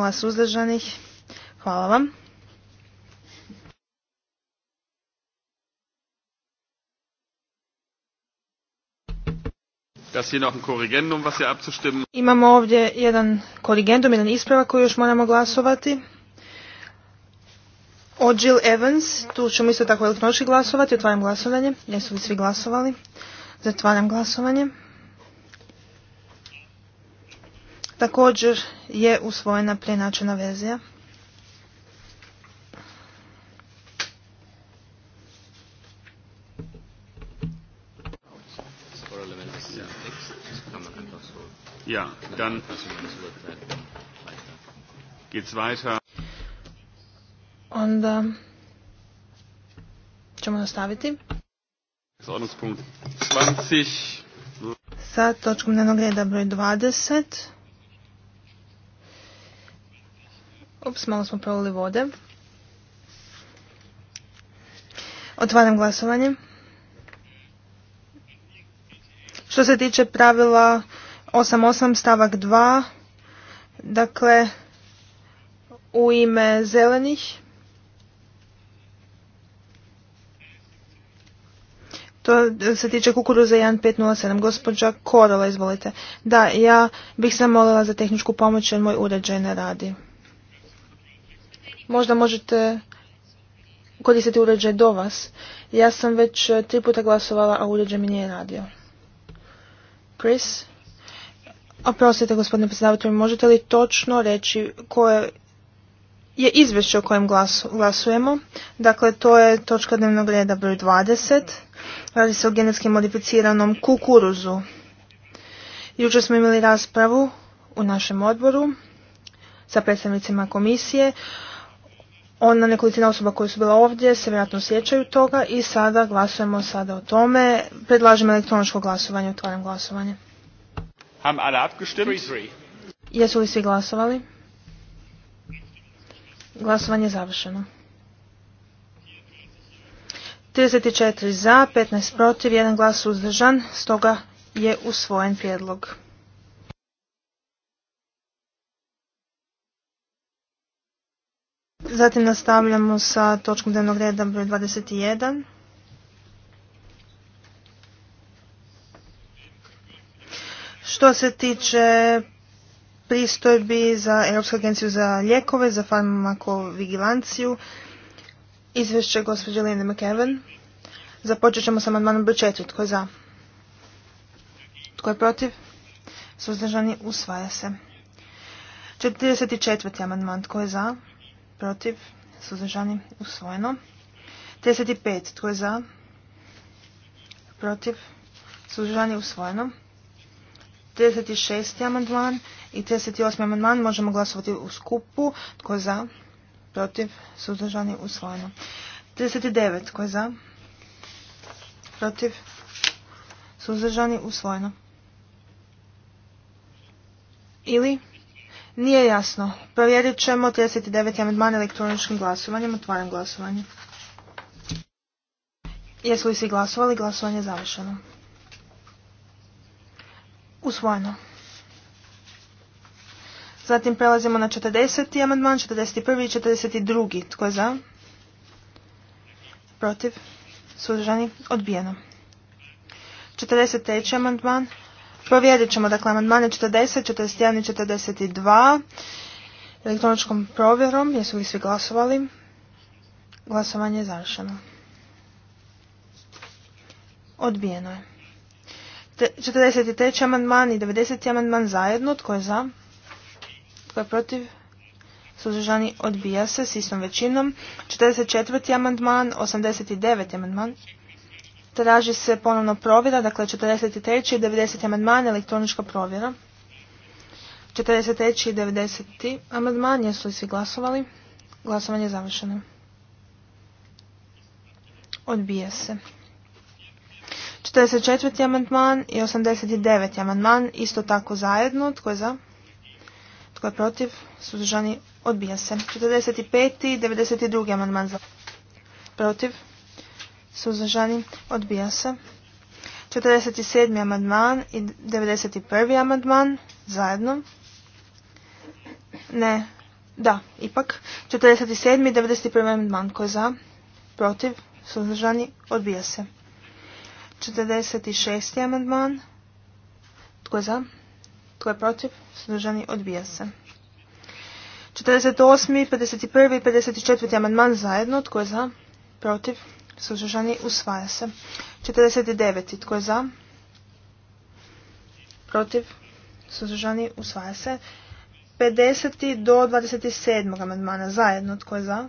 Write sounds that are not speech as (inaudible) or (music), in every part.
glas suzdržanih, Hvala vam. Imamo ovdje jedan korigendum, jedan ispravak koji još moramo glasovati. O Jill Evans, tu ćemo isto tako elektronički glasovati, otvaram glasovanje. Jesu li svi glasovali? Zatvaram glasovanje. Također je usvojena preinačena verzija. Ja, dann geht's weiter. Onda ćemo nastaviti. Sa točkom dnevnog reda broj 20. Ups, malo smo prolili vode. Otvaram glasovanje. Što se tiče pravila 8.8 stavak 2, dakle u ime zelenih, To se tiče kukuruza 1507. Gospođa Korola, izvolite. Da, ja bih se molila za tehničku pomoć jer moj uređaj ne radi možda možete koristiti uređaj do vas. Ja sam već e, tri puta glasovala, a uređaj mi nije radio. Chris? Oprostite, gospodine predsjedavatelju, možete li točno reći koje je izvješće o kojem glasu, glasujemo? Dakle, to je točka dnevnog reda broj 20. Radi se o genetski modificiranom kukuruzu. Jučer smo imali raspravu u našem odboru sa predstavnicima komisije ona nekolicina osoba koje su bila ovdje se vjerojatno sjećaju toga i sada glasujemo sada o tome. Predlažem elektroničko glasovanje, otvaram glasovanje. Jesu li svi glasovali? Glasovanje je završeno. 34 za, 15 protiv, jedan glas uzdržan, stoga je usvojen prijedlog. Zatim nastavljamo sa točkom dnevnog reda broj 21. Što se tiče pristojbi za Europsku agenciju za ljekove, za farmakovigilanciju, izvješće gospođe Lene McEwen. Započet ćemo sa amandmanom broj 4. Tko je za? Tko je protiv? Suzdržani usvaja se. 44. amandman. Tko je za? protiv, suzdržani, usvojeno. 35. Tko je za? Protiv, suzdržani, usvojeno. 36. amandman i 38. amandman možemo glasovati u skupu. Tko je za? Protiv, suzdržani, usvojeno. 39. Tko je za? Protiv, suzdržani, usvojeno. Ili nije jasno. Provjerit ćemo 39. amandman elektroničkim glasovanjem. Otvaram glasovanje. Jesu li svi glasovali? Glasovanje je završeno. Usvojeno. Zatim prelazimo na 40. amandman, 41. i 42. Tko je za? Protiv? Sudržani? Odbijeno. 43. amandman, Provjerit ćemo dakle amandmane 40, 41 i 42 elektroničkom provjerom. Jesu li svi glasovali? Glasovanje je završeno. Odbijeno je. 43. amandman i 90. amandman zajedno. Tko je za? Tko je protiv? Suzdržani odbija se s istom većinom. 44. amandman, 89. amandman. Traži se ponovno provjera, dakle 43. i 90. amandman, elektronička provjera. 43. i 90. amandman, jesu li svi glasovali? Glasovanje je završeno. Odbija se. 44. amandman i 89. amandman, isto tako zajedno. Tko je za? Tko je protiv? Sudržani, odbija se. 45. i 92. amandman za protiv suzdržani, odbija se. 47. amandman i 91. amandman zajedno. Ne, da, ipak. 47. i 91. amandman koji je za, protiv, suzdržani, odbija se. 46. amandman. Tko je za? Tko je protiv? Suzdržani, odbija se. 48. 51. i 54. amandman zajedno. Tko je za? Protiv? suzdržani, usvaja se. 49. Tko je za? Protiv, suzdržani, usvaja se. 50. do 27. amandmana zajedno. Tko je za?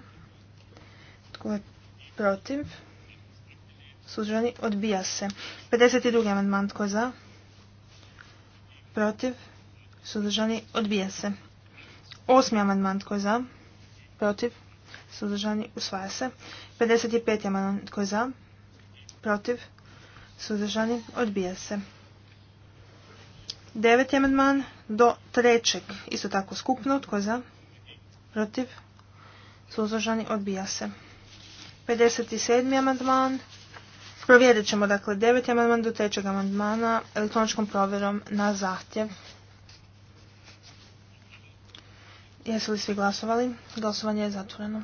Tko je protiv? Suzdržani, odbija se. 52. amandman. Tko je za? Protiv, suzdržani, odbija se. 8. amandman. Tko je za? Protiv, suzdržani, usvaja se. 55. amandman tko je za, protiv, suzdržani, odbija se. 9. amandman do trećeg, isto tako skupno, tko je za, protiv, suzdržani, odbija se. 57. amandman, provjerit ćemo dakle 9. amandman do trećeg amandmana elektroničkom provjerom na zahtjev. Jesu li svi glasovali? Glasovanje je zatvoreno.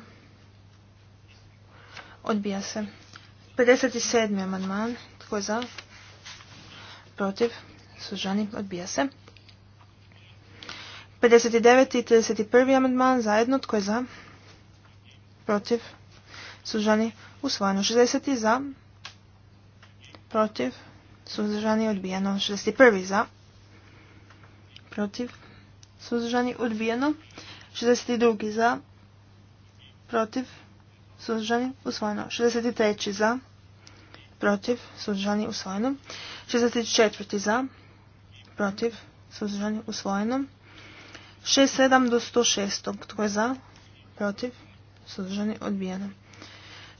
Odbija se. 57. amandman. Tko je za? Protiv. Sužani. Odbija se. 59. i 31. amandman zajedno. Tko je za? Protiv. Sužani. Usvojeno. 60. za. Protiv. Suzdržani odbijeno. 61. za. Protiv. Suzdržani odbijeno. 62. za. Protiv suzdržani, usvojeno. 63. za, protiv, suzdržani, usvojeno. 64. za, protiv, suzdržani, usvojeno. 67 do 106. Tko je za, protiv, suzdržani, odbijeno.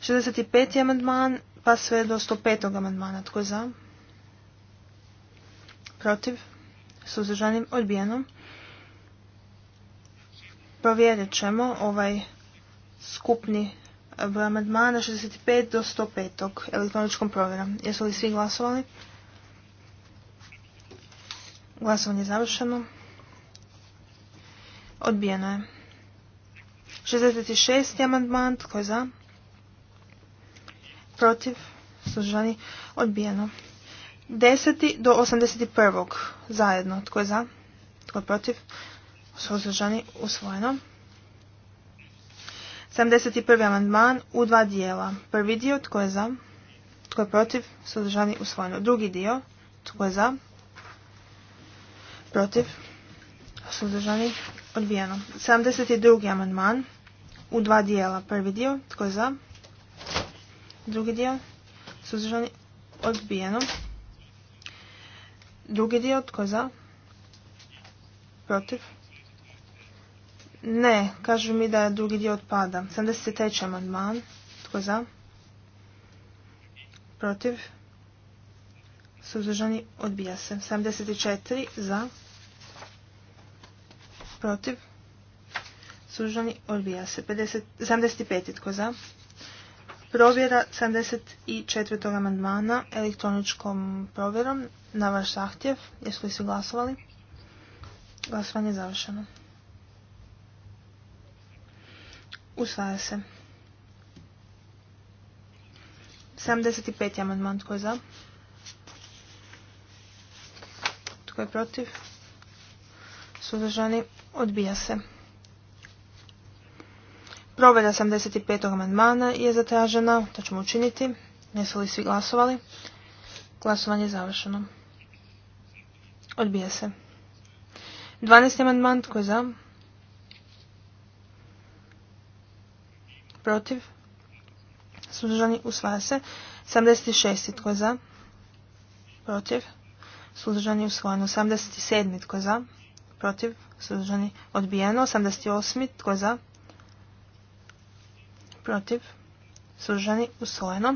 65. amandman pa sve do 105. amandmana. Tko je za? Protiv? suzdržani, Odbijeno. Provjerit ćemo ovaj skupni broj amandmana 65 do 105. elektroničkom provjerom. Jesu li svi glasovali? Glasovanje je završeno. Odbijeno je. 66. amandman. Tko je za? Protiv? Služani? Odbijeno. 10. do 81. zajedno. Tko je za? Tko je protiv? služani usvojeno. 71. amandman u dva dijela. Prvi dio tko je za, tko je protiv, sudržani usvojeno. Drugi dio tko je za, protiv, suzdržani odbijeno. 72. amandman u dva dijela. Prvi dio tko je za, drugi dio Sudržani, odbijeno. Drugi dio tko je za, protiv, ne, kažu mi da drugi dio otpada. 73. amandman. Tko za? Protiv? Suzdržani odbija se. 74. Za? Protiv? Suzdržani odbija se. 50, 75. Tko za? Provjera 74. amandmana elektroničkom provjerom na vaš zahtjev. Jesu li su glasovali? Glasovanje je završeno. Usvaja se. 75. amandman. Tko je za? Tko je protiv? Suzdržani. Odbija se. Provedja 75. amandmana je zatražena. To ćemo učiniti. Nisu li svi glasovali? Glasovanje je završeno. Odbija se. 12. amandman. Tko je za? protiv, suzdržani, usvaja se. 76. tko je za, protiv, suzdržani, usvojeno. 77. tko je za, protiv, suzdržani, odbijeno. 88. tko je za, protiv, suzdržani, usvojeno.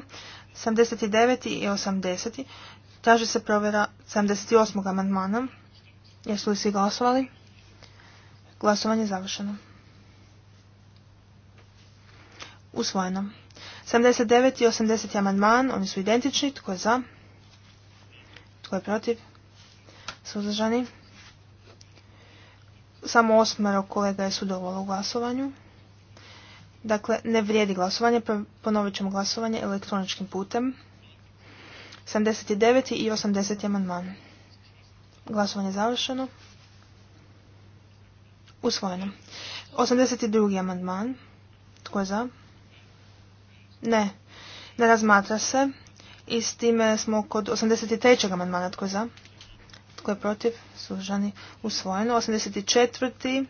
79. i 80. Traži se provjera 78. amandmana. Jesu li svi glasovali? Glasovanje je završeno. Usvojeno. 79 i 80 amandman, oni su identični. Tko je za? Tko je protiv? Suzdržani? Samo osmero kolega je sudovalo u glasovanju. Dakle, ne vrijedi glasovanje, ponovit ćemo glasovanje elektroničkim putem. 79. i 80. amandman. Glasovanje je završeno. Usvojeno. 82. amandman. Tko je za? Ne, ne razmatra se. I s time smo kod 83. amandmana. Tko je za? Tko je protiv? Suzdržani usvojeno. 84.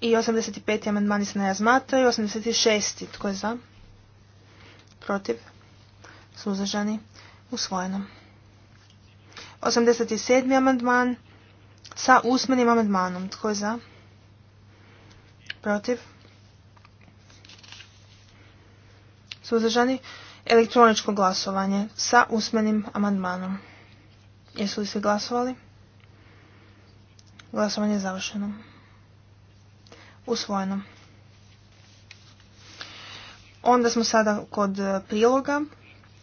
i 85. amandmani se ne razmatraju. 86. Tko je za? Protiv? Suzdržani usvojeno. 87. amandman sa usmenim amandmanom. Tko je za? Protiv? suzdržani, elektroničko glasovanje sa usmenim amandmanom. Jesu li svi glasovali? Glasovanje je završeno. Usvojeno. Onda smo sada kod priloga.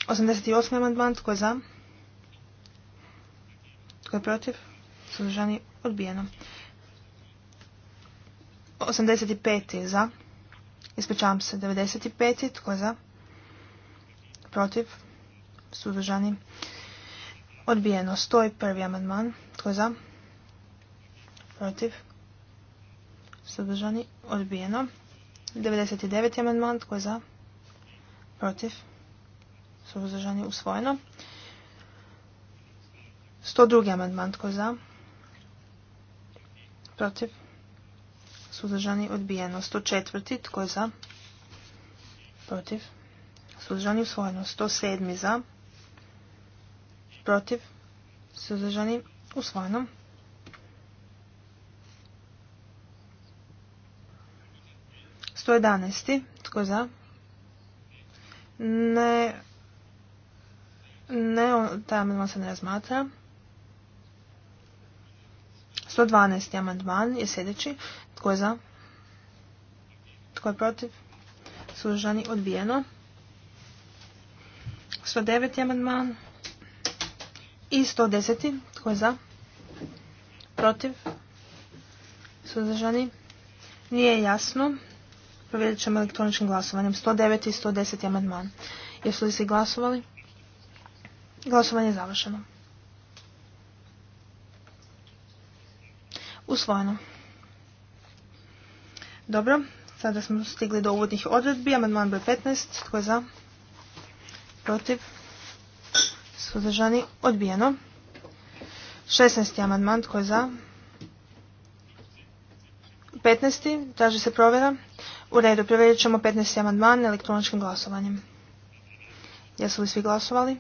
88. amandman, tko je za? Tko je protiv? Suzdržani, odbijeno. 85. za. Ispričavam se, 95. Tko je za? protiv, suzdržani, odbijeno. prvi amandman, tko je za, protiv, suzdržani, odbijeno. 99. amandman, tko je za, protiv, suzdržani, usvojeno. 102. amandman, tko je za, protiv, suzdržani, odbijeno. 104. tko je za, protiv, suzdržani usvojeno. 107 za, protiv, suzdržani usvojeno. Sto jedanesti, tko za? Ne, ne, taj amandman se ne razmatra. 112. amandman je sljedeći. Tko je za? Tko je protiv? Služani? odbijeno. 109. amandman i 110. Tko je za? Protiv? Suzdržani? Nije jasno. Provjerit ćemo elektroničkim glasovanjem. 109. i 110. amandman. Jesu li svi glasovali? Glasovanje je završeno. Usvojeno. Dobro, sada smo stigli do uvodnih odredbi. Amandman broj 15. Tko je za? protiv, suzdržani, odbijeno. 16. amandman, tko je za? 15. traži se provjera. U redu, provjerit ćemo 15. amandman elektroničkim glasovanjem. Jesu li svi glasovali?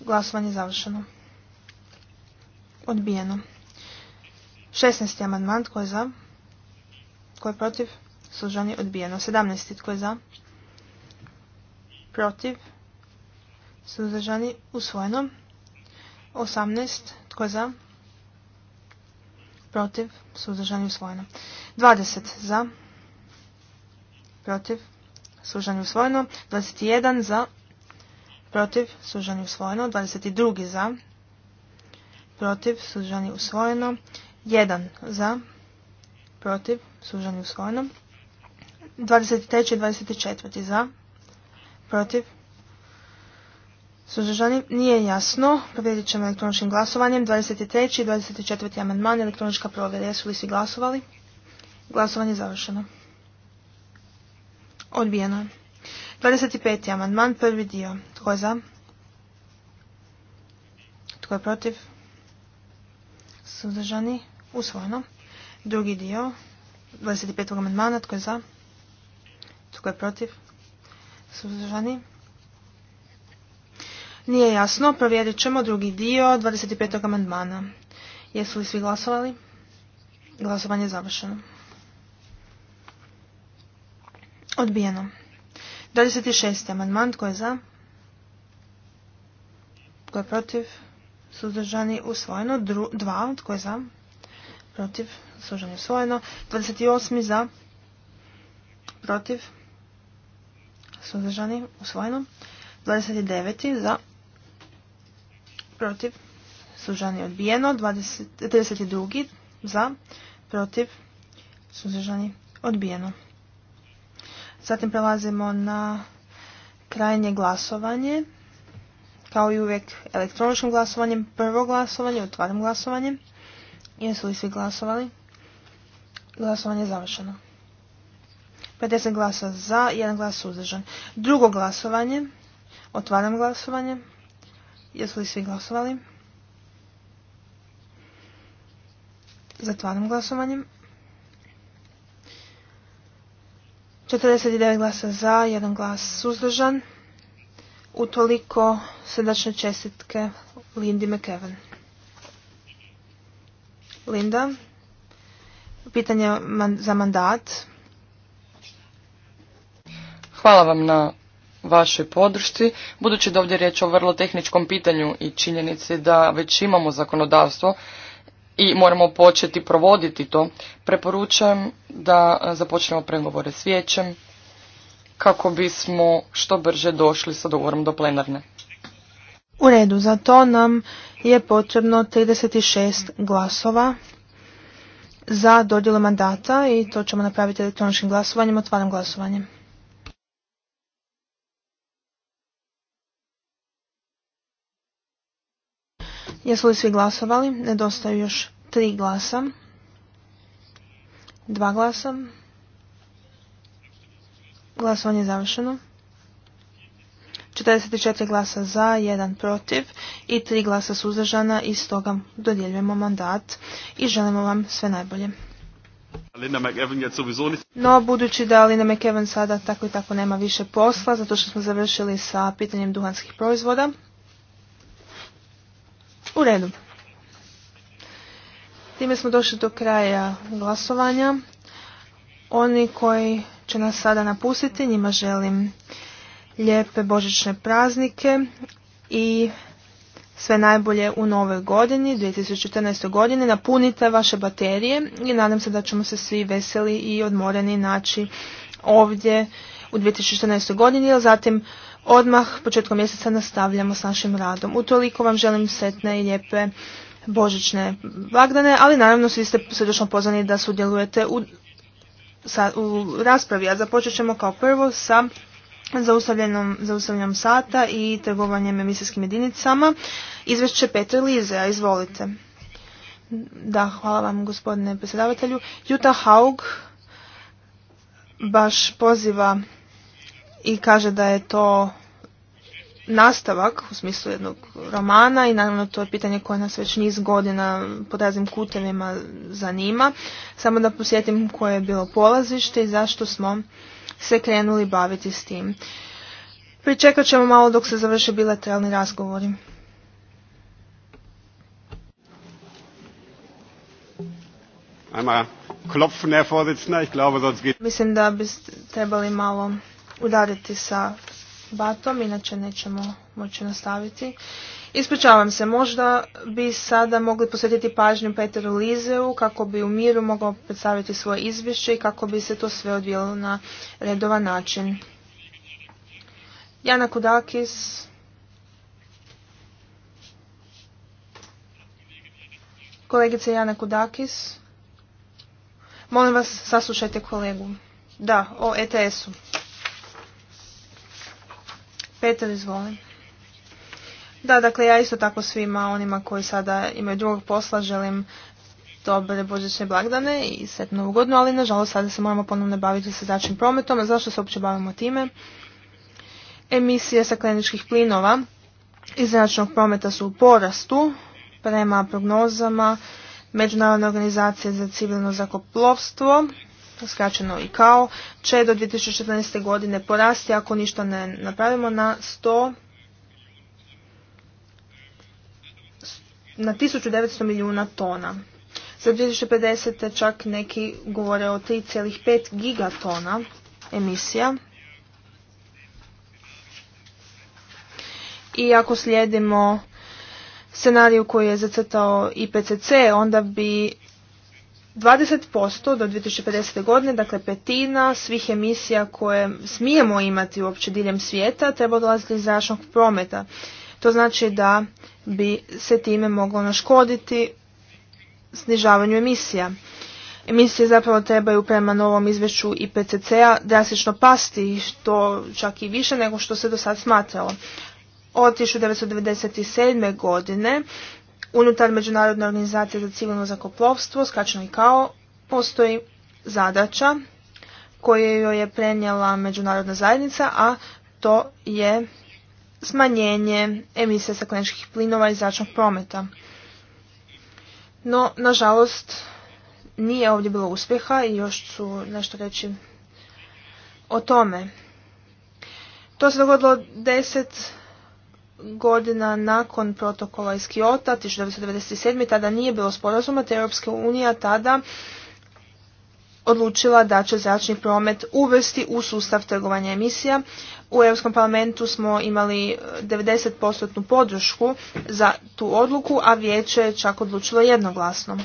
Glasovanje je završeno. Odbijeno. 16. amandman, tko je za? Tko je protiv? Suzdržani, odbijeno. 17. tko je za? Protiv? Suzdržani? Usvojeno. 18. Tko je za? Protiv? Suzdržani? Usvojeno. 20. Za? Protiv? Suzdržani? Usvojeno. 21. Za? Protiv? Suzdržani? Usvojeno. 22. Za? Protiv? Suzdržani? Usvojeno. 1. Za? Protiv? Suzdržani? Usvojeno. 23. i 24. Za? Protiv? Suzdržani nije jasno. Provjerit ćemo elektroničkim glasovanjem. 23. i 24. amandman elektronička provjera. Jesu li svi glasovali? Glasovanje je završeno. Odbijeno. 25. amandman prvi dio. Tko je za? Tko je protiv? Suzdržani. Usvojeno. Drugi dio. 25. amandmana. Tko je za? Tko je protiv? Suzdržani. Nije jasno, provjerit ćemo drugi dio 25. amandmana. Jesu li svi glasovali? Glasovanje je završeno. Odbijeno. 26. amandman, tko je za? Tko je protiv? Suzdržani usvojeno. Dva, Tko je za? Protiv? Suzdržani usvojeno. 28. za? Protiv? Suzdržani usvojeno. 29. za? protiv, je odbijeno, 20, 32 za, protiv, je odbijeno. Zatim prelazimo na krajnje glasovanje, kao i uvijek elektroničkim glasovanjem, prvo glasovanje, otvaram glasovanje. Jesu li svi glasovali? Glasovanje je završeno. 50 glasa za, jedan glas suzdržan. Drugo glasovanje, otvaram glasovanje. Jesu li svi glasovali? Zatvaram glasovanjem. 49 glasa za, jedan glas suzdržan. Utoliko srdačne čestitke Lindy McEwan. Linda, pitanje za mandat. Hvala vam na vašoj podršci, budući da ovdje je riječ o vrlo tehničkom pitanju i činjenici da već imamo zakonodavstvo i moramo početi provoditi to, preporučujem da e, započnemo pregovore s vijećem kako bismo što brže došli sa dogovorom do plenarne. U redu, za to nam je potrebno 36 glasova za dodjelu mandata i to ćemo napraviti elektroničkim glasovanjem. Otvaram glasovanje. Jesu li svi glasovali? Nedostaju još tri glasa. Dva glasa. Glasovanje je završeno. 44 glasa za, jedan protiv i tri glasa suzdržana i stoga dodjeljujemo mandat i želimo vam sve najbolje. No, budući da Alina McEvan sada tako i tako nema više posla, zato što smo završili sa pitanjem duhanskih proizvoda, u redu. Time smo došli do kraja glasovanja. Oni koji će nas sada napustiti, njima želim lijepe božićne praznike i sve najbolje u novoj godini, 2014. godine. Napunite vaše baterije i nadam se da ćemo se svi veseli i odmoreni naći ovdje u 2014. godini, jer zatim odmah početkom mjeseca nastavljamo s našim radom. Utoliko vam želim setne i lijepe božićne blagdane, ali naravno svi ste srdečno pozvani da sudjelujete u, u raspravi, a započet ćemo kao prvo sa zaustavljanjem sata i trgovanjem emisijskim jedinicama. Izvješće Petra Lize, a izvolite. Da, hvala vam gospodine predsjedavatelju. Juta Haug baš poziva i kaže da je to nastavak u smislu jednog romana i naravno to je pitanje koje nas već niz godina pod raznim kutevima zanima. Samo da posjetim koje je bilo polazište i zašto smo se krenuli baviti s tim. Pričekat ćemo malo dok se završe bilateralni razgovori. Mislim da bi trebali malo udariti sa batom, inače nećemo moći nastaviti. Ispričavam se, možda bi sada mogli posvetiti pažnju Peteru Lizeu kako bi u miru mogao predstaviti svoje izvješće i kako bi se to sve odvijelo na redovan način. Jana Kudakis, Kolegice Jana Kudakis, molim vas saslušajte kolegu. Da, o ETS-u. Peter, izvolim. Da, dakle ja isto tako svima onima koji sada imaju drugog posla želim dobre božične blagdane i sretno ugodno, ali nažalost sada se moramo ponovno baviti sa začnim prometom. zašto se uopće bavimo time? Emisije stakleničkih plinova iz zračnog prometa su u porastu prema prognozama Međunarodne organizacije za civilno zakoplovstvo skraćeno i kao, će do 2014. godine porasti ako ništa ne napravimo na 100 na 1900 milijuna tona. Za 2050. čak neki govore o 3,5 gigatona emisija. I ako slijedimo scenariju koji je zacrtao IPCC, onda bi 20% do 2050. godine, dakle petina svih emisija koje smijemo imati uopće diljem svijeta, treba dolaziti iz zračnog prometa. To znači da bi se time moglo naškoditi snižavanju emisija. Emisije zapravo trebaju prema novom izvješću IPCC-a drastično pasti, što čak i više nego što se do sad smatralo. Od 1997. godine unutar Međunarodne organizacije za civilno zakoplovstvo, skačeno i kao, postoji zadaća koju joj je prenijela međunarodna zajednica, a to je smanjenje emisije stakleničkih plinova i zračnog prometa. No, nažalost, nije ovdje bilo uspjeha i još ću nešto reći o tome. To se dogodilo deset godina nakon protokola iz Kiota 1997. tada nije bilo sporazuma te Europska unija tada odlučila da će zračni promet uvesti u sustav trgovanja emisija. U Europskom parlamentu smo imali 90% e, podršku za tu odluku, a vijeće je čak odlučilo jednoglasno.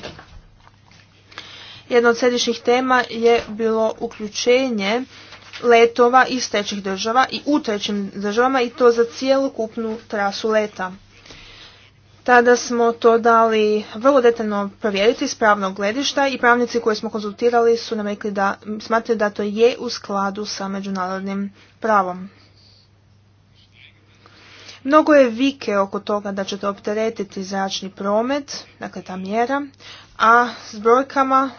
Jedna od središnjih tema je bilo uključenje letova iz trećih država i u trećim državama i to za kupnu trasu leta. Tada smo to dali vrlo detaljno provjeriti iz pravnog gledišta i pravnici koje smo konzultirali su nam rekli da smatraju da to je u skladu sa međunarodnim pravom. Mnogo je vike oko toga da će to opteretiti zračni promet, dakle ta mjera, a s brojkama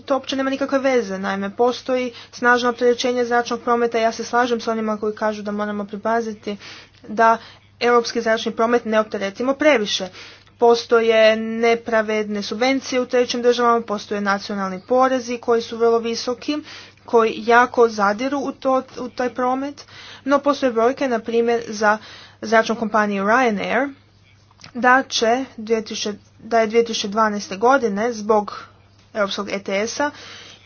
e, to uopće nema nikakve veze. Naime, postoji snažno opterećenje zračnog prometa. Ja se slažem s onima koji kažu da moramo pripaziti da europski zračni promet ne opteretimo previše. Postoje nepravedne subvencije u trećim državama, postoje nacionalni porezi koji su vrlo visoki, koji jako zadiru u, to, u taj promet, no postoje brojke, na primjer, za zračnu kompaniju Ryanair, da će da je 2012. godine zbog europskog ETS-a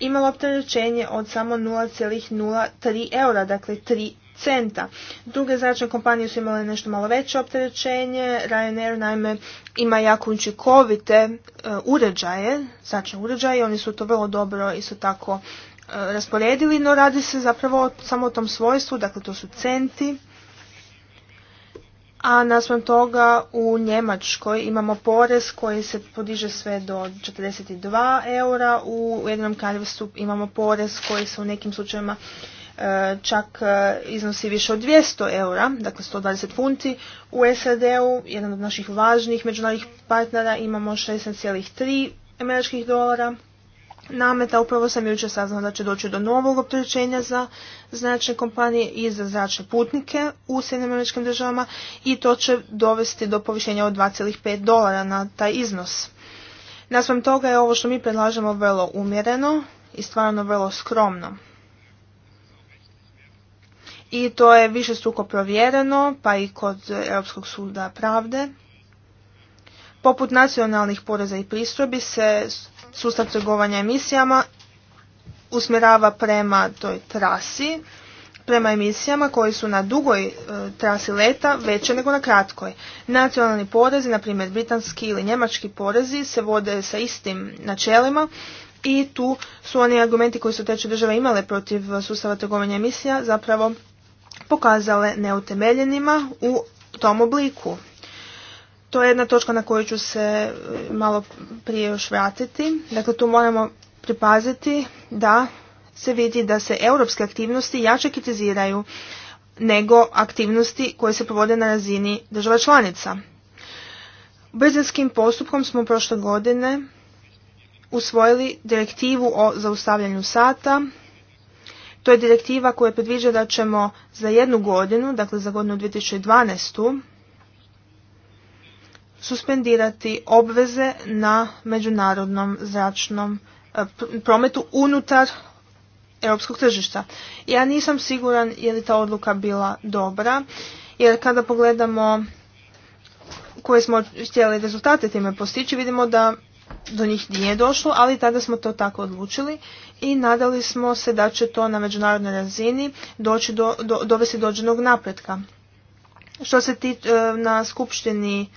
imalo opterećenje od samo 0,03 eura, dakle 3 centa. Druge zračne kompanije su imale nešto malo veće opterećenje. Ryanair naime ima jako učinkovite e, uređaje, zračne uređaje oni su to vrlo dobro isto tako e, rasporedili, no radi se zapravo samo o tom svojstvu, dakle to su centi a naspram toga u Njemačkoj imamo porez koji se podiže sve do 42 eura, u jednom kraljevstvu imamo porez koji se u nekim slučajevima e, čak e, iznosi više od 200 eura, dakle 120 funti. U SAD-u, jedan od naših važnijih međunarodnih partnera, imamo 16,3 američkih dolara nameta. Upravo sam jučer saznala da će doći do novog opterećenja za značne kompanije i za zračne putnike u američkim državama i to će dovesti do povišenja od 2,5 dolara na taj iznos. Naspram toga je ovo što mi predlažemo vrlo umjereno i stvarno vrlo skromno. I to je više struko provjereno, pa i kod Europskog suda pravde. Poput nacionalnih poreza i pristojbi se sustav trgovanja emisijama usmjerava prema toj trasi, prema emisijama koji su na dugoj e, trasi leta veće nego na kratkoj. Nacionalni porezi, na primjer britanski ili njemački porezi, se vode sa istim načelima i tu su oni argumenti koji su treće države imale protiv sustava trgovanja emisija zapravo pokazale neutemeljenima u tom obliku. To je jedna točka na koju ću se e, malo prije još vratiti. Dakle, tu moramo pripaziti da se vidi da se europske aktivnosti jače kritiziraju nego aktivnosti koje se provode na razini država članica. Brzinskim postupkom smo prošle godine usvojili direktivu o zaustavljanju sata. To je direktiva koja predviđa da ćemo za jednu godinu, dakle za godinu 2012 suspendirati obveze na međunarodnom zračnom e, prometu unutar europskog tržišta. Ja nisam siguran je li ta odluka bila dobra, jer kada pogledamo koje smo htjeli rezultate time postići, vidimo da do njih nije došlo, ali tada smo to tako odlučili i nadali smo se da će to na međunarodnoj razini doći do, do, dovesti dođenog napretka. Što se tiče na skupštini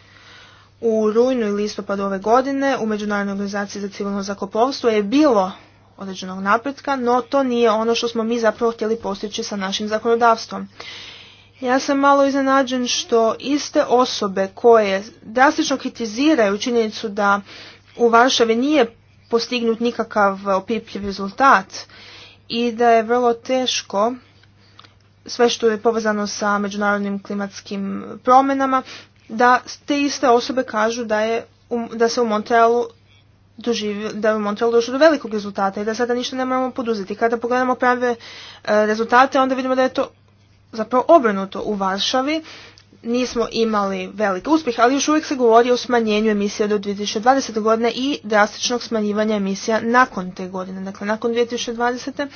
u rujnu i listopadu ove godine u Međunarodnoj organizaciji za civilno zakoplovstvo je bilo određenog napretka, no to nije ono što smo mi zapravo htjeli postići sa našim zakonodavstvom. Ja sam malo iznenađen što iste osobe koje drastično kritiziraju činjenicu da u Varšavi nije postignut nikakav opipljiv rezultat i da je vrlo teško sve što je povezano sa međunarodnim klimatskim promjenama da te iste osobe kažu da, je, da se u Montrealu doživio, da je u Montrealu došlo do velikog rezultata i da sada ništa ne moramo poduzeti. Kada pogledamo prave e, rezultate, onda vidimo da je to zapravo obrnuto u Varšavi. Nismo imali velik uspjeh, ali još uvijek se govori o smanjenju emisija do 2020. godine i drastičnog smanjivanja emisija nakon te godine, dakle nakon 2020.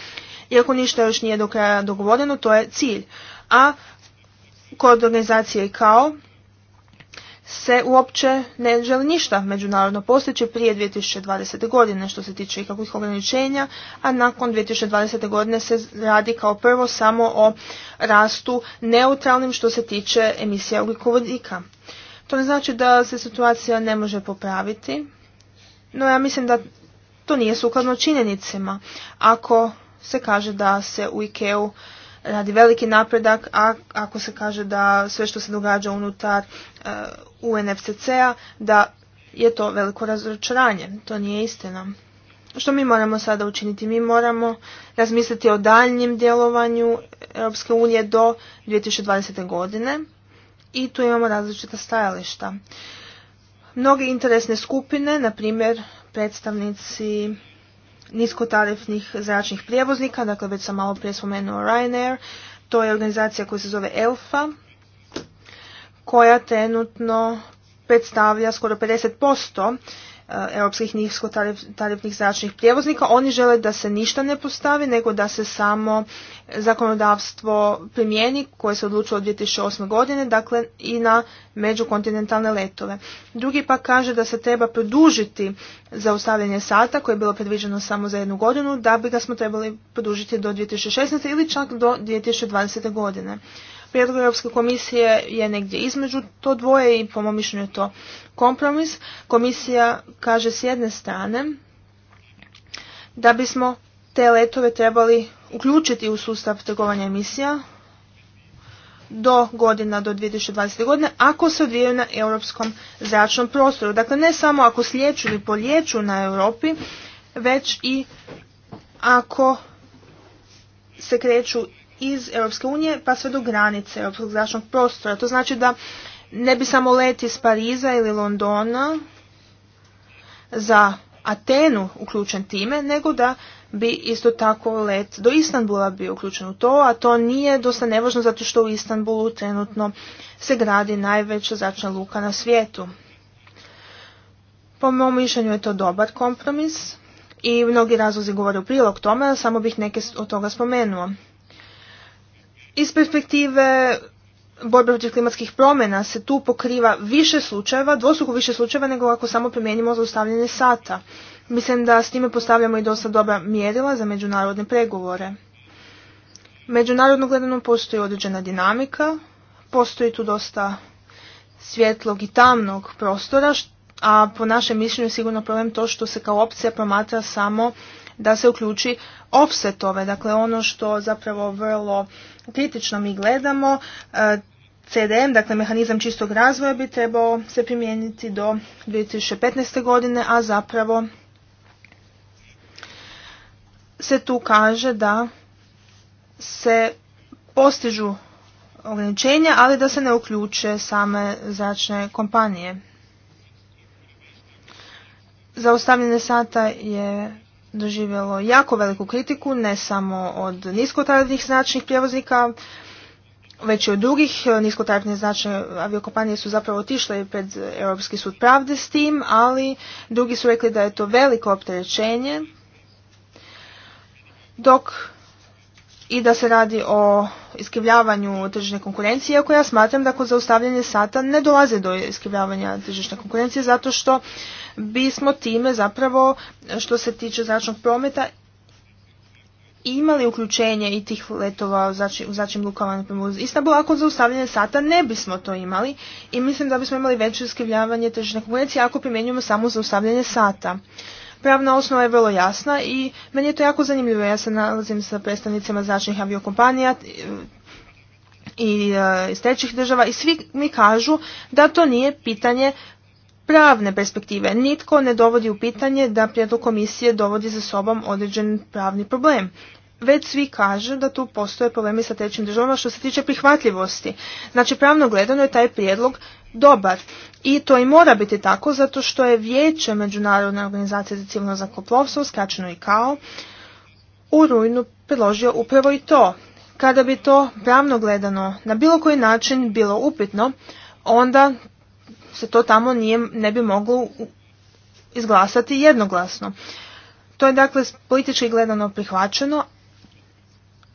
Iako ništa još nije do kraja dogovoreno, to je cilj. A kod organizacije kao se uopće ne želi ništa međunarodno postići prije 2020. godine što se tiče ikakvih ograničenja, a nakon 2020. godine se radi kao prvo samo o rastu neutralnim što se tiče emisija ugljikovodika. To ne znači da se situacija ne može popraviti, no ja mislim da to nije sukladno činjenicima. Ako se kaže da se u IKEA-u radi veliki napredak, a ako se kaže da sve što se događa unutar e, UNFCC-a da je to veliko razočaranje. To nije istina. Što mi moramo sada učiniti? Mi moramo razmisliti o daljnjem djelovanju Europske unije do 2020. godine i tu imamo različita stajališta. Mnoge interesne skupine, na primjer predstavnici niskotarifnih zračnih prijevoznika, dakle već sam malo prije spomenuo Ryanair, to je organizacija koja se zove ELFA, koja trenutno predstavlja skoro 50% e, europskih niskotarifnih zračnih prijevoznika. Oni žele da se ništa ne postavi, nego da se samo zakonodavstvo primijeni koje se odlučilo od 2008. godine, dakle i na međukontinentalne letove. Drugi pak kaže da se treba produžiti zaustavljanje sata koje je bilo predviđeno samo za jednu godinu, da bi ga smo trebali produžiti do 2016. ili čak do 2020. godine. Prijedlog Europske komisije je negdje između to dvoje i po mom mišljenju je to kompromis. Komisija kaže s jedne strane da bismo te letove trebali uključiti u sustav trgovanja emisija do godina, do 2020. godine, ako se odvijaju na europskom zračnom prostoru. Dakle, ne samo ako sliječu ili polječu na Europi, već i ako se kreću iz Europske unije pa sve do granice europskog zračnog prostora. To znači da ne bi samo let iz Pariza ili Londona za Atenu uključen time, nego da bi isto tako let do Istanbula bio uključen u to, a to nije dosta nevažno zato što u Istanbulu trenutno se gradi najveća zračna luka na svijetu. Po mom mišljenju je to dobar kompromis i mnogi razlozi govore u prilog tome, samo bih neke od toga spomenuo. Iz perspektive borbe protiv klimatskih promjena se tu pokriva više slučajeva, dvostruko više slučajeva nego ako samo primijenimo zaustavljanje sata. Mislim da s time postavljamo i dosta dobra mjerila za međunarodne pregovore. Međunarodno gledano postoji određena dinamika, postoji tu dosta svjetlog i tamnog prostora, a po našem mišljenju je sigurno problem to što se kao opcija promatra samo da se uključi offsetove, dakle ono što zapravo vrlo kritično mi gledamo, e, CDM, dakle mehanizam čistog razvoja bi trebao se primijeniti do 2015. godine, a zapravo se tu kaže da se postižu ograničenja, ali da se ne uključe same zračne kompanije. zaustavljene sata je doživjelo jako veliku kritiku, ne samo od niskotarifnih značnih prijevoznika, već i od drugih e, niskotarifne značne aviokompanije su zapravo otišle pred Europski sud pravde s tim, ali drugi su rekli da je to veliko opterećenje, dok i da se radi o iskrivljavanju tržišne konkurencije, iako ja smatram da ako zaustavljanje sata ne dolaze do iskrivljavanja tržišne konkurencije, zato što bismo time zapravo, što se tiče zračnog prometa, imali uključenje i tih letova u zračnim lukama, na primjer uz ako zaustavljanje sata ne bismo to imali i mislim da bismo imali veće iskrivljavanje tržišne konkurencije ako primjenjujemo samo zaustavljanje sata. Pravna osnova je vrlo jasna i meni je to jako zanimljivo. Ja se nalazim sa predstavnicima značnih aviokompanija e, i e, iz trećih država i svi mi kažu da to nije pitanje pravne perspektive. Nitko ne dovodi u pitanje da prijedlog komisije dovodi za sobom određen pravni problem. Već svi kažu da tu postoje problemi sa trećim državama što se tiče prihvatljivosti. Znači pravno gledano je taj prijedlog dobar. I to i mora biti tako zato što je vijeće Međunarodne organizacije za civilno zakoplovstvo, skraćeno i kao, u rujnu predložio upravo i to. Kada bi to pravno gledano na bilo koji način bilo upitno, onda se to tamo nije, ne bi moglo izglasati jednoglasno. To je dakle politički gledano prihvaćeno,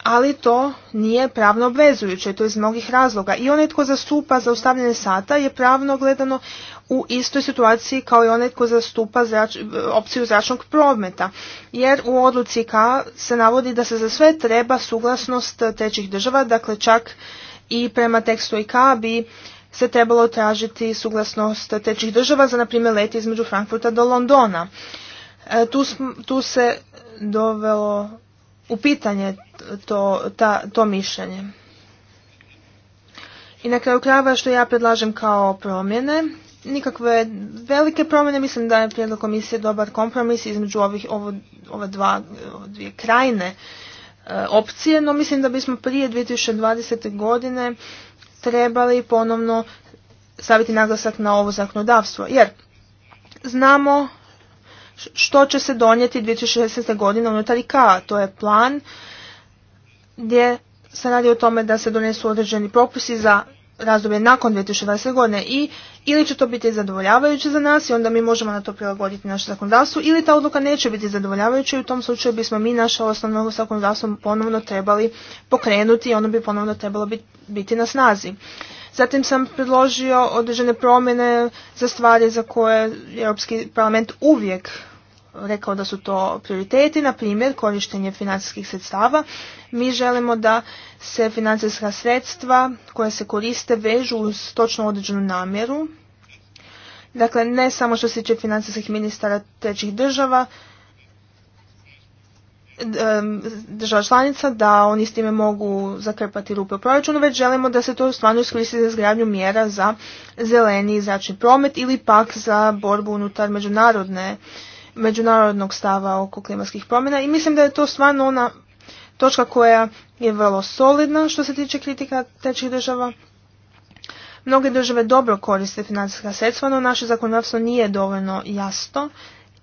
ali to nije pravno obvezujuće, to iz mnogih razloga. I onaj tko zastupa za ustavljanje sata je pravno gledano u istoj situaciji kao i onaj tko zastupa opciju zračnog prometa. Jer u odluci K se navodi da se za sve treba suglasnost trećih država, dakle čak i prema tekstu IK bi se trebalo tražiti suglasnost trećih država za, na primjer, let između Frankfurta do Londona. E, tu, tu se dovelo u pitanje to, ta, to mišljenje. I na kraju krajeva što ja predlažem kao promjene, nikakve velike promjene, mislim da je prijedlog komisije dobar kompromis između ovih, ove dva, dvije krajne e, opcije, no mislim da bismo prije 2020. godine trebali ponovno staviti naglasak na ovo zakonodavstvo, jer znamo što će se donijeti 2016. godine unutar IKA, to je plan gdje se radi o tome da se donesu određeni propisi za razdoblje nakon 2020. godine i ili će to biti zadovoljavajuće za nas i onda mi možemo na to prilagoditi naše zakonodavstvo ili ta odluka neće biti zadovoljavajuća i u tom slučaju bismo mi naše osnovno zakonodavstvo ponovno trebali pokrenuti i ono bi ponovno trebalo biti na snazi. Zatim sam predložio određene promjene za stvari za koje Europski parlament uvijek rekao da su to prioriteti, na primjer korištenje financijskih sredstava. Mi želimo da se financijska sredstva koja se koriste vežu uz točno određenu namjeru. Dakle, ne samo što se tiče financijskih ministara trećih država, država članica da oni s time mogu zakrpati rupe u proračunu, već želimo da se to stvarno iskoristi za zgradnju mjera za zeleni zračni promet ili pak za borbu unutar međunarodne međunarodnog stava oko klimatskih promjena i mislim da je to stvarno ona točka koja je vrlo solidna što se tiče kritika trećih država. Mnoge države dobro koriste financijska sredstva, no naše zakonodavstvo nije dovoljno jasno.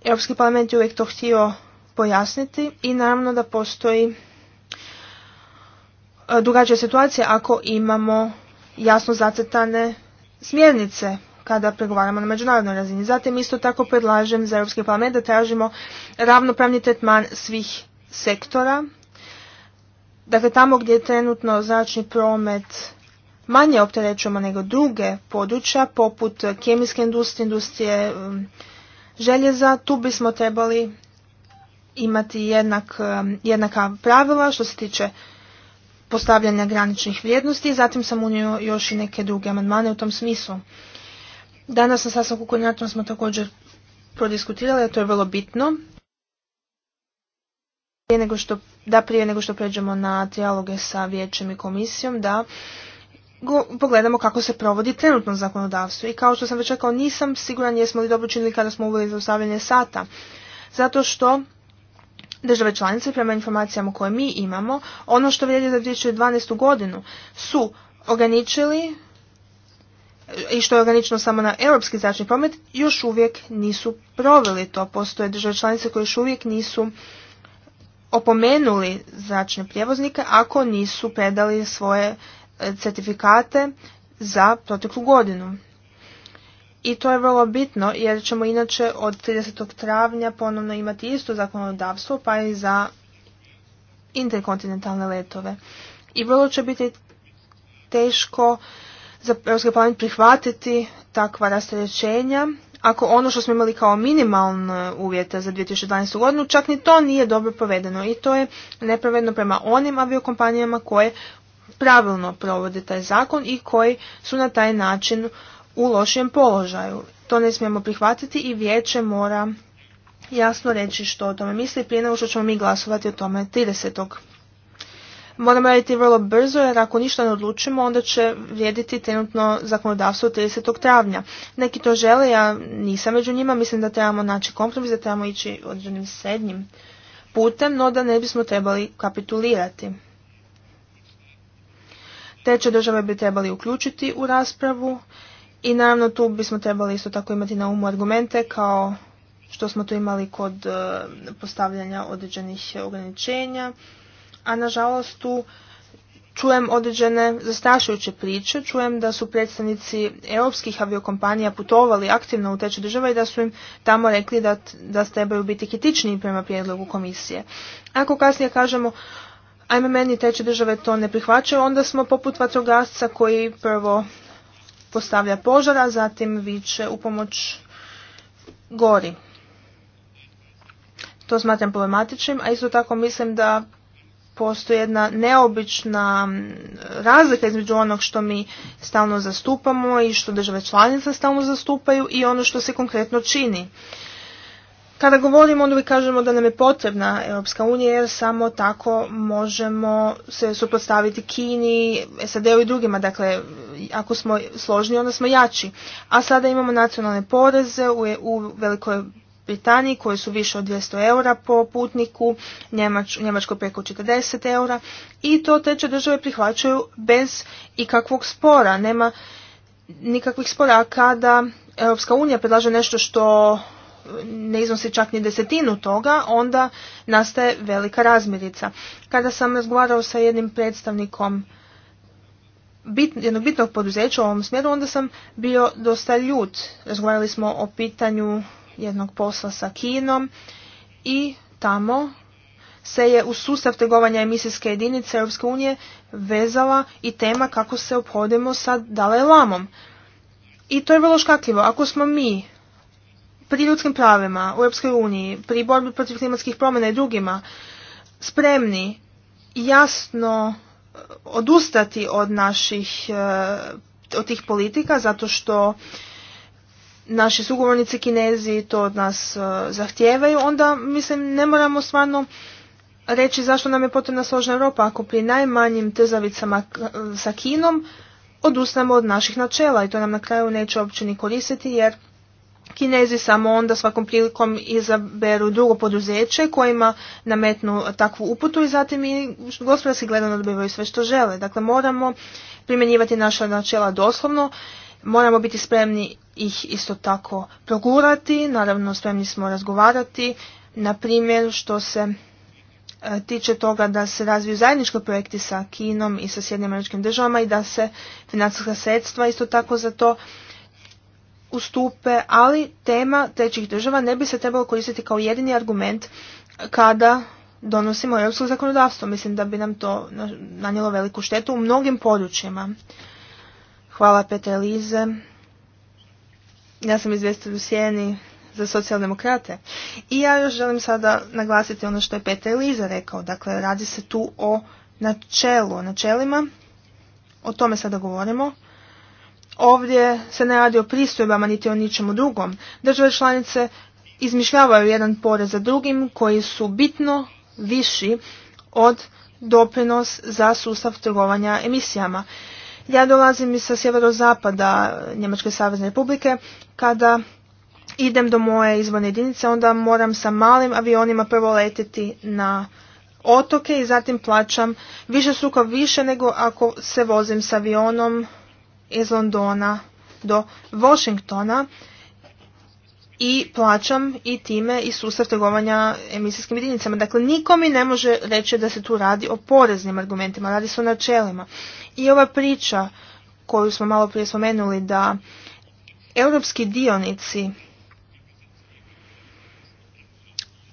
Europski parlament je uvijek to htio pojasniti i naravno da postoji e, drugačija situacija ako imamo jasno zacetane smjernice kada pregovaramo na međunarodnoj razini. Zatim isto tako predlažem za Europski parlament da tražimo ravnopravni tretman svih sektora. Dakle, tamo gdje je trenutno zračni promet manje opterećujemo nego druge područja, poput kemijske industrije, industrije um, željeza, tu bismo trebali imati jednak, um, jednaka pravila što se tiče postavljanja graničnih vrijednosti. Zatim sam unio još i neke druge amandmane u tom smislu. Danas na sastavku koordinatora smo također prodiskutirali, a to je vrlo bitno. Prije nego što, da prije nego što pređemo na dijaloge sa vijećem i komisijom, da pogledamo kako se provodi trenutno zakonodavstvo. I kao što sam već rekao, nisam siguran jesmo li dobro činili kada smo uveli zaustavljanje sata. Zato što države članice, prema informacijama koje mi imamo, ono što vrijedi za 2012. godinu su ograničili i što je ograničeno samo na europski zračni promet, još uvijek nisu proveli to. Postoje države članice koje još uvijek nisu opomenuli zračne prijevoznike ako nisu predali svoje e, certifikate za proteklu godinu. I to je vrlo bitno jer ćemo inače od 30. travnja ponovno imati isto zakonodavstvo pa i za interkontinentalne letove. I vrlo će biti teško za Europski parlament prihvatiti takva rasterećenja ako ono što smo imali kao minimalne uvjete za 2012. godinu, čak ni to nije dobro provedeno i to je nepravedno prema onim aviokompanijama koje pravilno provode taj zakon i koji su na taj način u lošijem položaju. To ne smijemo prihvatiti i vijeće mora jasno reći što o tome misli prije nego što ćemo mi glasovati o tome 30 moramo raditi vrlo brzo jer ako ništa ne odlučimo onda će vrijediti trenutno zakonodavstvo 30. travnja. Neki to žele, ja nisam među njima, mislim da trebamo naći kompromis, da trebamo ići određenim srednjim putem, no da ne bismo trebali kapitulirati. Treće države bi trebali uključiti u raspravu i naravno tu bismo trebali isto tako imati na umu argumente kao što smo to imali kod eh, postavljanja određenih eh, ograničenja a nažalost tu čujem određene zastrašujuće priče, čujem da su predstavnici europskih aviokompanija putovali aktivno u treće države i da su im tamo rekli da, da trebaju biti kritičniji prema prijedlogu komisije. Ako kasnije kažemo ajme meni treće države to ne prihvaćaju, onda smo poput vatrogasca koji prvo postavlja požara, zatim viče u pomoć gori. To smatram problematičnim, a isto tako mislim da postoji jedna neobična razlika između onog što mi stalno zastupamo i što države članice stalno zastupaju i ono što se konkretno čini. Kada govorimo, onda kažemo da nam je potrebna Europska unija jer samo tako možemo se suprotstaviti Kini, SAD-u i drugima. Dakle, ako smo složni, onda smo jači. A sada imamo nacionalne poreze u Velikoj Britaniji koje su više od 200 eura po putniku, Njemač, Njemačkoj preko 40 eura i to treće države prihvaćaju bez ikakvog spora. Nema nikakvih spora kada Europska unija predlaže nešto što ne iznosi čak ni desetinu toga, onda nastaje velika razmirica. Kada sam razgovarao sa jednim predstavnikom bit, jednog bitnog poduzeća u ovom smjeru, onda sam bio dosta ljut. Razgovarali smo o pitanju jednog posla sa Kinom i tamo se je u sustav trgovanja emisijske jedinice Europske unije vezala i tema kako se obhodimo sa Dalaj Lamom. I to je vrlo škakljivo. Ako smo mi pri ljudskim pravima u Europskoj uniji, pri borbi protiv klimatskih promjena i drugima, spremni jasno e, odustati od naših, e, od tih politika, zato što naši sugovornici kinezi to od nas e, zahtijevaju, onda mislim ne moramo stvarno reći zašto nam je potrebna složna Europa ako pri najmanjim trzavicama e, sa Kinom odustanemo od naših načela i to nam na kraju neće uopće ni koristiti jer Kinezi samo onda svakom prilikom izaberu drugo poduzeće kojima nametnu takvu uputu i zatim i gospodarski gledano dobivaju sve što žele. Dakle, moramo primjenjivati naša načela doslovno moramo biti spremni ih isto tako progurati, naravno spremni smo razgovarati, na primjer što se e, tiče toga da se razviju zajednički projekti sa Kinom i sa Sjednim američkim državama i da se financijska sredstva isto tako za to ustupe, ali tema trećih država ne bi se trebalo koristiti kao jedini argument kada donosimo europsko zakonodavstvo. Mislim da bi nam to nanijelo veliku štetu u mnogim područjima. Hvala Petra Lize. Ja sam izvjestitelj u Sjeni za socijaldemokrate. I ja još želim sada naglasiti ono što je Petre Liza rekao. Dakle, radi se tu o načelu, o načelima. O tome sada govorimo. Ovdje se ne radi o pristojbama niti o ničemu drugom. Države članice izmišljavaju jedan porez za drugim koji su bitno viši od doprinos za sustav trgovanja emisijama. Ja dolazim sa sjeverozapada Njemačke savezne republike. Kada idem do moje izvorne jedinice, onda moram sa malim avionima prvo letiti na otoke i zatim plaćam više suka više nego ako se vozim s avionom iz Londona do Washingtona i plaćam i time i sustav trgovanja emisijskim jedinicama. Dakle, niko mi ne može reći da se tu radi o poreznim argumentima, radi se o načelima. I ova priča koju smo malo prije spomenuli da europski dionici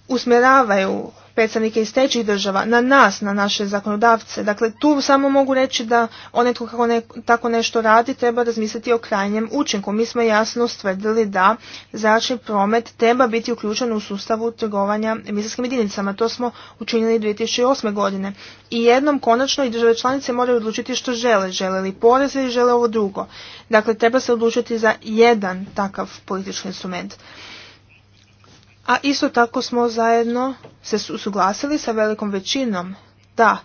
usmjeravaju predstavnike iz trećih država, na nas, na naše zakonodavce. Dakle, tu samo mogu reći da onaj tko kako tako nešto radi treba razmisliti o krajnjem učinku. Mi smo jasno ustvrdili da zračni promet treba biti uključen u sustavu trgovanja emisijskim jedinicama. To smo učinili 2008. godine. I jednom konačno i države članice moraju odlučiti što žele. Žele li porez ili žele ovo drugo. Dakle, treba se odlučiti za jedan takav politički instrument. A isto tako smo zajedno se usuglasili sa velikom većinom da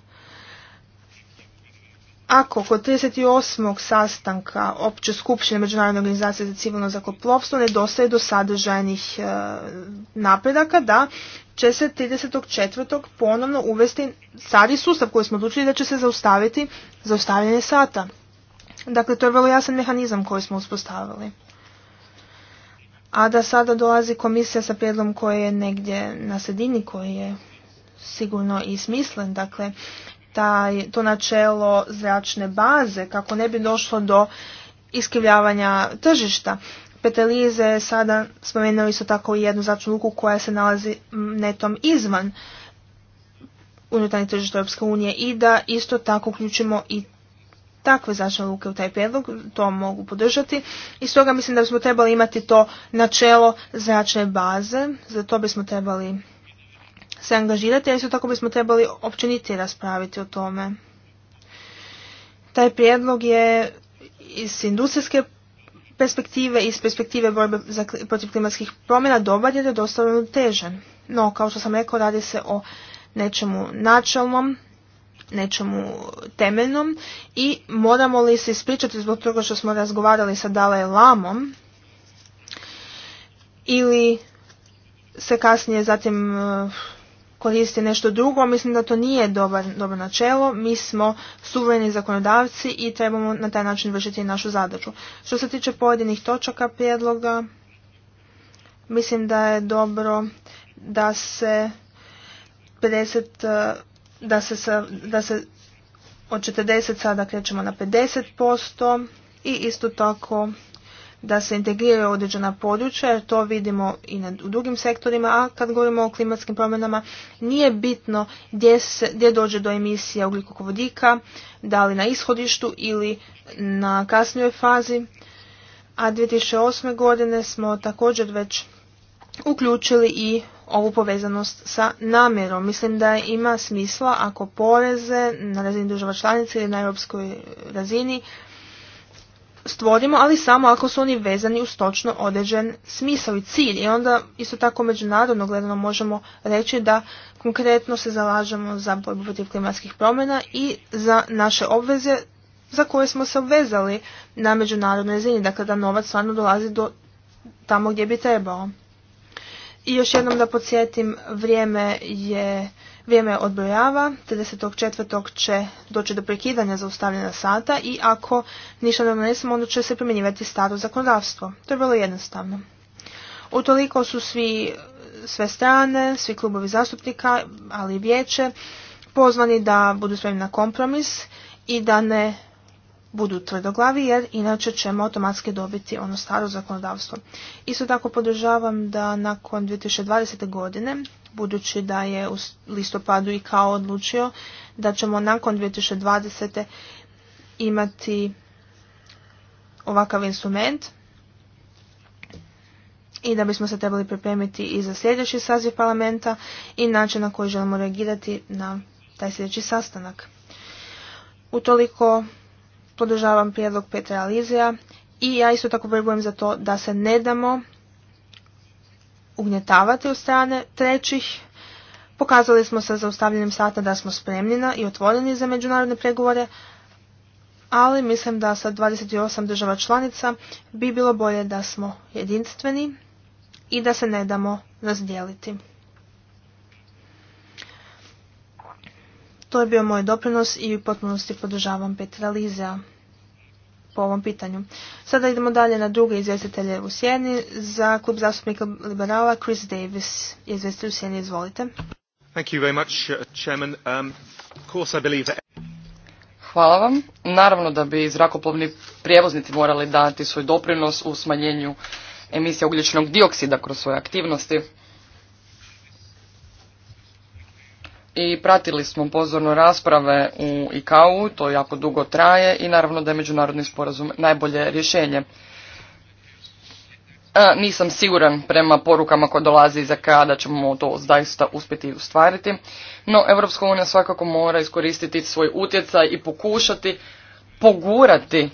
ako kod 38. sastanka Opće skupštine Međunarodne organizacije za civilno zakoplovstvo nedostaje do sadržajnih e, napredaka, da će se 34. ponovno uvesti sadi sustav koji smo odlučili da će se zaustaviti zaustavljanje sata. Dakle, to je vrlo jasan mehanizam koji smo uspostavili a da sada dolazi komisija sa prijedlom koji je negdje na sredini, koji je sigurno i smislen, dakle taj, to načelo zračne baze kako ne bi došlo do iskrivljavanja tržišta. Petelize sada spomenuli isto tako i jednu zračnu luku koja se nalazi netom izvan unutarnje tržište Europske unije i da isto tako uključimo i takve zračne luke u taj prijedlog, to mogu podržati i stoga mislim da bismo trebali imati to načelo zračne baze, za to bismo trebali se angažirati, a isto tako bismo trebali općenitije raspraviti o tome. Taj prijedlog je iz industrijske perspektive i iz perspektive borbe protiv klimatskih promjena dobar jer je dosta težan. No, kao što sam rekao, radi se o nečemu načelnom, nečemu temeljnom i moramo li se ispričati zbog toga što smo razgovarali sa Dalaj Lamom ili se kasnije zatim e, koristi nešto drugo, mislim da to nije dobar, dobro načelo, mi smo suvereni zakonodavci i trebamo na taj način vršiti našu zadaću. Što se tiče pojedinih točaka prijedloga, mislim da je dobro da se 50 da se, sa, da se od 40 sada krećemo na 50% i isto tako da se integriraju određena područja, jer to vidimo i u drugim sektorima, a kad govorimo o klimatskim promjenama, nije bitno gdje, se, gdje dođe do emisija ugljikovodika, da li na ishodištu ili na kasnijoj fazi. A 2008. godine smo također već uključili i ovu povezanost sa namjerom. Mislim da ima smisla ako poreze na razini država članica ili na europskoj razini stvorimo, ali samo ako su oni vezani uz točno određen smisao i cilj. I onda isto tako međunarodno gledano možemo reći da konkretno se zalažemo za borbu protiv klimatskih promjena i za naše obveze za koje smo se obvezali na međunarodnoj razini, dakle da novac stvarno dolazi do tamo gdje bi trebao. I još jednom da podsjetim, vrijeme je Vrijeme odbrojava, 34. će doći do prekidanja zaustavljanja sata i ako ništa ne donesemo, onda će se primjenjivati staro zakonodavstvo. To je bilo jednostavno. Utoliko su svi, sve strane, svi klubovi zastupnika, ali i vijeće, pozvani da budu spremni na kompromis i da ne budu tvrdoglavi jer inače ćemo automatski dobiti ono staro zakonodavstvo. Isto tako podržavam da nakon 2020. godine, budući da je u listopadu i kao odlučio da ćemo nakon 2020. imati ovakav instrument i da bismo se trebali pripremiti i za sljedeći saziv parlamenta i način na koji želimo reagirati na taj sljedeći sastanak. Utoliko podržavam prijedlog Petra Alizija i ja isto tako brigujem za to da se ne damo ugnjetavati od strane trećih. Pokazali smo sa zaustavljenim sata da smo spremni i otvoreni za međunarodne pregovore, ali mislim da sa 28 država članica bi bilo bolje da smo jedinstveni i da se ne damo razdijeliti. To je bio moj doprinos i u potpunosti podržavam Petra Lizea po ovom pitanju. Sada idemo dalje na druge izvjestitelje u sjeni. Za klub zastupnika liberala Chris Davis je izvjestitelj u sjeni. Izvolite. Hvala vam. Naravno da bi zrakoplovni prijevoznici morali dati svoj doprinos u smanjenju emisije ugljičnog dioksida kroz svoje aktivnosti. i pratili smo pozorno rasprave u ICAO, to jako dugo traje i naravno da je međunarodni sporazum najbolje rješenje. E, nisam siguran prema porukama koje dolazi iz AK da ćemo to zaista uspjeti ustvariti, no Europska unija svakako mora iskoristiti svoj utjecaj i pokušati pogurati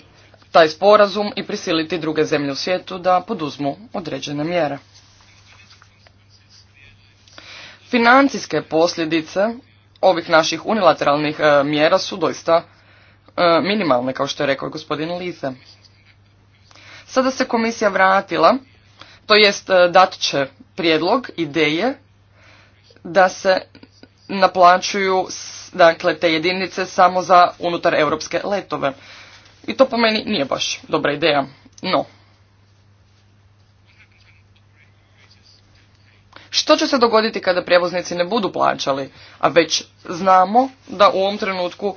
taj sporazum i prisiliti druge zemlje u svijetu da poduzmu određene mjere. Financijske posljedice ovih naših unilateralnih e, mjera su doista e, minimalne, kao što je rekao gospodin Lise. Sada se komisija vratila, to jest e, dat će prijedlog, ideje, da se naplaćuju dakle, te jedinice samo za unutar europske letove. I to po meni nije baš dobra ideja. No, Što će se dogoditi kada prijevoznici ne budu plaćali? A već znamo da u ovom trenutku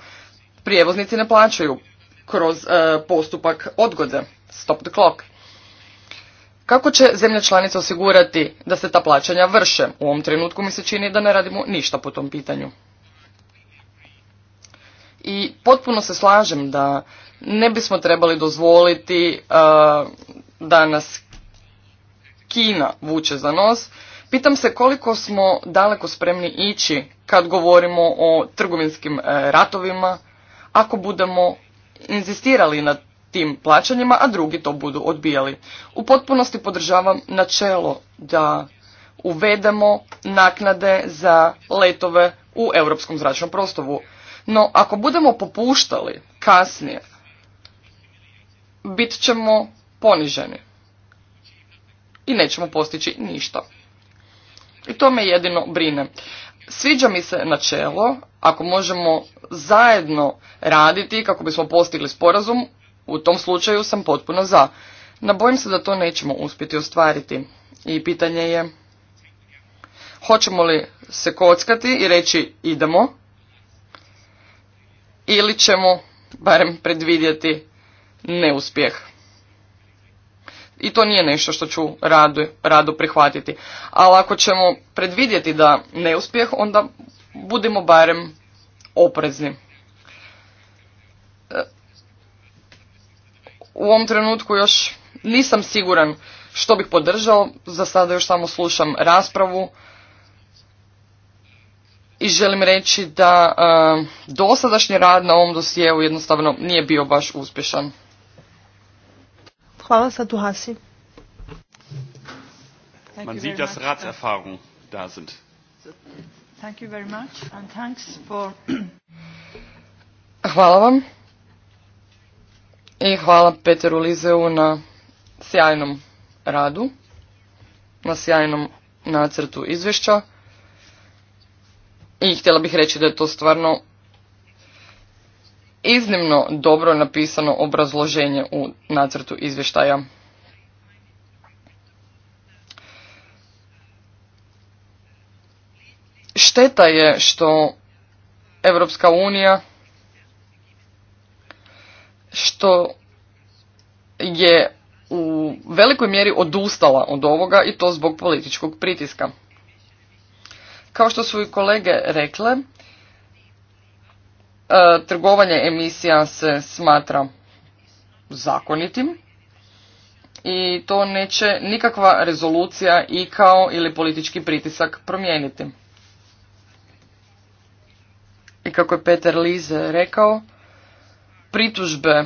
prijevoznici ne plaćaju kroz e, postupak odgode, stop the clock. Kako će zemlja članica osigurati da se ta plaćanja vrše? U ovom trenutku mi se čini da ne radimo ništa po tom pitanju. I potpuno se slažem da ne bismo trebali dozvoliti e, da nas Kina vuče za nos Pitam se koliko smo daleko spremni ići kad govorimo o trgovinskim e, ratovima, ako budemo inzistirali na tim plaćanjima, a drugi to budu odbijali. U potpunosti podržavam načelo da uvedemo naknade za letove u europskom zračnom prostoru. No, ako budemo popuštali kasnije, bit ćemo poniženi i nećemo postići ništa. I to me jedino brine. Sviđa mi se načelo, ako možemo zajedno raditi kako bismo postigli sporazum, u tom slučaju sam potpuno za. Nabojim se da to nećemo uspjeti ostvariti. I pitanje je, hoćemo li se kockati i reći idemo, ili ćemo barem predvidjeti neuspjeh i to nije nešto što ću rado, rado prihvatiti. Ali ako ćemo predvidjeti da neuspjeh, onda budimo barem oprezni. E, u ovom trenutku još nisam siguran što bih podržao, za sada još samo slušam raspravu i želim reći da e, dosadašnji rad na ovom dosjeu jednostavno nije bio baš uspješan. Hvala sad Hasi. Man sieht, dass Ratserfahrung da sind. Thank you very much and thanks for... (clears throat) Hvala vam. I hvala Peteru Lizeu na sjajnom radu, na sjajnom nacrtu izvješća. I htjela bih reći da je to stvarno iznimno dobro napisano obrazloženje u nacrtu izvještaja. Šteta je što Evropska unija što je u velikoj mjeri odustala od ovoga i to zbog političkog pritiska. Kao što su i kolege rekle, E, trgovanje emisija se smatra zakonitim i to neće nikakva rezolucija i kao ili politički pritisak promijeniti. I kako je Peter Lize rekao, pritužbe e,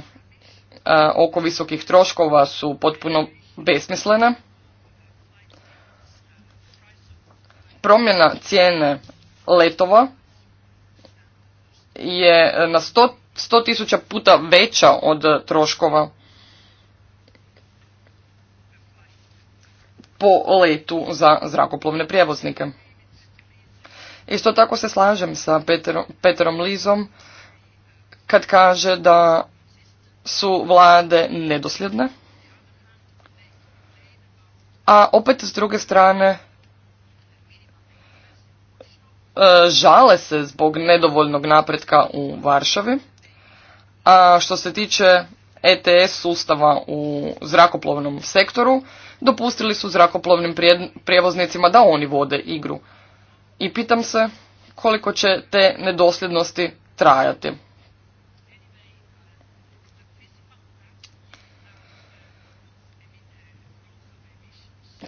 oko visokih troškova su potpuno besmislene. Promjena cijene letova je na sto tisuća puta veća od troškova po letu za zrakoplovne prijevoznike. Isto tako se slažem sa Peterom, Peterom Lizom kad kaže da su vlade nedosljedne, a opet s druge strane E, žale se zbog nedovoljnog napretka u Varšavi. A što se tiče ETS sustava u zrakoplovnom sektoru, dopustili su zrakoplovnim prijevoznicima da oni vode igru. I pitam se koliko će te nedosljednosti trajati.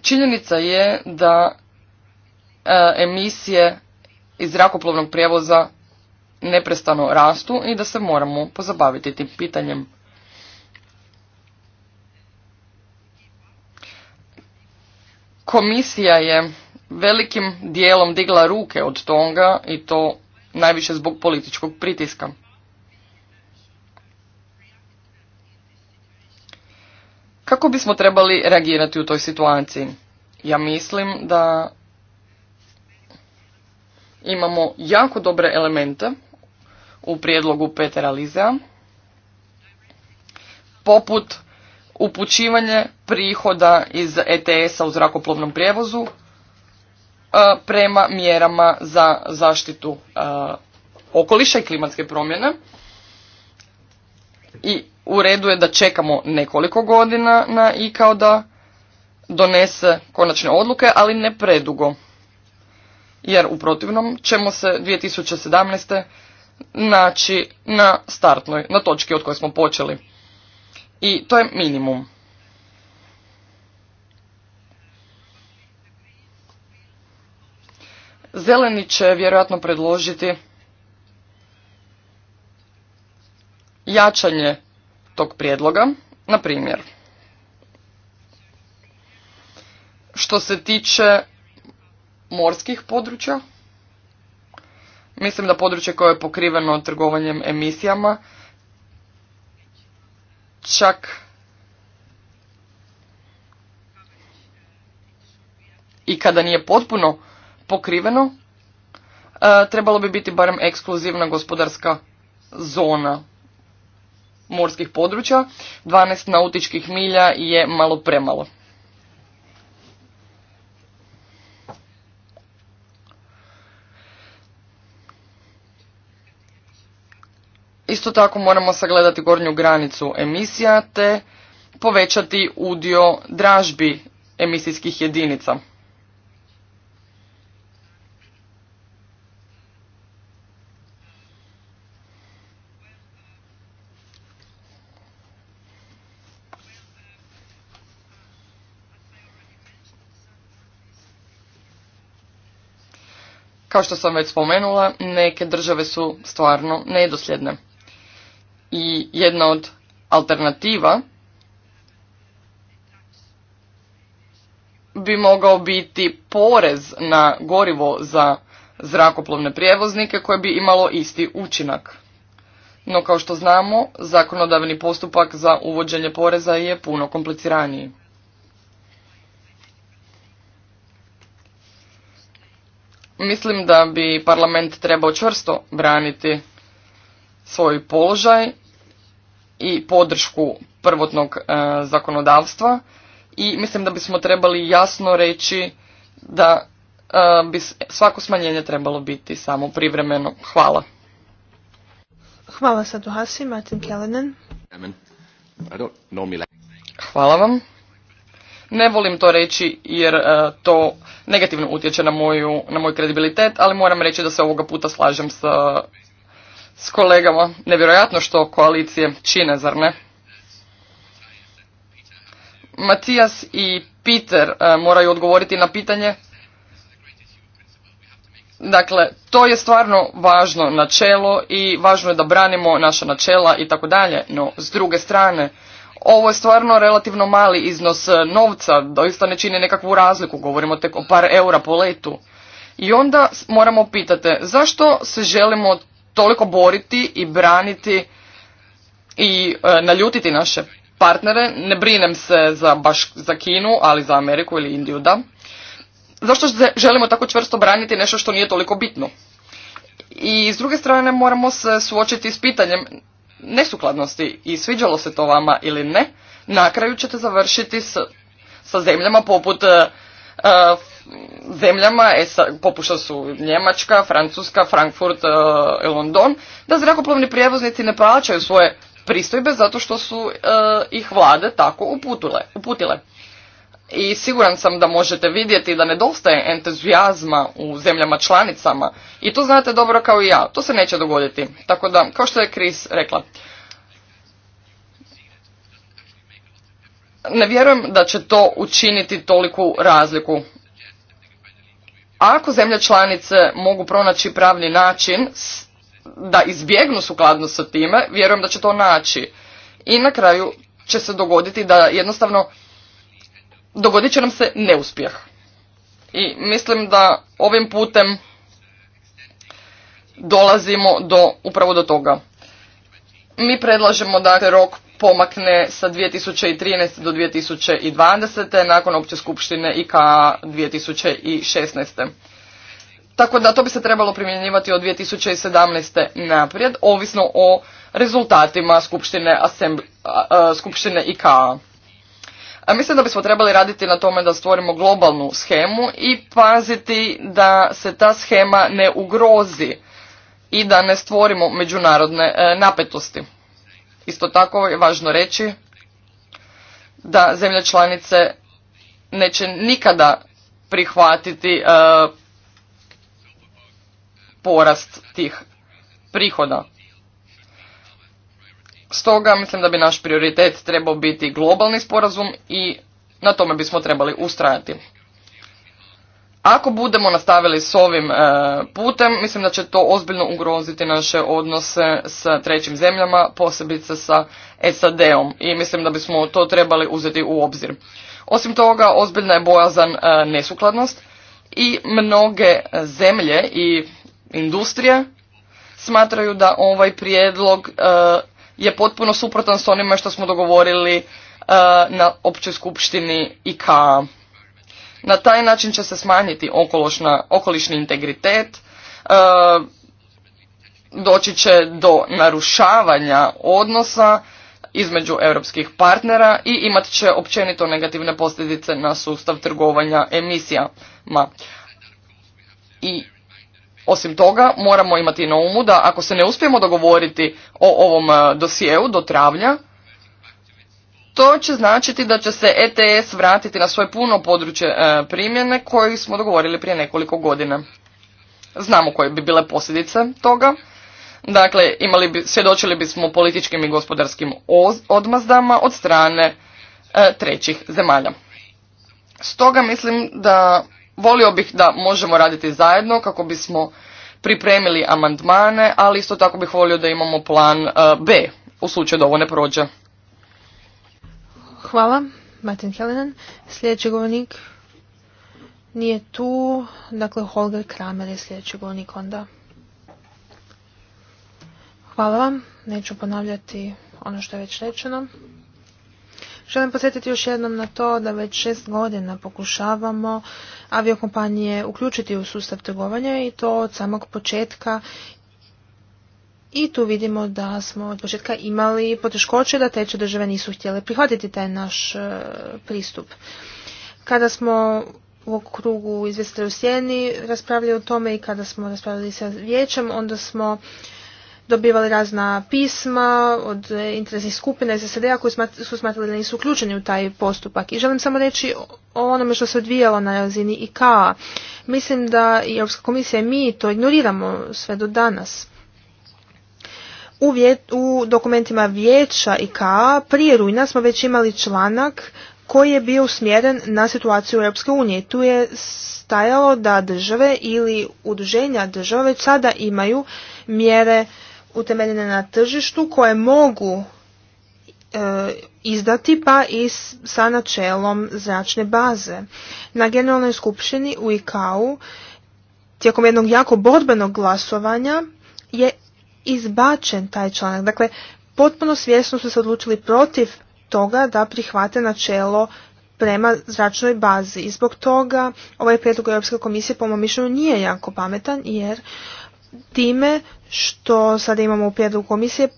Činjenica je da e, emisije i zrakoplovnog prijevoza neprestano rastu i da se moramo pozabaviti tim pitanjem. Komisija je velikim dijelom digla ruke od toga i to najviše zbog političkog pritiska. Kako bismo trebali reagirati u toj situaciji? Ja mislim da imamo jako dobre elemente u prijedlogu Petera Lizea, poput upućivanje prihoda iz ETS-a u zrakoplovnom prijevozu e, prema mjerama za zaštitu e, okoliša i klimatske promjene. I u redu je da čekamo nekoliko godina na i kao da donese konačne odluke, ali ne predugo jer u protivnom ćemo se 2017. naći na startnoj, na točki od koje smo počeli. I to je minimum. Zeleni će vjerojatno predložiti jačanje tog prijedloga, na primjer. Što se tiče morskih područja. Mislim da područje koje je pokriveno trgovanjem emisijama čak i kada nije potpuno pokriveno, e, trebalo bi biti barem ekskluzivna gospodarska zona morskih područja. 12 nautičkih milja je malo premalo. Isto tako moramo sagledati gornju granicu emisija te povećati udio dražbi emisijskih jedinica. Kao što sam već spomenula, neke države su stvarno nedosljedne. I jedna od alternativa bi mogao biti porez na gorivo za zrakoplovne prijevoznike koje bi imalo isti učinak. No kao što znamo, zakonodavni postupak za uvođenje poreza je puno kompliciraniji. Mislim da bi parlament trebao čvrsto braniti svoj položaj i podršku prvotnog e, zakonodavstva i mislim da bismo trebali jasno reći da e, bi svako smanjenje trebalo biti samo privremeno. Hvala. Hvala Martin Kellenen. Hvala vam. Ne volim to reći jer e, to negativno utječe na, moju, na moj kredibilitet, ali moram reći da se ovoga puta slažem sa s kolegama. Nevjerojatno što koalicije čine, zar ne? Matijas i Peter e, moraju odgovoriti na pitanje. Dakle, to je stvarno važno načelo i važno je da branimo naša načela i tako dalje, no s druge strane, ovo je stvarno relativno mali iznos e, novca, doista ne čini nekakvu razliku, govorimo tek o par eura po letu. I onda moramo pitati zašto se želimo toliko boriti i braniti i e, naljutiti naše partnere. Ne brinem se za, baš za Kinu, ali za Ameriku ili Indiju, da. Zašto želimo tako čvrsto braniti nešto što nije toliko bitno? I s druge strane moramo se suočiti s pitanjem nesukladnosti i sviđalo se to vama ili ne, na kraju ćete završiti s, sa zemljama poput e, e, zemljama, e, poput što su Njemačka, Francuska, Frankfurt, i e, e, London, da zrakoplovni prijevoznici ne plaćaju svoje pristojbe zato što su ih vlade tako uputile. uputile. I siguran sam da možete vidjeti da nedostaje entuzijazma u zemljama članicama i to znate dobro kao i ja, to se neće dogoditi. Tako da, kao što je kris rekla, ne vjerujem da će to učiniti toliku razliku ako zemlje članice mogu pronaći pravni način da izbjegnu sukladnost sa time, vjerujem da će to naći. I na kraju će se dogoditi da jednostavno dogodit će nam se neuspjeh. I mislim da ovim putem dolazimo do upravo do toga. Mi predlažemo da dakle, rok pomakne sa 2013. do 2020. nakon opće skupštine IK 2016. Tako da to bi se trebalo primjenjivati od 2017. naprijed, ovisno o rezultatima skupštine, skupštine IKA. A mislim da bismo trebali raditi na tome da stvorimo globalnu schemu i paziti da se ta schema ne ugrozi i da ne stvorimo međunarodne e, napetosti. Isto tako je važno reći da zemlje članice neće nikada prihvatiti e, porast tih prihoda. Stoga mislim da bi naš prioritet trebao biti globalni sporazum i na tome bismo trebali ustrajati. Ako budemo nastavili s ovim e, putem, mislim da će to ozbiljno ugroziti naše odnose s trećim zemljama, posebice sa SAD-om i mislim da bismo to trebali uzeti u obzir. Osim toga, ozbiljna je bojazan e, nesukladnost i mnoge zemlje i industrije smatraju da ovaj prijedlog e, je potpuno suprotan s onima što smo dogovorili na općoj skupštini IKA. Na taj način će se smanjiti okološna, okolišni integritet, e, doći će do narušavanja odnosa između europskih partnera i imat će općenito negativne posljedice na sustav trgovanja emisijama. I osim toga moramo imati na umu da ako se ne uspijemo dogovoriti o ovom e, dosijeu do travnja, što će značiti da će se ETS vratiti na svoje puno područje e, primjene koje smo dogovorili prije nekoliko godina. Znamo koje bi bile posljedice toga. Dakle, imali bi, svjedočili bismo političkim i gospodarskim odmazdama od strane e, trećih zemalja. Stoga mislim da volio bih da možemo raditi zajedno kako bismo pripremili amandmane, ali isto tako bih volio da imamo plan e, B u slučaju da ovo ne prođe. Hvala, Martin Kellenen. Sljedeći govornik nije tu, dakle Holger Kramer je sljedeći govornik onda. Hvala vam, neću ponavljati ono što je već rečeno. Želim posjetiti još jednom na to da već šest godina pokušavamo aviokompanije uključiti u sustav trgovanja i to od samog početka i tu vidimo da smo od početka imali poteškoće da teče države nisu htjele prihvatiti taj naš e, pristup. Kada smo u okrugu izvestili u Sjeni raspravljali o tome i kada smo raspravljali sa vijećem, onda smo dobivali razna pisma od e, interesnih skupina iz SAD-a koji su smatrali da nisu uključeni u taj postupak. I želim samo reći o onome što se odvijalo na razini IKA. Mislim da i Europska komisija i mi to ignoriramo sve do danas u, u dokumentima vijeća i KA prije rujna smo već imali članak koji je bio usmjeren na situaciju u Europske unije. Tu je stajalo da države ili udruženja države već sada imaju mjere utemeljene na tržištu koje mogu e, izdati pa i sa načelom zračne baze. Na generalnoj skupštini u IKAU tijekom jednog jako borbenog glasovanja je izbačen taj članak. Dakle, potpuno svjesno su se odlučili protiv toga da prihvate načelo prema zračnoj bazi. I zbog toga ovaj prijedlog Europske komisije po mom mišljenju nije jako pametan jer time što sada imamo u prijedlogu komisije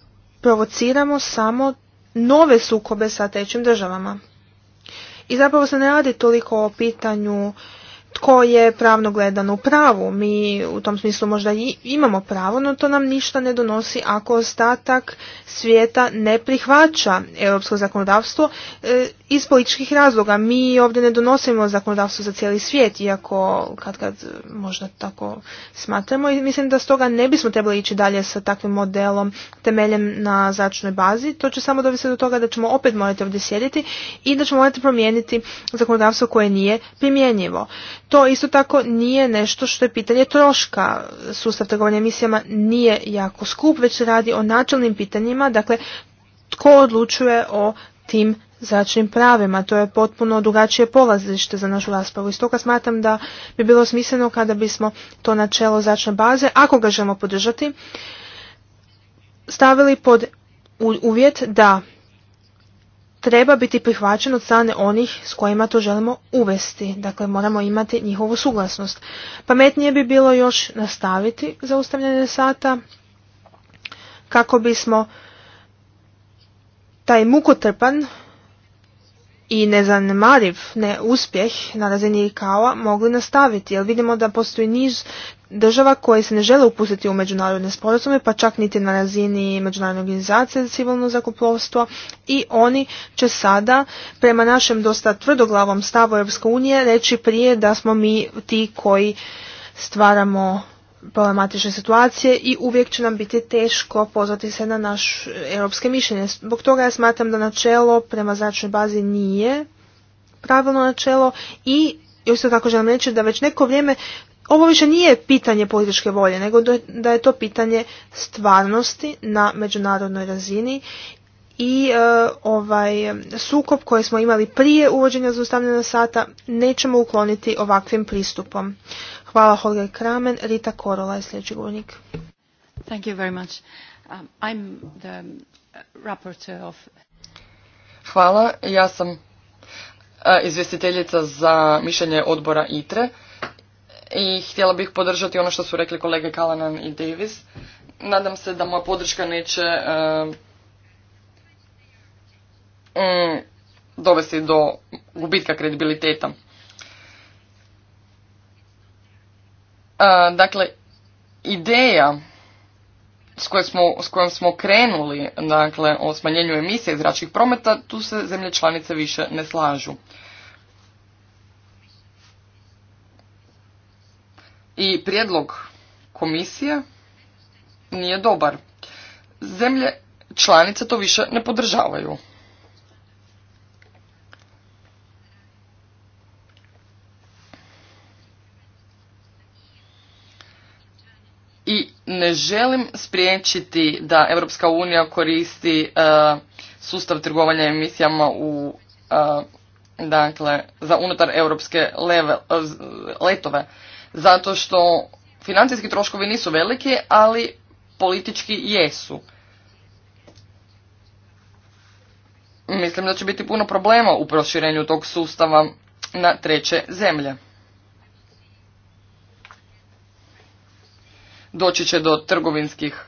provociramo samo nove sukobe sa trećim državama. I zapravo se ne radi toliko o pitanju tko je pravno gledan u pravu. Mi u tom smislu možda i imamo pravo, no to nam ništa ne donosi ako ostatak svijeta ne prihvaća europsko zakonodavstvo e, iz političkih razloga. Mi ovdje ne donosimo zakonodavstvo za cijeli svijet, iako kad kad e, možda tako smatramo i mislim da stoga ne bismo trebali ići dalje sa takvim modelom temeljem na začnoj bazi. To će samo dovesti do toga da ćemo opet morati ovdje sjediti i da ćemo morati promijeniti zakonodavstvo koje nije primjenjivo. To isto tako nije nešto što je pitanje troška. Sustav trgovanja emisijama nije jako skup, već radi o načelnim pitanjima, dakle tko odlučuje o tim zračnim pravima. To je potpuno drugačije polazište za našu raspravu. I stoga smatram da bi bilo smisleno kada bismo to načelo zračne baze, ako ga želimo podržati, stavili pod uvjet da treba biti prihvaćen od strane onih s kojima to želimo uvesti. Dakle, moramo imati njihovu suglasnost. Pametnije bi bilo još nastaviti zaustavljanje sata kako bismo taj mukotrpan i nezanemariv neuspjeh na razini icao mogli nastaviti, jer vidimo da postoji niz država koje se ne žele upustiti u međunarodne sporazume, pa čak niti na razini međunarodne organizacije za civilno zakuplovstvo i oni će sada prema našem dosta tvrdoglavom stavu EU, unije reći prije da smo mi ti koji stvaramo problematične situacije i uvijek će nam biti teško pozvati se na naš europske mišljenje. Zbog toga ja smatram da načelo prema zračnoj bazi nije pravilno načelo i se tako želim reći da već neko vrijeme ovo više nije pitanje političke volje, nego da je to pitanje stvarnosti na međunarodnoj razini i e, ovaj sukob koji smo imali prije uvođenja zaustavljena sata nećemo ukloniti ovakvim pristupom. Hvala Holger Kramen. Rita Korola je sljedeći govornik. Hvala, ja sam uh, izvjestiteljica za mišljenje odbora ITRE i htjela bih podržati ono što su rekli kolege Kalanan i Davis. Nadam se da moja podrška neće uh, mm, dovesti do gubitka kredibiliteta. Dakle, ideja s, koje smo, s kojom smo krenuli dakle, o smanjenju emisije zračnih prometa, tu se zemlje članice više ne slažu. I prijedlog komisije nije dobar. Zemlje članice to više ne podržavaju. Ne želim spriječiti da Europska unija koristi e, sustav trgovanja emisijama u e, dakle za unutar europske e, letove zato što financijski troškovi nisu veliki, ali politički jesu. Mislim da će biti puno problema u proširenju tog sustava na treće zemlje. doći će do trgovinskih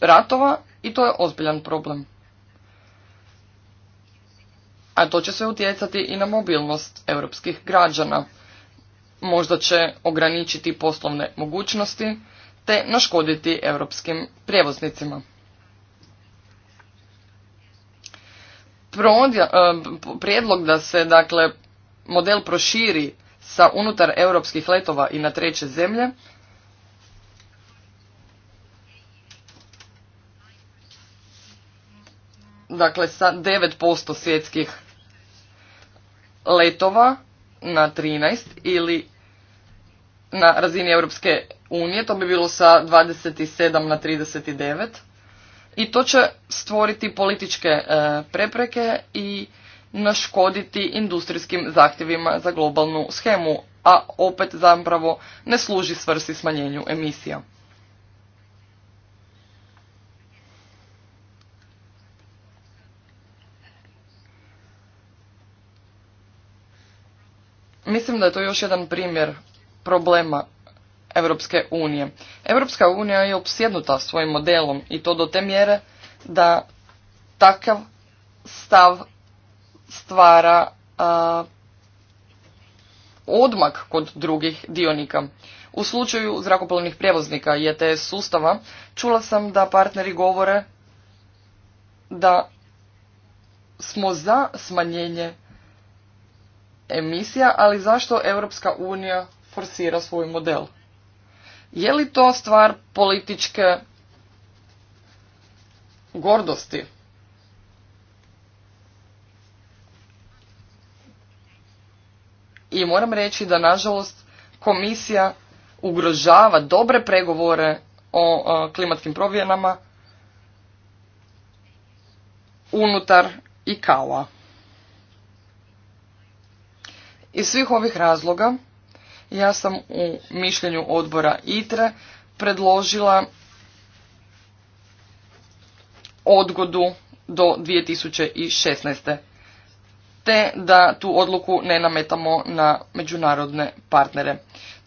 ratova i to je ozbiljan problem. A to će se utjecati i na mobilnost europskih građana. Možda će ograničiti poslovne mogućnosti te naškoditi europskim prijevoznicima. E, prijedlog da se dakle model proširi sa unutar europskih letova i na treće zemlje dakle sa 9% svjetskih letova na 13 ili na razini Europske unije, to bi bilo sa 27 na 39 i to će stvoriti političke e, prepreke i naškoditi industrijskim zahtjevima za globalnu schemu, a opet zapravo ne služi svrsi smanjenju emisija. mislim da je to još jedan primjer problema Europske unije. Europska unija je opsjednuta svojim modelom i to do te mjere da takav stav stvara odmak kod drugih dionika. U slučaju zrakoplovnih prijevoznika i e sustava čula sam da partneri govore da smo za smanjenje emisija, ali zašto Europska unija forsira svoj model? Je li to stvar političke gordosti? I moram reći da nažalost komisija ugrožava dobre pregovore o klimatskim promjenama unutar i kao iz svih ovih razloga ja sam u mišljenju odbora ITRE predložila odgodu do 2016. te da tu odluku ne nametamo na međunarodne partnere.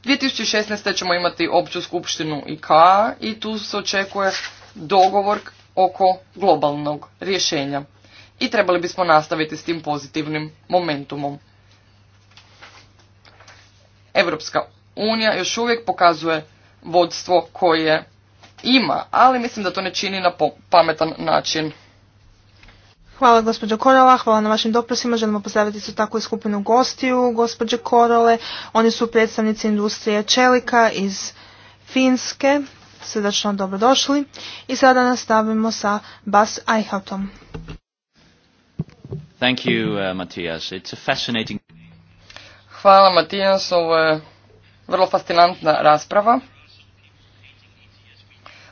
2016. ćemo imati opću skupštinu IKA i tu se očekuje dogovor oko globalnog rješenja. I trebali bismo nastaviti s tim pozitivnim momentumom. Evropska unija još uvijek pokazuje vodstvo koje ima, ali mislim da to ne čini na pametan način. Hvala gospođo Korola, hvala na vašim doprosima. Želimo pozdraviti su tako i skupinu gostiju gospođe Korole. Oni su predstavnici industrije čelika iz Finske. Srdačno dobrodošli. I sada nastavimo sa Bas Eichautom. Thank you, uh, It's Hvala Matijas, ovo je vrlo fascinantna rasprava.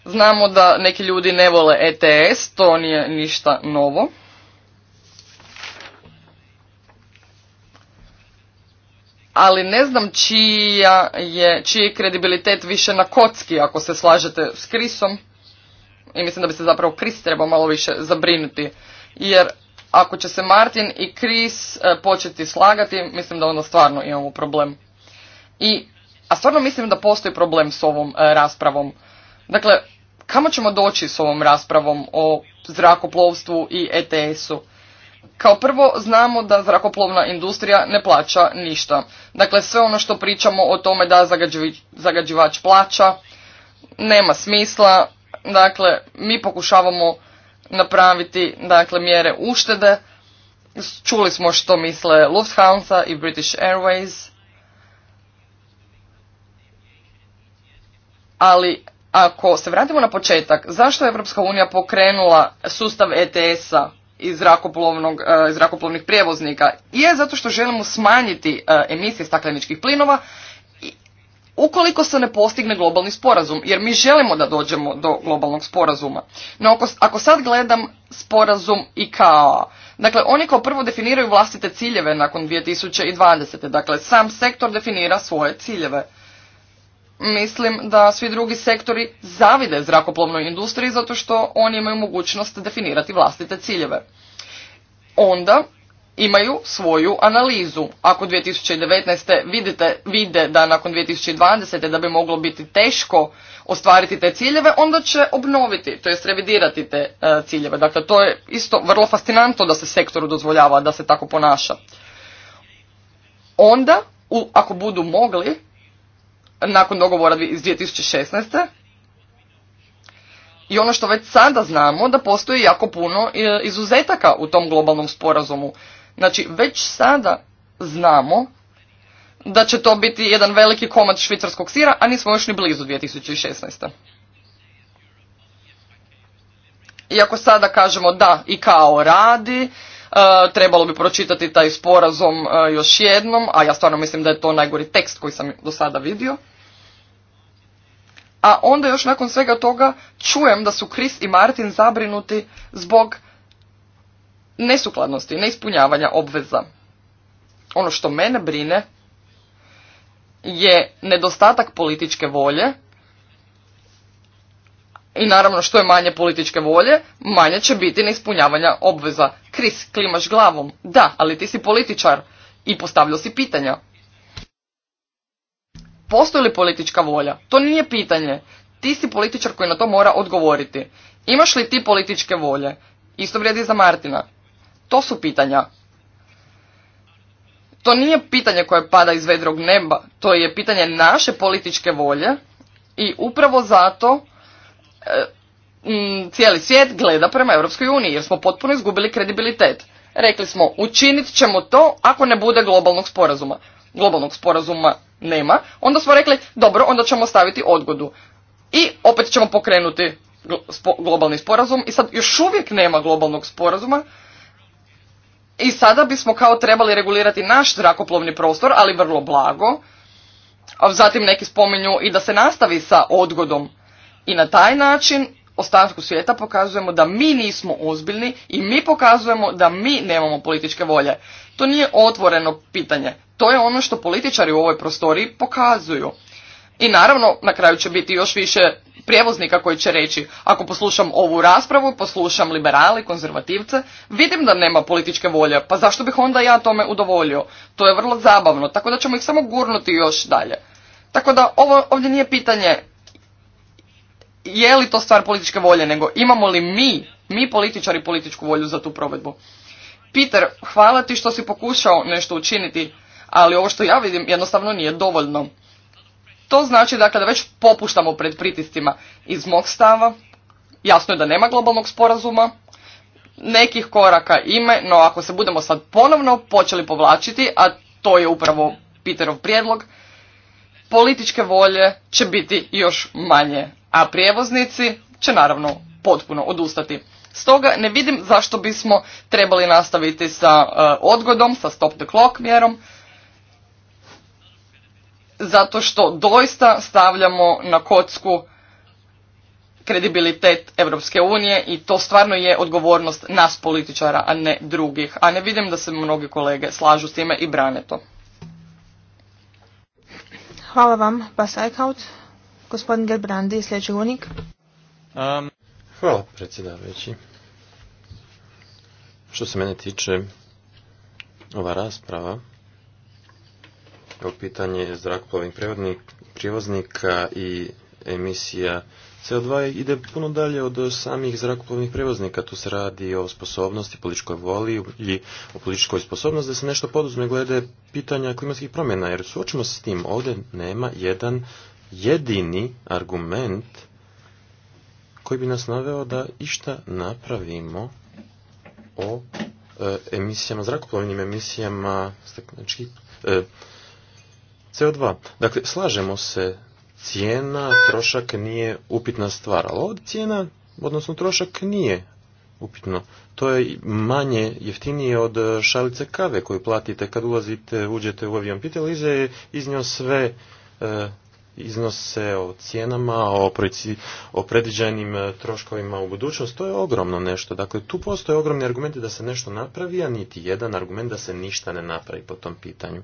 Znamo da neki ljudi ne vole ETS, to nije ništa novo. Ali ne znam čija je, čiji je kredibilitet više na kocki ako se slažete s Krisom. I mislim da bi se zapravo Kris trebao malo više zabrinuti. Jer ako će se Martin i Chris e, početi slagati, mislim da onda stvarno imamo problem. I, a stvarno mislim da postoji problem s ovom e, raspravom. Dakle, kamo ćemo doći s ovom raspravom o zrakoplovstvu i ETS-u? Kao prvo znamo da zrakoplovna industrija ne plaća ništa. Dakle, sve ono što pričamo o tome da zagađivač plaća, nema smisla. Dakle, mi pokušavamo napraviti dakle mjere uštede. Čuli smo što misle Lufthansa i British Airways. Ali ako se vratimo na početak, zašto je Europska unija pokrenula sustav ETS-a i e, zrakoplovnih prijevoznika? Je zato što želimo smanjiti e, emisije stakleničkih plinova, ukoliko se ne postigne globalni sporazum, jer mi želimo da dođemo do globalnog sporazuma. No ako sad gledam sporazum i kao, dakle oni kao prvo definiraju vlastite ciljeve nakon 2020. Dakle, sam sektor definira svoje ciljeve. Mislim da svi drugi sektori zavide zrakoplovnoj industriji zato što oni imaju mogućnost definirati vlastite ciljeve. Onda imaju svoju analizu. Ako 2019. vidite, vide da nakon 2020. da bi moglo biti teško ostvariti te ciljeve, onda će obnoviti, to jest revidirati te e, ciljeve. Dakle, to je isto vrlo fascinantno da se sektoru dozvoljava da se tako ponaša. Onda, u, ako budu mogli, nakon dogovora iz 2016. I ono što već sada znamo da postoji jako puno e, izuzetaka u tom globalnom sporazumu. Znači, već sada znamo da će to biti jedan veliki komad švicarskog sira, a nismo još ni blizu 2016. Iako sada kažemo da i kao radi, e, trebalo bi pročitati taj sporazum e, još jednom, a ja stvarno mislim da je to najgori tekst koji sam do sada vidio. A onda još nakon svega toga čujem da su Chris i Martin zabrinuti zbog nesukladnosti, neispunjavanja obveza. Ono što mene brine je nedostatak političke volje i naravno što je manje političke volje, manje će biti neispunjavanja obveza. Kris, klimaš glavom. Da, ali ti si političar i postavljao si pitanja. Postoji li politička volja? To nije pitanje. Ti si političar koji na to mora odgovoriti. Imaš li ti političke volje? Isto vrijedi za Martina. To su pitanja. To nije pitanje koje pada iz vedrog neba, to je pitanje naše političke volje i upravo zato e, cijeli svijet gleda prema Europskoj uniji jer smo potpuno izgubili kredibilitet. Rekli smo učinit ćemo to ako ne bude globalnog sporazuma. Globalnog sporazuma nema, onda smo rekli dobro onda ćemo staviti odgodu i opet ćemo pokrenuti globalni sporazum i sad još uvijek nema globalnog sporazuma i sada bismo kao trebali regulirati naš zrakoplovni prostor, ali vrlo blago. Zatim neki spominju i da se nastavi sa odgodom. I na taj način ostatku svijeta pokazujemo da mi nismo ozbiljni i mi pokazujemo da mi nemamo političke volje. To nije otvoreno pitanje. To je ono što političari u ovoj prostoriji pokazuju. I naravno, na kraju će biti još više prijevoznika koji će reći ako poslušam ovu raspravu, poslušam liberali, konzervativce, vidim da nema političke volje, pa zašto bih onda ja tome udovoljio? To je vrlo zabavno, tako da ćemo ih samo gurnuti još dalje. Tako da ovo ovdje nije pitanje je li to stvar političke volje, nego imamo li mi, mi političari političku volju za tu provedbu. Peter, hvala ti što si pokušao nešto učiniti, ali ovo što ja vidim jednostavno nije dovoljno. To znači da kada već popuštamo pred pritiscima iz mog stava. Jasno je da nema globalnog sporazuma. Nekih koraka ime, no ako se budemo sad ponovno počeli povlačiti, a to je upravo Peterov prijedlog, političke volje će biti još manje, a prijevoznici će naravno potpuno odustati. Stoga ne vidim zašto bismo trebali nastaviti sa e, odgodom, sa stop the clock mjerom, zato što doista stavljamo na kocku kredibilitet Europske unije i to stvarno je odgovornost nas političara, a ne drugih. A ne vidim da se mnogi kolege slažu s time i brane to. Hvala vam, Bas Eichhout. Gospodin Gerbrandi, sljedeći unik. Um, hvala, predsjedavajući. Što se mene tiče, ova rasprava Evo pitanje zrakoplovnih prijevoznika i emisija CO2 ide puno dalje od samih zrakoplovnih prevoznika. Tu se radi o sposobnosti, političkoj voli i o političkoj sposobnosti da se nešto poduzme glede pitanja klimatskih promjena. Jer suočimo se s tim, ovdje nema jedan jedini argument koji bi nas naveo da išta napravimo o e, emisijama, zrakoplovnim emisijama znači CO2. Dakle, slažemo se, cijena, trošak nije upitna stvar, ali ovdje cijena, odnosno trošak nije upitno. To je manje jeftinije od šalice kave koju platite kad ulazite, uđete u avion. Pitalize Lize je iznio sve e, iznose o cijenama, o, o predviđenim e, troškovima u budućnost, to je ogromno nešto. Dakle, tu postoje ogromni argumenti da se nešto napravi, a niti jedan argument da se ništa ne napravi po tom pitanju.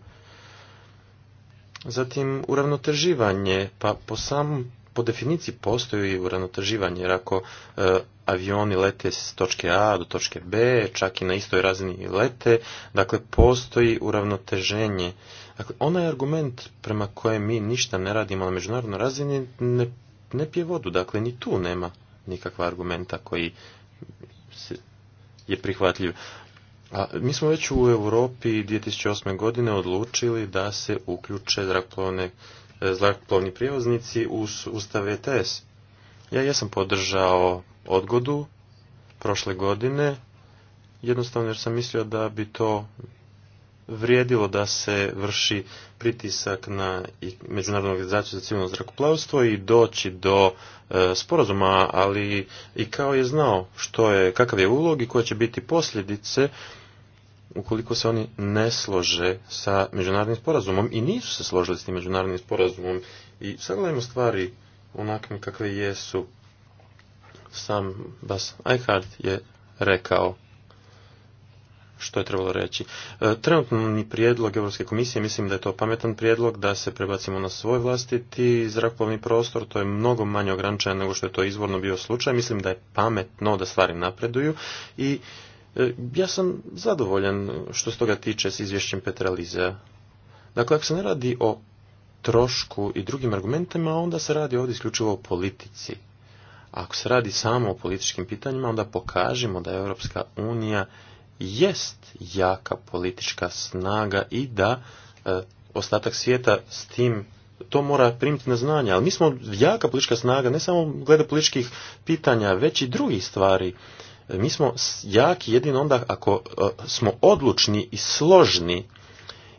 Zatim uravnoteživanje, pa po samom po definiciji postoji uravnoteživanje, jer ako e, avioni lete s točke A do točke B, čak i na istoj razini lete, dakle postoji uravnoteženje. Dakle, onaj argument prema kojem mi ništa ne radimo na međunarodnoj razini ne, ne pije vodu, dakle ni tu nema nikakva argumenta koji se, je prihvatljiv. A, mi smo već u Europi 2008. godine odlučili da se uključe zrakoplovne e, zrakoplovni prijevoznici u sustav ETS. Ja jesam podržao odgodu prošle godine, jednostavno jer sam mislio da bi to vrijedilo da se vrši pritisak na Međunarodnu organizaciju za civilno zrakoplavstvo i doći do e, sporazuma, ali i kao je znao što je, kakav je ulog i koje će biti posljedice ukoliko se oni ne slože sa međunarodnim sporazumom i nisu se složili s tim međunarodnim sporazumom i sagledajmo stvari onakvim kakve jesu sam Bas Eichhardt je rekao što je trebalo reći. E, trenutni prijedlog Europske komisije, mislim da je to pametan prijedlog, da se prebacimo na svoj vlastiti zrakoplovni prostor, to je mnogo manje ograničeno nego što je to izvorno bio slučaj, mislim da je pametno da stvari napreduju i E, ja sam zadovoljan što se toga tiče s izvješćem Petra Liza. Dakle, ako se ne radi o trošku i drugim argumentima, onda se radi ovdje isključivo o politici. ako se radi samo o političkim pitanjima, onda pokažimo da je Europska unija jest jaka politička snaga i da e, ostatak svijeta s tim to mora primiti na znanje, ali mi smo jaka politička snaga, ne samo glede političkih pitanja, već i drugih stvari. E, mi smo jaki jedino onda ako e, smo odlučni i složni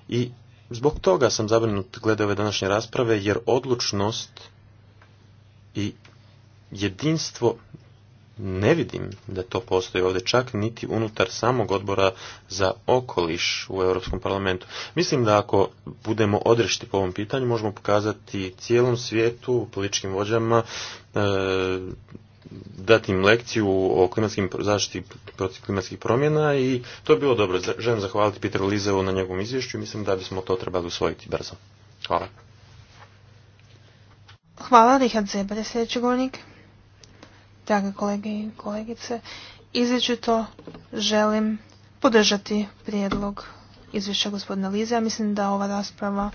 i zbog toga sam zabrinut glede ove današnje rasprave jer odlučnost i jedinstvo ne vidim da to postoji ovdje čak niti unutar samog odbora za okoliš u Europskom parlamentu. Mislim da ako budemo odrešiti po ovom pitanju možemo pokazati cijelom svijetu, političkim vođama, e, dati im lekciju o klimatskim zaštiti protiv klimatskih promjena i to je bilo dobro. Želim zahvaliti Peter Lizeu na njegovom izvješću i mislim da bismo to trebali usvojiti brzo. Hvala. Hvala, Richard sljedeći govornik. Drage kolege i kolegice, to želim podržati prijedlog izvješća gospodina Lize. mislim da ova rasprava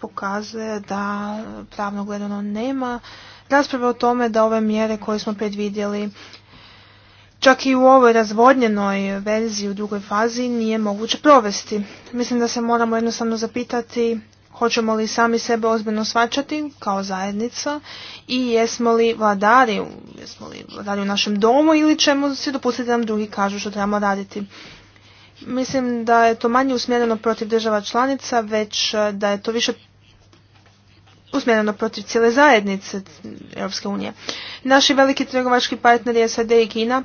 pokazuje da pravno gledano nema rasprave o tome da ove mjere koje smo predvidjeli čak i u ovoj razvodnjenoj verziji u drugoj fazi nije moguće provesti. Mislim da se moramo jednostavno zapitati hoćemo li sami sebe ozbiljno svačati kao zajednica i jesmo li vladari, jesmo li vladari u našem domu ili ćemo se dopustiti da nam drugi kažu što trebamo raditi. Mislim da je to manje usmjereno protiv država članica, već da je to više usmjereno protiv cijele zajednice Europske unije. Naši veliki trgovački partneri SAD i Kina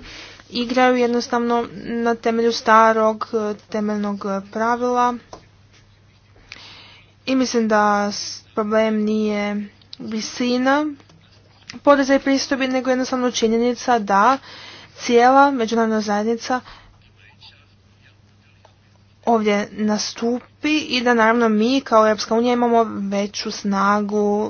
igraju jednostavno na temelju starog e, temeljnog e, pravila i mislim da problem nije visina poreza i pristupi, nego jednostavno činjenica da cijela međunarodna zajednica ovdje nastupi i da naravno mi kao Europska unija imamo veću snagu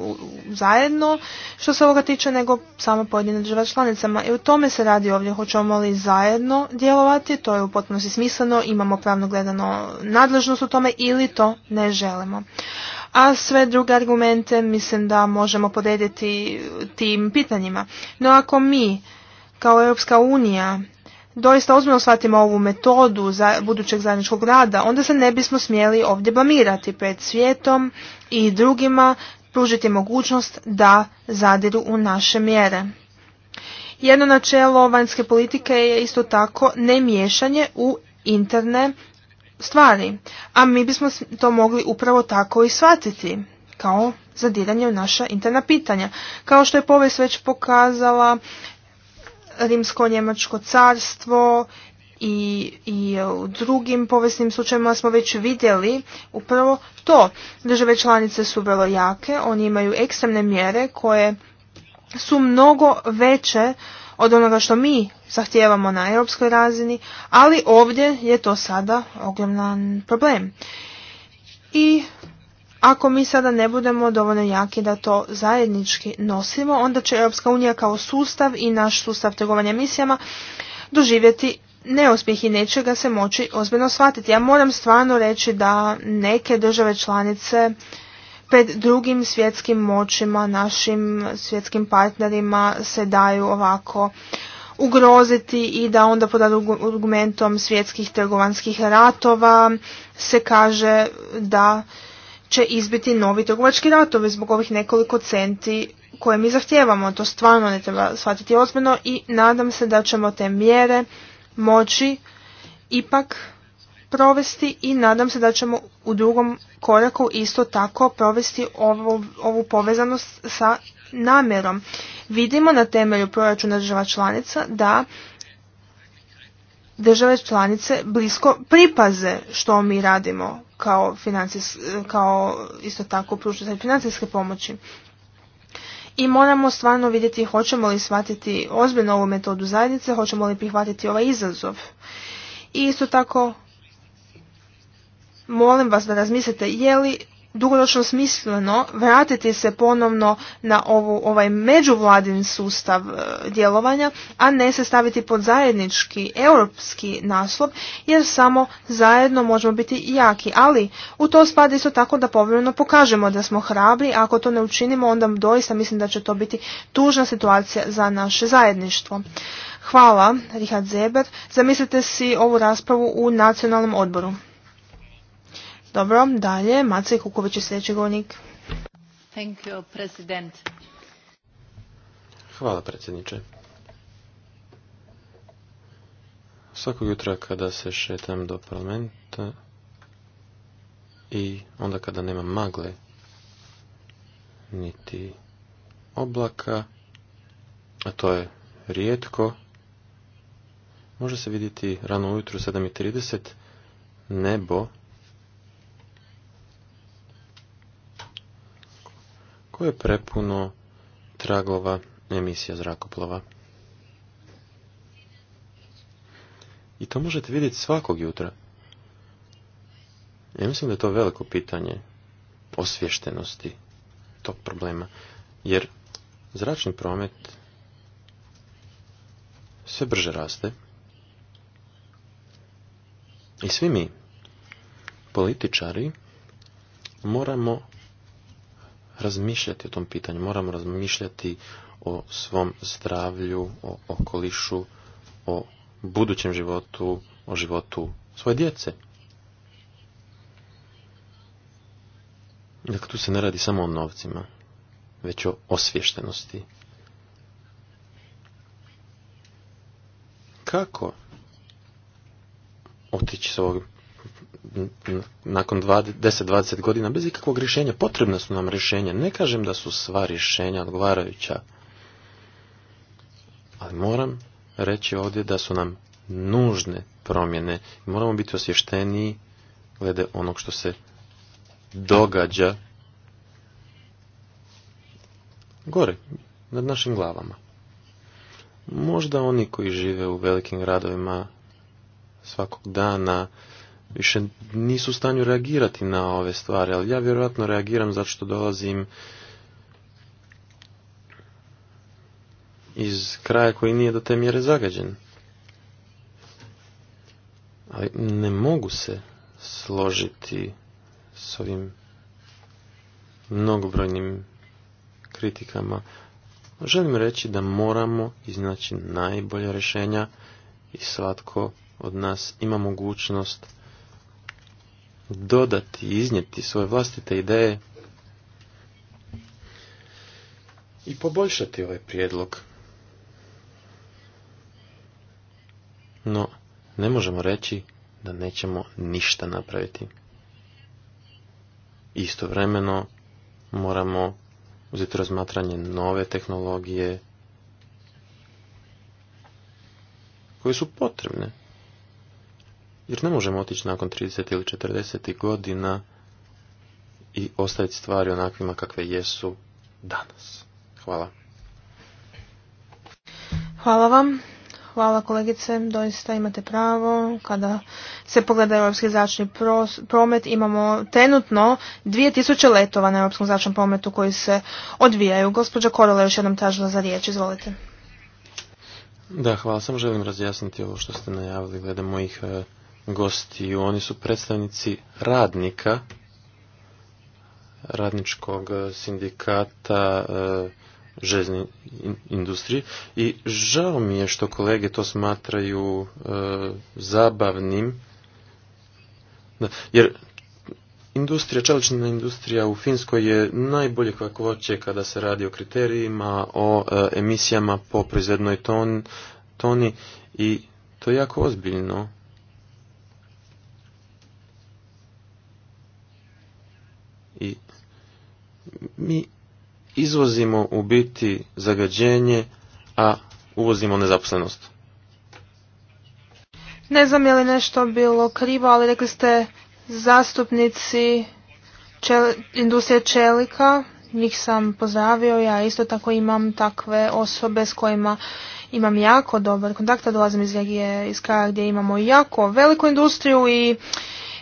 zajedno što se ovoga tiče nego samo pojedine država članicama. I u tome se radi ovdje, hoćemo li zajedno djelovati, to je u potpunosti smisleno, imamo pravno gledano nadležnost u tome ili to ne želimo. A sve druge argumente mislim da možemo podediti tim pitanjima. No ako mi kao Europska unija doista ozbiljno shvatimo ovu metodu za budućeg zajedničkog rada, onda se ne bismo smjeli ovdje blamirati pred svijetom i drugima pružiti mogućnost da zadiru u naše mjere. Jedno načelo vanjske politike je isto tako miješanje u interne stvari, a mi bismo to mogli upravo tako i shvatiti kao zadiranje u naša interna pitanja. Kao što je povijest već pokazala, Rimsko-Njemačko carstvo i, i e, u drugim povijesnim slučajevima smo već vidjeli upravo to. Države članice su vrlo jake, oni imaju ekstremne mjere koje su mnogo veće od onoga što mi zahtijevamo na europskoj razini, ali ovdje je to sada ogroman problem. I ako mi sada ne budemo dovoljno jaki da to zajednički nosimo, onda će Europska unija kao sustav i naš sustav trgovanja misijama doživjeti neuspjeh i neće ga se moći ozbiljno shvatiti. Ja moram stvarno reći da neke države članice pred drugim svjetskim moćima, našim svjetskim partnerima se daju ovako ugroziti i da onda pod argumentom svjetskih trgovanskih ratova se kaže da će izbiti novi trgovački ratovi zbog ovih nekoliko centi koje mi zahtijevamo. To stvarno ne treba shvatiti ozbiljno i nadam se da ćemo te mjere moći ipak provesti i nadam se da ćemo u drugom koraku isto tako provesti ovu, ovu povezanost sa namjerom. Vidimo na temelju proračuna država članica da države članice blisko pripaze što mi radimo kao, kao isto tako pružitelj financijske pomoći. I moramo stvarno vidjeti hoćemo li shvatiti ozbiljno ovu metodu zajednice, hoćemo li prihvatiti ovaj izazov. I isto tako molim vas da razmislite je li dugoročno smisleno vratiti se ponovno na ovu, ovaj međuvladin sustav e, djelovanja, a ne se staviti pod zajednički europski naslov, jer samo zajedno možemo biti jaki. Ali u to spada isto tako da povremeno pokažemo da smo hrabri, a ako to ne učinimo onda doista mislim da će to biti tužna situacija za naše zajedništvo. Hvala, Richard Zeber. Zamislite si ovu raspravu u nacionalnom odboru. Dobro, dalje, Macej Kuković je sljedeći govornik. Thank you, president. Hvala, predsjedniče. Svakog jutra kada se šetam do parlamenta i onda kada nema magle niti oblaka, a to je rijetko, može se vidjeti rano ujutru 7.30 nebo koje je prepuno tragova emisija zrakoplova. I to možete vidjeti svakog jutra. Ja mislim da je to veliko pitanje osvještenosti tog problema. Jer zračni promet sve brže raste. I svi mi, političari, moramo razmišljati o tom pitanju, moramo razmišljati o svom zdravlju, o okolišu, o budućem životu, o životu svoje djece. Dakle, tu se ne radi samo o novcima, već o osviještenosti. Kako otići s ovog nakon 10-20 godina bez ikakvog rješenja. Potrebna su nam rješenja. Ne kažem da su sva rješenja odgovarajuća. Ali moram reći ovdje da su nam nužne promjene. Moramo biti osvješteniji glede onog što se događa gore, nad našim glavama. Možda oni koji žive u velikim gradovima svakog dana više nisu u stanju reagirati na ove stvari, ali ja vjerojatno reagiram zato što dolazim iz kraja koji nije do te mjere zagađen. Ali ne mogu se složiti s ovim mnogobrojnim kritikama. Želim reći da moramo iznaći najbolja rješenja i svatko od nas ima mogućnost dodati iznijeti svoje vlastite ideje i poboljšati ovaj prijedlog. No, ne možemo reći da nećemo ništa napraviti. Istovremeno moramo uzeti razmatranje nove tehnologije koje su potrebne. Jer ne možemo otići nakon 30 ili 40 godina i ostaviti stvari onakvima kakve jesu danas. Hvala. Hvala vam. Hvala kolegice, doista imate pravo. Kada se pogleda europski zračni promet, imamo trenutno 2000 letova na europskom zračnom prometu koji se odvijaju. Gospođa Korola još jednom tražila za riječ, izvolite. Da, hvala. Samo želim razjasniti ovo što ste najavili glede mojih e, gostiju. Oni su predstavnici radnika, radničkog sindikata e, željezne industrije i žao mi je što kolege to smatraju e, zabavnim, jer Industrija, čelična industrija u Finskoj je najbolje kakvoće kada se radi o kriterijima, o e, emisijama po proizvednoj toni i to je jako ozbiljno. mi izvozimo u biti zagađenje, a uvozimo nezaposlenost. Ne znam je li nešto bilo krivo, ali rekli ste zastupnici industrije čelika, njih sam pozdravio, ja isto tako imam takve osobe s kojima imam jako dobar kontakt, dolazim iz regije, iz kraja gdje imamo jako veliku industriju i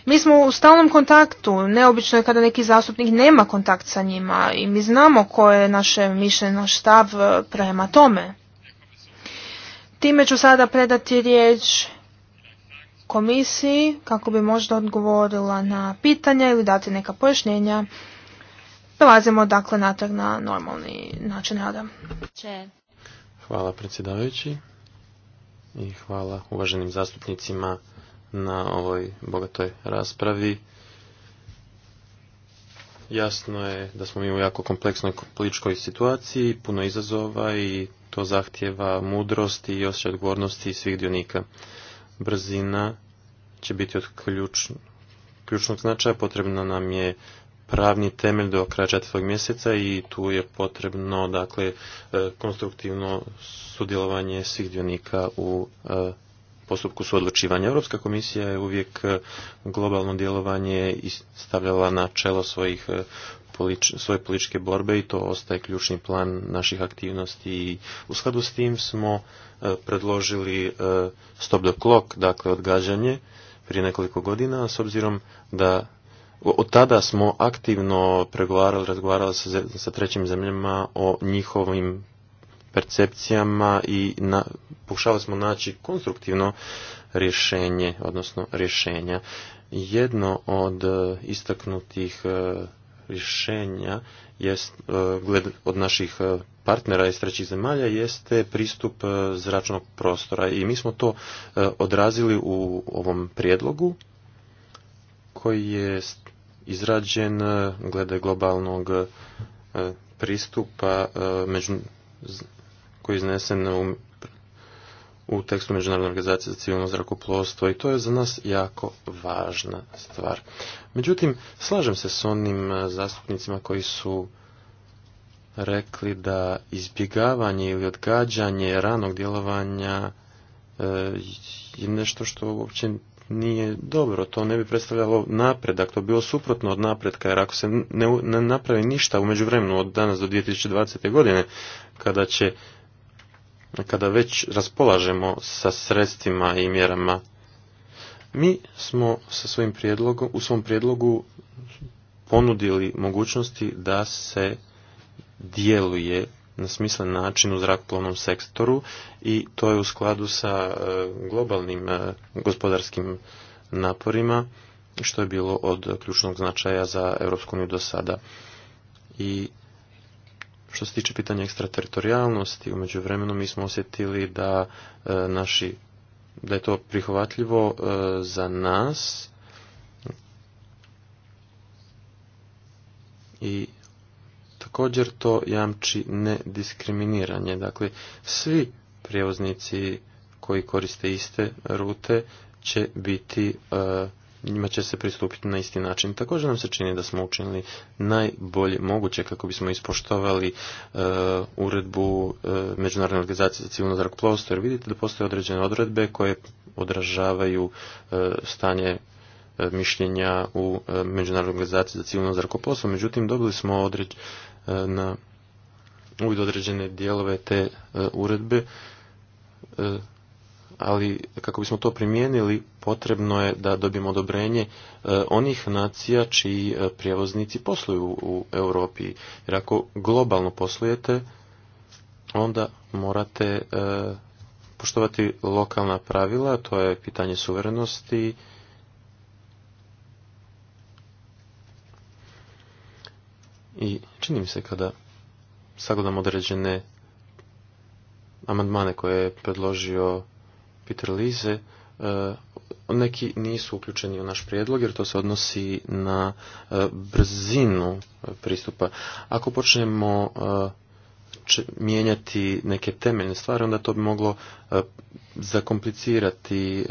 mi smo u stalnom kontaktu, neobično je kada neki zastupnik nema kontakt sa njima i mi znamo koje je naše mišljenje, naš stav e, prema tome. Time ću sada predati riječ komisiji kako bi možda odgovorila na pitanja ili dati neka pojašnjenja. Prelazimo dakle natrag na normalni način rada. Hvala predsjedavajući i hvala uvaženim zastupnicima na ovoj bogatoj raspravi. Jasno je da smo mi u jako kompleksnoj političkoj situaciji, puno izazova i to zahtjeva mudrost i osjećaj odgovornosti svih dionika. Brzina će biti od ključnog značaja, potrebna nam je pravni temelj do kraja četvrtog mjeseca i tu je potrebno dakle e, konstruktivno sudjelovanje svih dionika u e, postupku suodlučivanja. Europska komisija je uvijek e, globalno djelovanje stavljala na čelo svojih e, svoje političke borbe i to ostaje ključni plan naših aktivnosti i u skladu s tim smo e, predložili stop the clock, dakle odgađanje prije nekoliko godina s obzirom da od tada smo aktivno pregovarali, razgovarali sa, sa trećim zemljama o njihovim percepcijama i na pokušavali smo naći konstruktivno rješenje, odnosno rješenja. Jedno od e, istaknutih e, rješenja jest, e, gled, od naših partnera iz trećih zemalja jeste pristup zračnog prostora i mi smo to odrazili u ovom prijedlogu koji je izrađen glede globalnog pristupa među, koji je iznesen u u tekstu Međunarodne organizacije za civilno zrakoplovstvo i to je za nas jako važna stvar. Međutim, slažem se s onim e, zastupnicima koji su rekli da izbjegavanje ili odgađanje ranog djelovanja e, je nešto što uopće nije dobro, to ne bi predstavljalo napredak, to bi bilo suprotno od napretka, jer ako se ne, napravi ništa u međuvremenu od danas do 2020. godine, kada će kada već raspolažemo sa sredstvima i mjerama, mi smo sa svojim prijedlogom, u svom prijedlogu ponudili mogućnosti da se djeluje na smislen način u zrakoplovnom sektoru i to je u skladu sa e, globalnim e, gospodarskim naporima što je bilo od ključnog značaja za Europsku uniju do sada. I što se tiče pitanja ekstrateritorijalnosti, umeđu vremenu mi smo osjetili da e, naši da je to prihvatljivo e, za nas i također to jamči nediskriminiranje. Dakle, svi prijevoznici koji koriste iste rute će biti e, njima će se pristupiti na isti način. Također nam se čini da smo učinili najbolje moguće kako bismo ispoštovali e, uredbu e, Međunarodne organizacije za civilno zrakoplovstvo jer vidite da postoje određene odredbe koje odražavaju e, stanje mišljenja u Međunarodnoj organizaciji za civilno zrakoplovstvo. Međutim, dobili smo određ, na uvid određene dijelove te uredbe ali kako bismo to primijenili potrebno je da dobijemo odobrenje e, onih nacija čiji e, prijevoznici posluju u Europi. Jer ako globalno poslujete, onda morate e, poštovati lokalna pravila, to je pitanje suverenosti. I čini mi se kada sagledamo određene amandmane koje je predložio Peter Lize, e, neki nisu uključeni u naš prijedlog jer to se odnosi na e, brzinu pristupa. Ako počnemo e, mijenjati neke temeljne stvari, onda to bi moglo zakomplicirati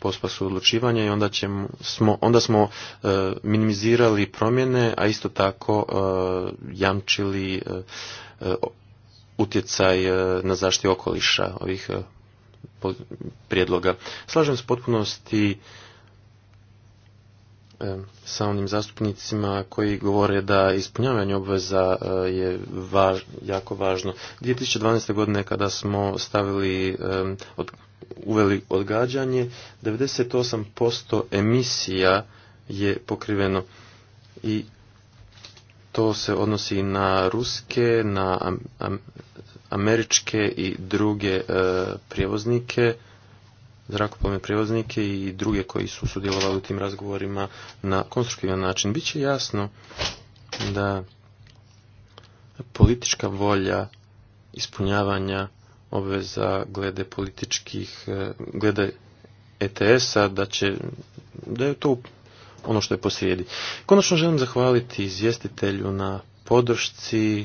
pospasu odlučivanja i onda, ćemo, smo, onda smo minimizirali promjene, a isto tako jamčili utjecaj na zaštitu okoliša ovih prijedloga. Slažem se potpunosti e, sa onim zastupnicima koji govore da ispunjavanje obveza e, je jako važno. 2012. godine kada smo stavili e, uveli odgađanje, 98% emisija je pokriveno i to se odnosi na ruske, na američke i druge e, prijevoznike, zrakoplovne prijevoznike i druge koji su sudjelovali u tim razgovorima na konstruktivan način. Biće jasno da politička volja ispunjavanja obveza glede političkih, e, glede ETS-a, da će, da je to ono što je posrijedi. Konačno želim zahvaliti izvjestitelju na podršci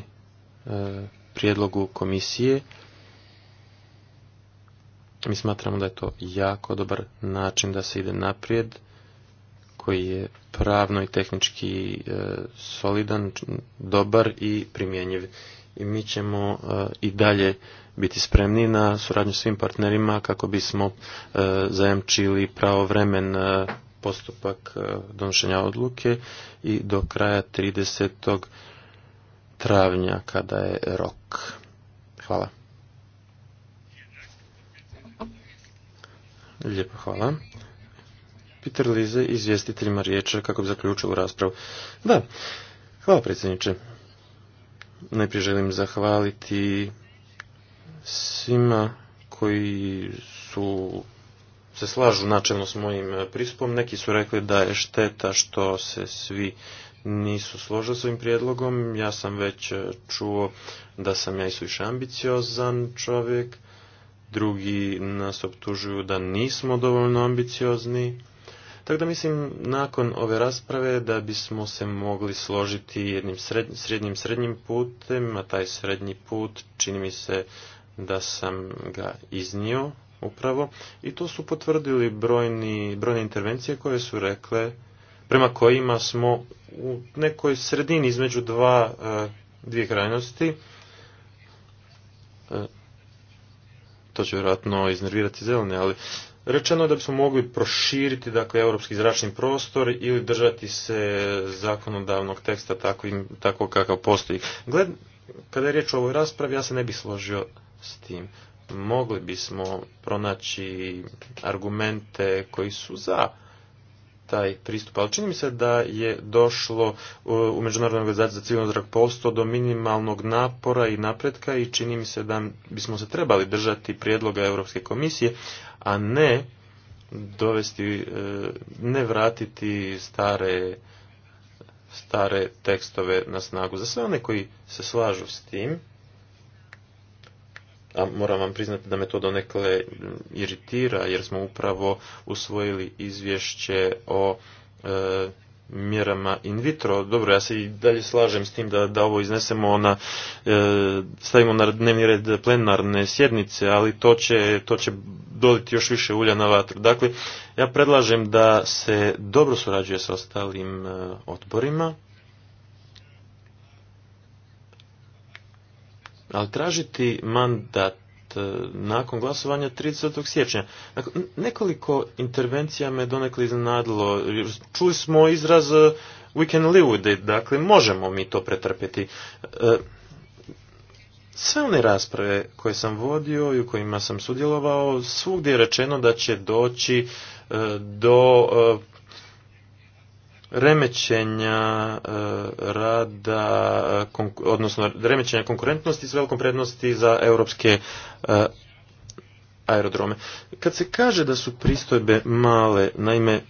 e, prijedlogu komisije. Mi smatramo da je to jako dobar način da se ide naprijed, koji je pravno i tehnički e, solidan, dobar i primjenjiv. I mi ćemo e, i dalje biti spremni na suradnju svim partnerima kako bismo e, zajamčili pravovremen postupak donošenja odluke i do kraja 30. travnja kada je rok. Hvala. Lijepo hvala. Peter Lize, izvjestiteljima riječa kako bi zaključio raspravu. Da, hvala predsjedniče. Najprije želim zahvaliti svima koji su se slažu načelno s mojim pristupom. Neki su rekli da je šteta što se svi nisu složili s ovim prijedlogom. Ja sam već e, čuo da sam ja isuviše ambiciozan čovjek. Drugi nas optužuju da nismo dovoljno ambiciozni. Tako da mislim, nakon ove rasprave, da bismo se mogli složiti jednim srednjim, srednjim, putem, a taj srednji put čini mi se da sam ga iznio upravo. I to su potvrdili brojne intervencije koje su rekle prema kojima smo u nekoj sredini između dva, e, dvije krajnosti. E, to će vjerojatno iznervirati zelene, ali rečeno je da bismo mogli proširiti dakle europski zračni prostor ili držati se zakonodavnog teksta takvim, tako kakav postoji. Gled, kada je riječ o ovoj raspravi, ja se ne bih složio s tim. Mogli bismo pronaći argumente koji su za taj pristup. Ali čini mi se da je došlo u Međunarodnoj organizaciji za civilno zrakoplovstvo do minimalnog napora i napretka i čini mi se da bismo se trebali držati prijedloga Europske komisije, a ne dovesti, e, ne vratiti stare stare tekstove na snagu. Za sve one koji se slažu s tim, a moram vam priznati da me to donekle iritira jer smo upravo usvojili izvješće o e, mjerama in vitro. Dobro, ja se i dalje slažem s tim da, da ovo iznesemo na, e, stavimo na dnevni red plenarne sjednice, ali to će, to će doliti još više ulja na vatru. Dakle, ja predlažem da se dobro surađuje sa ostalim e, odborima, ali tražiti mandat e, nakon glasovanja 30. siječnja. Dakle, nekoliko intervencija me donekle iznenadilo. Čuli smo izraz e, we can live with it, dakle možemo mi to pretrpjeti. E, sve one rasprave koje sam vodio i u kojima sam sudjelovao, svugdje je rečeno da će doći do remećenja e, rada, e, odnosno remećenja konkurentnosti s velikom prednosti za europske e, aerodrome. Kad se kaže da su pristojbe male, naime,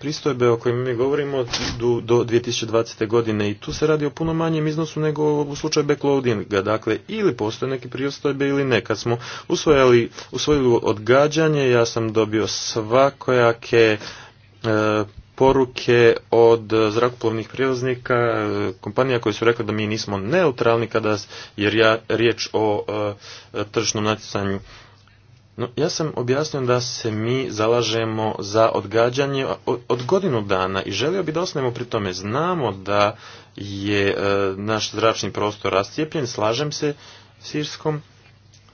pristojbe o kojima mi govorimo do, do 2020. godine i tu se radi o puno manjem iznosu nego u slučaju backloadinga. Dakle, ili postoje neke pristojbe ili ne. Kad smo usvojili, usvojili odgađanje, ja sam dobio svakojake poruke od zrakoplovnih prijevoznika, e, kompanija koje su rekli da mi nismo neutralni kada je riječ o e, tržišnom natjecanju. No, ja sam objasnio da se mi zalažemo za odgađanje od godinu dana i želio bi da osnemo pri tome. Znamo da je e, naš zračni prostor rascijepljen, slažem se s Irskom.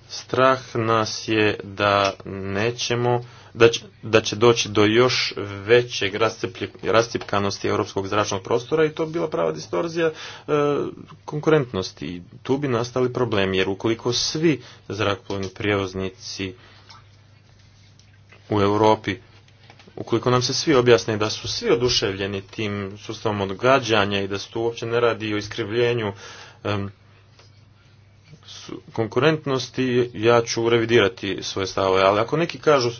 Strah nas je da nećemo da će, da će doći do još većeg rastipkanosti europskog zračnog prostora i to bi bila prava distorzija e, konkurentnosti. tu bi nastali problemi jer ukoliko svi zrakoplovni prijevoznici u Europi ukoliko nam se svi objasne da su svi oduševljeni tim sustavom odgađanja i da se tu uopće ne radi o iskrivljenju konkurentnosti, ja ću revidirati svoje stavove. Ali ako neki kažu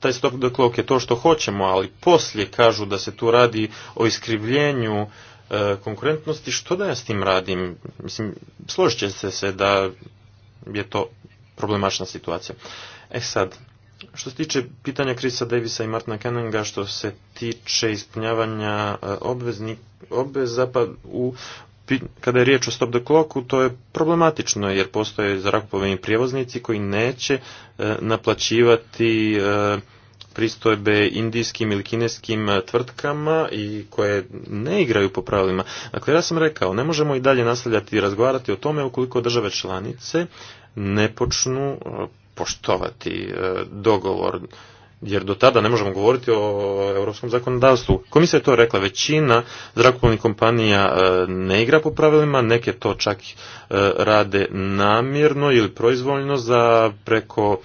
taj stop je to što hoćemo, ali poslije kažu da se tu radi o iskrivljenju e, konkurentnosti, što da ja s tim radim? Mislim, složit će se da je to problemačna situacija. E sad, što se tiče pitanja Krisa Davisa i Martina Kenninga, što se tiče ispunjavanja e, obveznika obveza, pa u kada je riječ o stop the clocku, to je problematično jer postoje zrakoplovni prijevoznici koji neće e, naplaćivati e, pristojbe indijskim ili kineskim e, tvrtkama i koje ne igraju po pravilima. Dakle, ja sam rekao, ne možemo i dalje nastavljati i razgovarati o tome ukoliko države članice ne počnu poštovati dogovor jer do tada ne možemo govoriti o europskom zakonodavstvu. Komisija je to rekla, većina zrakoplovnih kompanija e, ne igra po pravilima, neke to čak e, rade namjerno ili proizvoljno za preko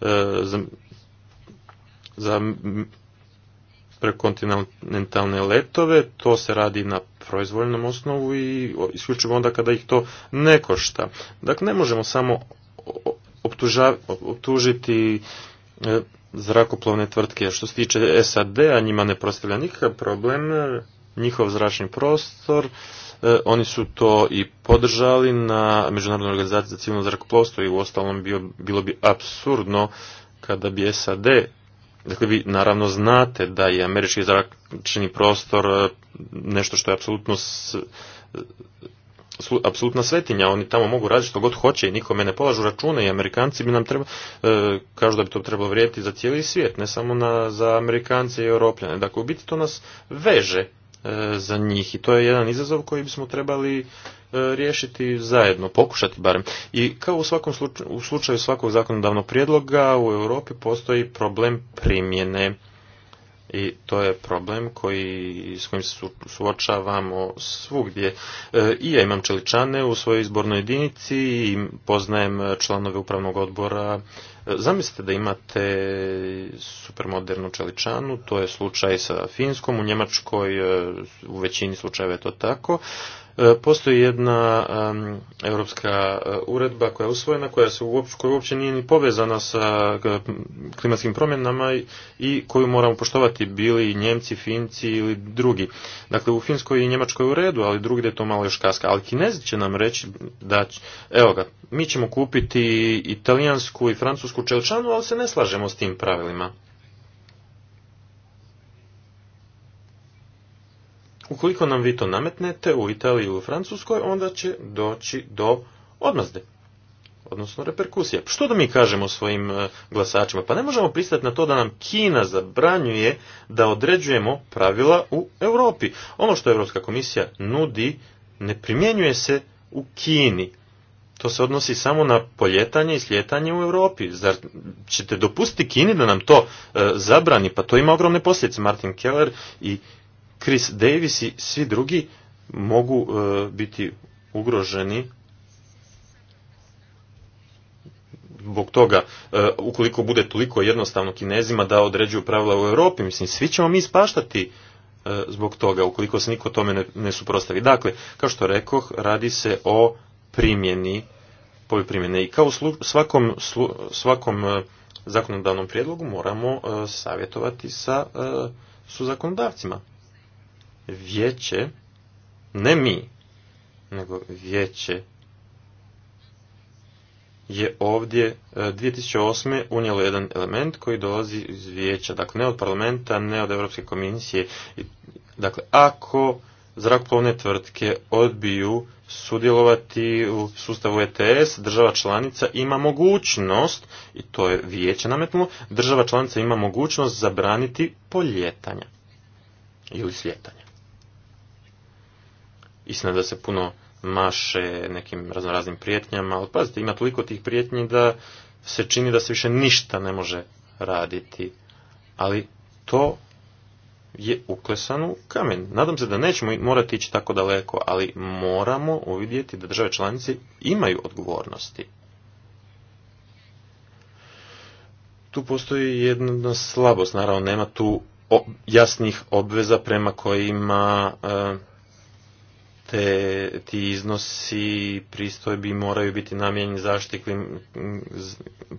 e, za, za prekontinentalne letove, to se radi na proizvoljnom osnovu i isključivo onda kada ih to ne košta. Dakle, ne možemo samo optuža, optužiti zrakoplovne tvrtke. Što se tiče SAD-a, njima ne prostavlja nikakav problem, e, njihov zračni prostor, e, oni su to i podržali na Međunarodnoj organizaciji za civilno zrakoplovstvo i u ostalom bilo bi absurdno kada bi SAD, dakle vi naravno znate da je američki zračni prostor e, nešto što je apsolutno apsolutna svetinja, oni tamo mogu raditi što god hoće i nikome ne polažu račune i Amerikanci bi nam treba, e, kažu da bi to trebalo vrijediti za cijeli svijet, ne samo na, za Amerikance i Europljane. Dakle, u biti to nas veže e, za njih i to je jedan izazov koji bismo trebali e, riješiti zajedno, pokušati barem. I kao u, svakom slučaju, u slučaju svakog zakonodavnog prijedloga u Europi postoji problem primjene i to je problem koji, s kojim se suočavamo svugdje. E, I ja imam čeličane u svojoj izbornoj jedinici i poznajem članove upravnog odbora. E, zamislite da imate supermodernu čeličanu, to je slučaj sa Finskom, u Njemačkoj e, u većini slučajeva je to tako. E, postoji jedna europska e, uredba koja je usvojena, koja, se uopće, koja nije ni povezana sa klimatskim promjenama i koju moramo poštovati bili i Njemci, Finci ili drugi. Dakle, u Finskoj i Njemačkoj u redu, ali je to malo još kaska. Ali Kinezi će nam reći da, evo ga, mi ćemo kupiti italijansku i francusku čelčanu, ali se ne slažemo s tim pravilima. Ukoliko nam vi to nametnete u Italiji ili u Francuskoj, onda će doći do odmazde odnosno reperkusija. Što da mi kažemo svojim e, glasačima? Pa ne možemo pristati na to da nam Kina zabranjuje da određujemo pravila u Europi. Ono što Europska komisija nudi ne primjenjuje se u Kini. To se odnosi samo na poljetanje i slijetanje u Europi. Zar ćete dopustiti Kini da nam to e, zabrani? Pa to ima ogromne posljedice. Martin Keller i Chris Davis i svi drugi mogu e, biti ugroženi zbog toga, e, ukoliko bude toliko jednostavno kinezima da određuju pravila u Europi, mislim, svi ćemo mi spaštati e, zbog toga, ukoliko se niko tome ne, ne suprostavi. Dakle, kao što rekoh, radi se o primjeni poljoprivredne i kao svakom, zakonodavnom prijedlogu moramo savjetovati sa su vijeće, ne mi, nego vijeće je ovdje 2008. E, unijelo jedan element koji dolazi iz vijeća, dakle ne od parlamenta, ne od Europske komisije. Dakle, ako zrakoplovne tvrtke odbiju sudjelovati u sustavu ETS, država članica ima mogućnost, i to je vijeće nametnulo, država članica ima mogućnost zabraniti poljetanja ili slijetanja. Istina da se puno maše nekim raznoraznim prijetnjama, ali pazite, ima toliko tih prijetnji da se čini da se više ništa ne može raditi. Ali to je uklesan u kamen. Nadam se da nećemo morati ići tako daleko, ali moramo uvidjeti da države članice imaju odgovornosti. Tu postoji jedna slabost, naravno nema tu jasnih obveza prema kojima e, te, ti iznosi pristojbi moraju biti namijenjeni zaštiti klim,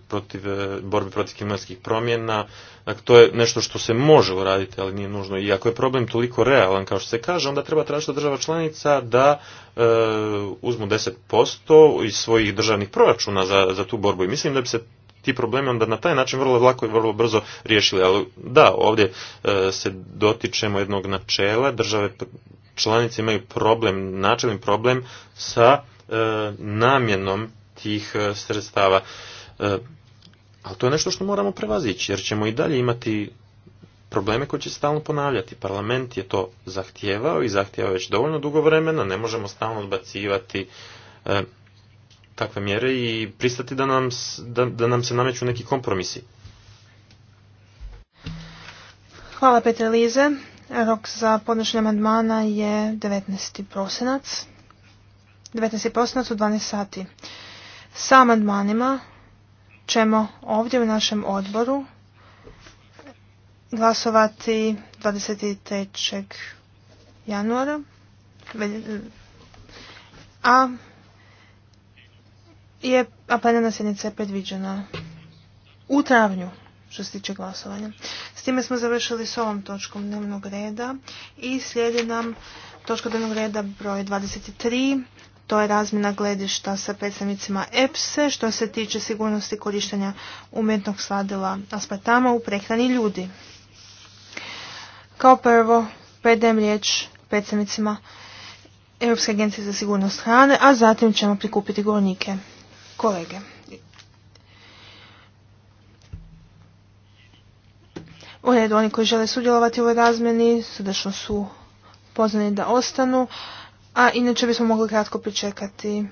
protiv, e, borbi protiv klimatskih promjena. Dakle, to je nešto što se može uraditi, ali nije nužno. I ako je problem toliko realan, kao što se kaže, onda treba tražiti od država članica da e, uzmu 10% iz svojih državnih proračuna za, za tu borbu. I mislim da bi se ti problemi onda na taj način vrlo lako i vrlo brzo riješili. Ali da, ovdje e, se dotičemo jednog načela, države članice imaju problem, načelni problem sa e, namjenom tih e, sredstava. E, ali to je nešto što moramo prevazići, jer ćemo i dalje imati probleme koje će stalno ponavljati. Parlament je to zahtijevao i zahtijevao već dovoljno dugo vremena, ne možemo stalno odbacivati e, takve mjere i pristati da nam, da, nam se nameću neki kompromisi. Hvala Petre Lize. Rok za podnošenje amandmana je 19. prosinac. 19. prosinac u 12 sati. Sa amandmanima ćemo ovdje u našem odboru glasovati 23. januara. A je a plenarna sjednica je predviđena u travnju što se tiče glasovanja. S time smo završili s ovom točkom dnevnog reda i slijedi nam točka dnevnog reda broj 23. To je razmjena gledišta sa predstavnicima EPSE što se tiče sigurnosti korištenja umjetnog sladila aspartama u prehrani ljudi. Kao prvo predajem riječ predstavnicima Europske agencije za sigurnost hrane, a zatim ćemo prikupiti govornike. Kolege. U redu, oni koji žele sudjelovati u ovoj razmjeni, srdečno su pozvani da ostanu, a inače bismo mogli kratko pričekati.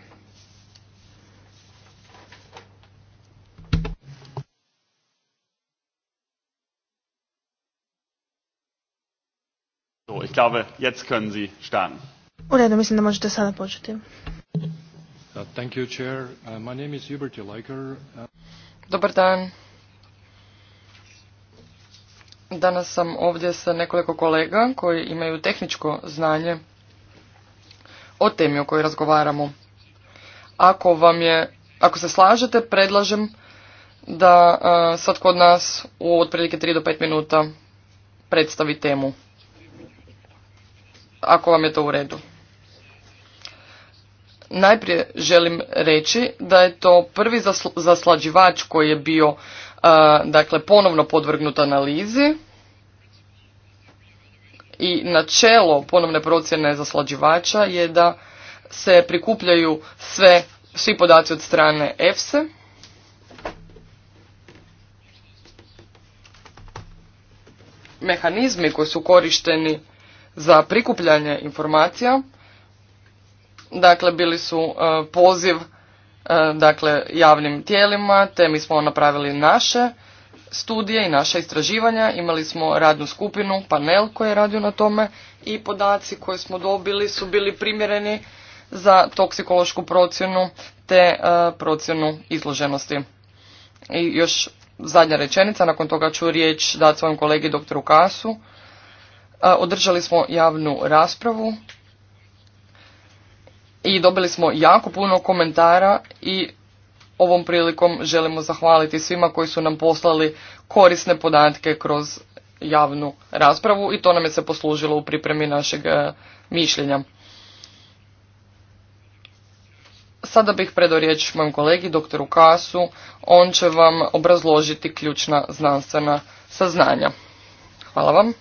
So, ich glaube, jetzt können Sie starten. U redu, mislim da možete sada početi. Uh, uh, uh, Dobar dan. Danas sam ovdje sa nekoliko kolega koji imaju tehničko znanje o temi o kojoj razgovaramo. Ako vam je, ako se slažete, predlažem da uh, svatko nas u otprilike 3 do 5 minuta predstavi temu. Ako vam je to u redu. Najprije želim reći da je to prvi zaslađivač koji je bio E, dakle ponovno podvrgnuta analizi i načelo ponovne procjene zaslađivača je da se prikupljaju sve, svi podaci od strane EFSE. Mehanizmi koji su korišteni za prikupljanje informacija, dakle bili su e, poziv E, dakle javnim tijelima, te mi smo napravili naše studije i naše istraživanja. Imali smo radnu skupinu, panel koji je radio na tome i podaci koje smo dobili su bili primjereni za toksikološku procjenu te e, procjenu izloženosti. I još zadnja rečenica, nakon toga ću riječ dati svojom kolegi doktoru Kasu. E, održali smo javnu raspravu i dobili smo jako puno komentara i ovom prilikom želimo zahvaliti svima koji su nam poslali korisne podatke kroz javnu raspravu i to nam je se poslužilo u pripremi našeg e, mišljenja. Sada bih predao riječ mojom kolegi, doktoru Kasu. On će vam obrazložiti ključna znanstvena saznanja. Hvala vam.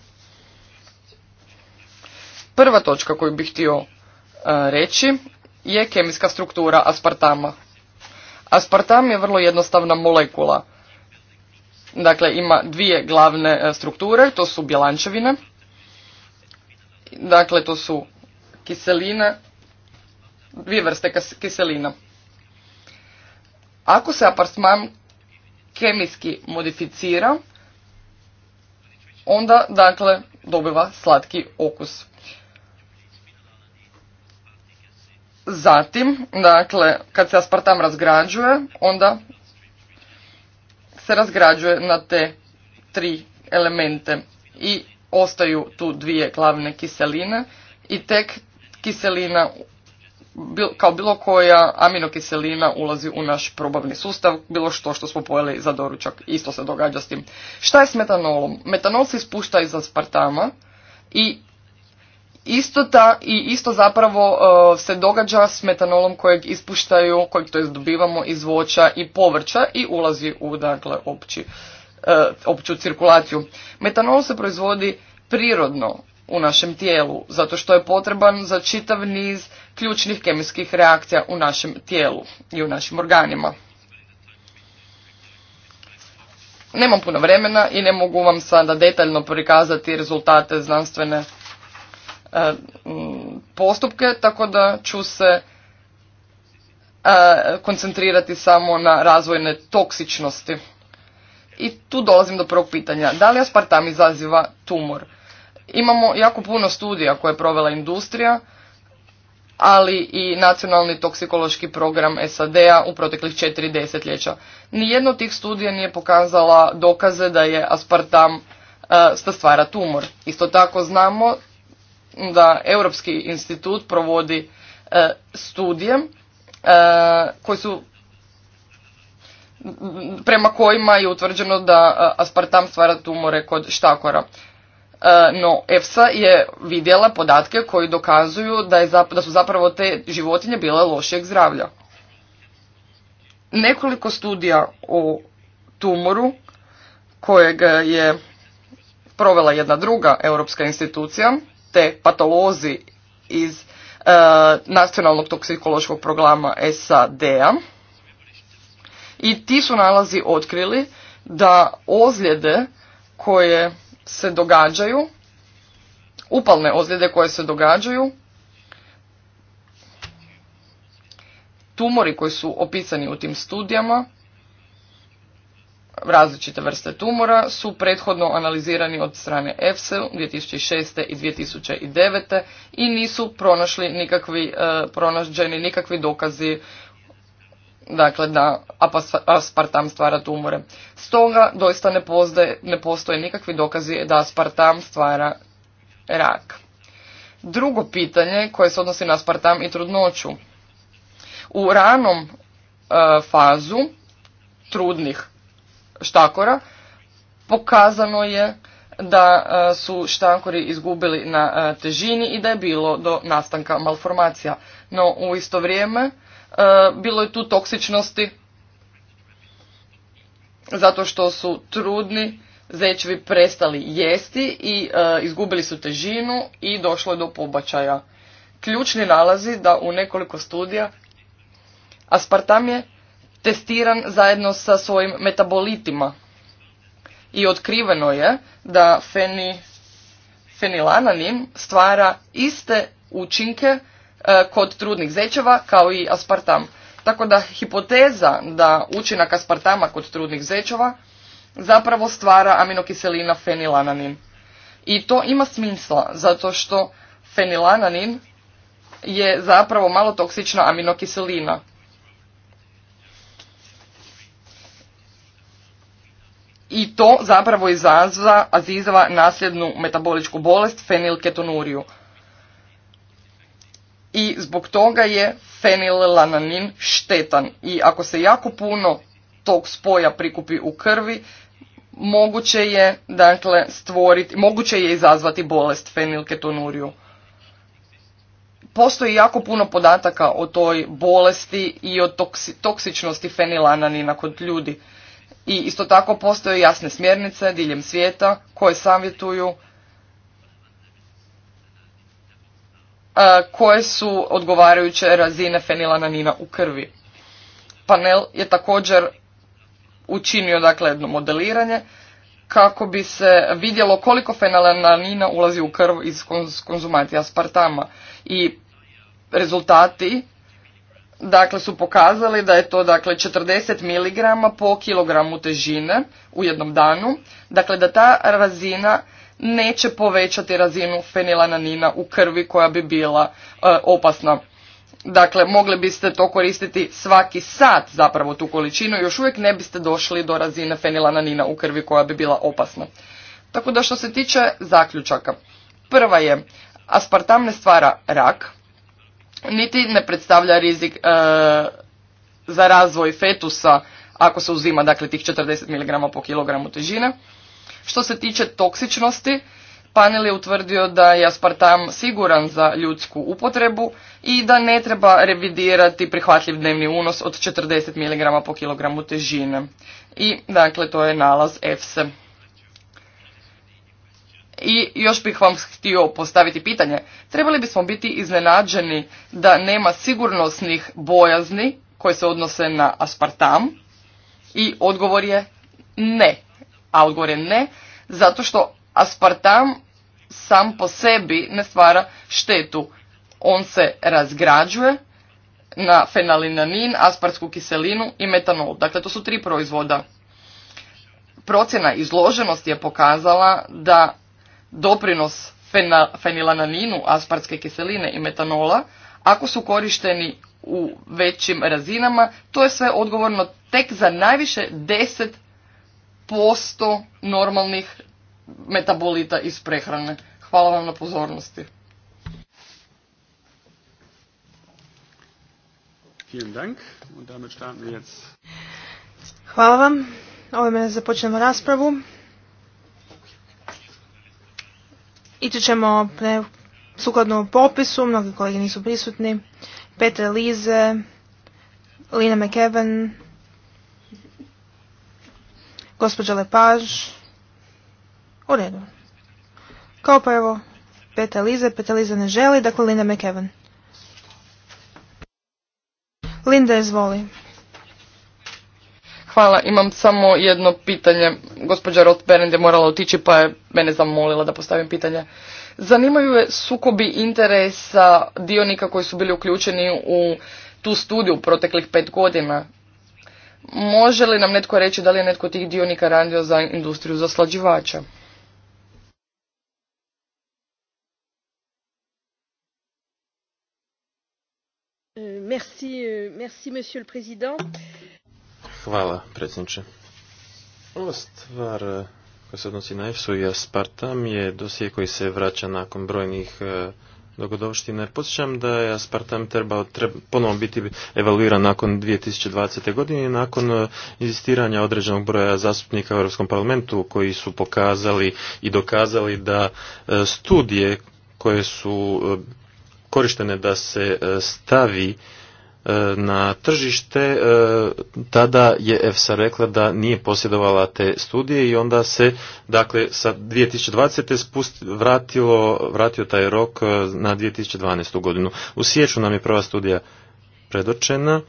Prva točka koju bih htio e, reći je kemijska struktura aspartama. Aspartam je vrlo jednostavna molekula. Dakle, ima dvije glavne e, strukture, to su bjelančevine. Dakle, to su kiseline, dvije vrste kiselina. Ako se apartman kemijski modificira, onda, dakle, dobiva slatki okus. Zatim, dakle, kad se aspartam razgrađuje, onda se razgrađuje na te tri elemente i ostaju tu dvije glavne kiseline i tek kiselina kao bilo koja aminokiselina ulazi u naš probavni sustav, bilo što što smo pojeli za doručak, isto se događa s tim. Šta je s metanolom? Metanol se ispušta iz aspartama i isto ta i isto zapravo e, se događa s metanolom kojeg ispuštaju, kojeg to dobivamo iz voća i povrća i ulazi u dakle opći, e, opću cirkulaciju. Metanol se proizvodi prirodno u našem tijelu zato što je potreban za čitav niz ključnih kemijskih reakcija u našem tijelu i u našim organima. Nemam puno vremena i ne mogu vam sada detaljno prikazati rezultate znanstvene E, mm, postupke, tako da ću se e, koncentrirati samo na razvojne toksičnosti. I tu dolazim do prvog pitanja. Da li aspartam izaziva tumor? Imamo jako puno studija koje je provela industrija, ali i nacionalni toksikološki program SAD-a u proteklih četiri desetljeća. Nijedno od tih studija nije pokazala dokaze da je aspartam e, stvara tumor. Isto tako znamo da Europski institut provodi e, studije e, koji su prema kojima je utvrđeno da e, aspartam stvara tumore kod štakora. E, no, EFSA je vidjela podatke koji dokazuju da, je, da su zapravo te životinje bile lošijeg zdravlja. Nekoliko studija o tumoru kojeg je provela jedna druga europska institucija, te patolozi iz e, nacionalnog toksikološkog programa SAD-a i ti su nalazi otkrili da ozljede koje se događaju, upalne ozljede koje se događaju, tumori koji su opisani u tim studijama različite vrste tumora su prethodno analizirani od strane EFSE 2006. i 2009. i nisu pronašli nikakvi, e, pronađeni nikakvi dokazi dakle da aspartam stvara tumore. Stoga doista ne, pozde, ne postoje nikakvi dokazi da aspartam stvara rak. Drugo pitanje koje se odnosi na aspartam i trudnoću. U ranom e, fazu trudnih štakora pokazano je da e, su štankori izgubili na e, težini i da je bilo do nastanka malformacija. No u isto vrijeme e, bilo je tu toksičnosti zato što su trudni zečevi prestali jesti i izgubili su težinu i došlo je do pobačaja. Ključni nalazi da u nekoliko studija aspartam je testiran zajedno sa svojim metabolitima. I otkriveno je da feni, fenilananin stvara iste učinke e, kod trudnih zečeva kao i aspartam. Tako da hipoteza da učinak aspartama kod trudnih zečeva zapravo stvara aminokiselina fenilananin. I to ima smisla zato što fenilananin je zapravo malo toksična aminokiselina i to zapravo izazva nasljednu metaboličku bolest fenilketonuriju. I zbog toga je fenilalanin štetan i ako se jako puno tog spoja prikupi u krvi, moguće je dakle stvoriti, moguće je izazvati bolest fenilketonuriju. Postoji jako puno podataka o toj bolesti i o toksi, toksičnosti fenilananina kod ljudi. I isto tako postoje jasne smjernice diljem svijeta koje savjetuju e, koje su odgovarajuće razine fenilananina u krvi. Panel je također učinio dakle jedno modeliranje kako bi se vidjelo koliko fenilananina ulazi u krv iz konzumacije aspartama i rezultati dakle su pokazali da je to dakle 40 mg po kilogramu težine u jednom danu, dakle da ta razina neće povećati razinu fenilananina u krvi koja bi bila e, opasna. Dakle, mogli biste to koristiti svaki sat zapravo tu količinu, još uvijek ne biste došli do razine fenilananina u krvi koja bi bila opasna. Tako da što se tiče zaključaka, prva je, aspartam ne stvara rak, niti ne predstavlja rizik e, za razvoj fetusa ako se uzima dakle tih 40 mg po kilogramu težine. Što se tiče toksičnosti, panel je utvrdio da je aspartam siguran za ljudsku upotrebu i da ne treba revidirati prihvatljiv dnevni unos od 40 mg po kilogramu težine. I dakle to je nalaz EFSE. I još bih vam htio postaviti pitanje. Trebali bismo biti iznenađeni da nema sigurnosnih bojazni koje se odnose na aspartam? I odgovor je ne. A odgovor je ne, zato što aspartam sam po sebi ne stvara štetu. On se razgrađuje na fenalinanin, aspartsku kiselinu i metanol. Dakle, to su tri proizvoda. Procjena izloženosti je pokazala da doprinos fenilananinu, aspartske kiseline i metanola, ako su korišteni u većim razinama, to je sve odgovorno tek za najviše 10% normalnih metabolita iz prehrane. Hvala vam na pozornosti. Hvala vam. mene započnemo raspravu. Ići ćemo pre, sukladno popisu, mnogi kolege nisu prisutni. Petra Lize, Lina McEwen, gospođa Lepaž. U redu. Kao pa evo, Petra Lize, Petra Lize ne želi, dakle Lina McEwen. Linda, izvoli. Hvala, imam samo jedno pitanje. Gospođa Roth-Berend je morala otići pa je mene zamolila da postavim pitanje. Zanimaju je sukobi interesa dionika koji su bili uključeni u tu studiju proteklih pet godina. Može li nam netko reći da li je netko tih dionika radio za industriju zaslađivača? Euh, merci, euh, merci, monsieur le président. Hvala, predsjedniče. Ova stvar eh, koja se odnosi na EFSU i Aspartam je dosije koji se vraća nakon brojnih eh, dogodovština. Jer da je Aspartam trebao ponovo biti evaluiran nakon 2020. godine nakon eh, inzistiranja određenog broja zastupnika u Europskom parlamentu koji su pokazali i dokazali da studije koje su korištene da se stavi E, na tržište, e, tada je EFSA rekla da nije posjedovala te studije i onda se dakle sa 2020. Spust, vratilo, vratio taj rok e, na 2012. godinu. U siječu nam je prva studija predočena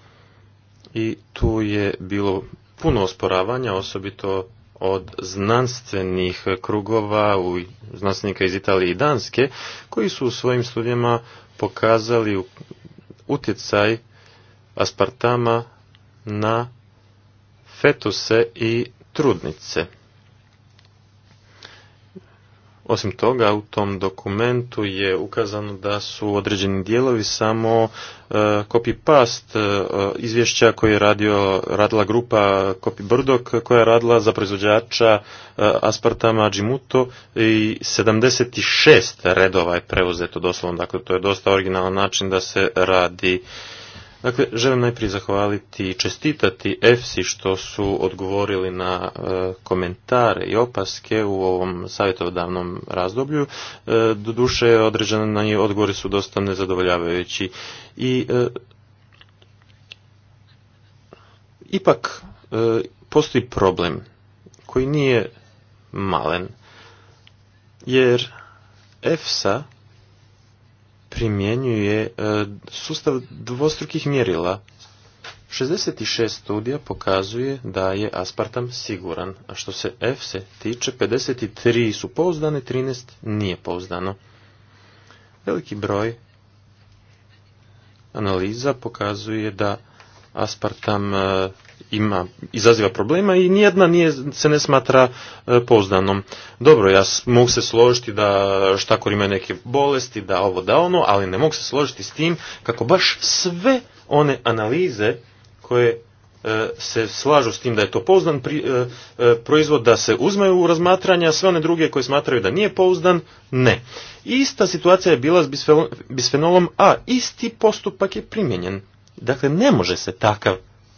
i tu je bilo puno osporavanja, osobito od znanstvenih krugova, u znanstvenika iz Italije i Danske, koji su u svojim studijama pokazali utjecaj aspartama na fetuse i trudnice. Osim toga, u tom dokumentu je ukazano da su određeni dijelovi samo e, copy-past e, izvješća koje je radio, radila grupa Copy koja je radila za proizvođača e, Aspartama Džimuto i 76 redova je preuzeto doslovno, dakle to je dosta originalan način da se radi Dakle, želim najprije zahvaliti i čestitati EFSI što su odgovorili na e, komentare i opaske u ovom savjetodavnom razdoblju. E, doduše, određeni odgovori su dosta nezadovoljavajući. I, e, ipak, postoji problem koji nije malen, jer EFSA primjenjuje e, sustav dvostrukih mjerila. 66 studija pokazuje da je aspartam siguran, a što se F se tiče, 53 su pouzdane, 13 nije pouzdano. Veliki broj analiza pokazuje da aspartam e, ima, izaziva problema i nijedna nije, se ne smatra e, pouzdanom. Dobro, ja mogu se složiti da štakor ima neke bolesti, da ovo, da ono, ali ne mogu se složiti s tim kako baš sve one analize koje e, se slažu s tim da je to pouzdan e, proizvod, da se uzme u razmatranja, sve one druge koje smatraju da nije pouzdan, ne. Ista situacija je bila s bisfenolom A, isti postupak je primijenjen. Dakle, ne može se takav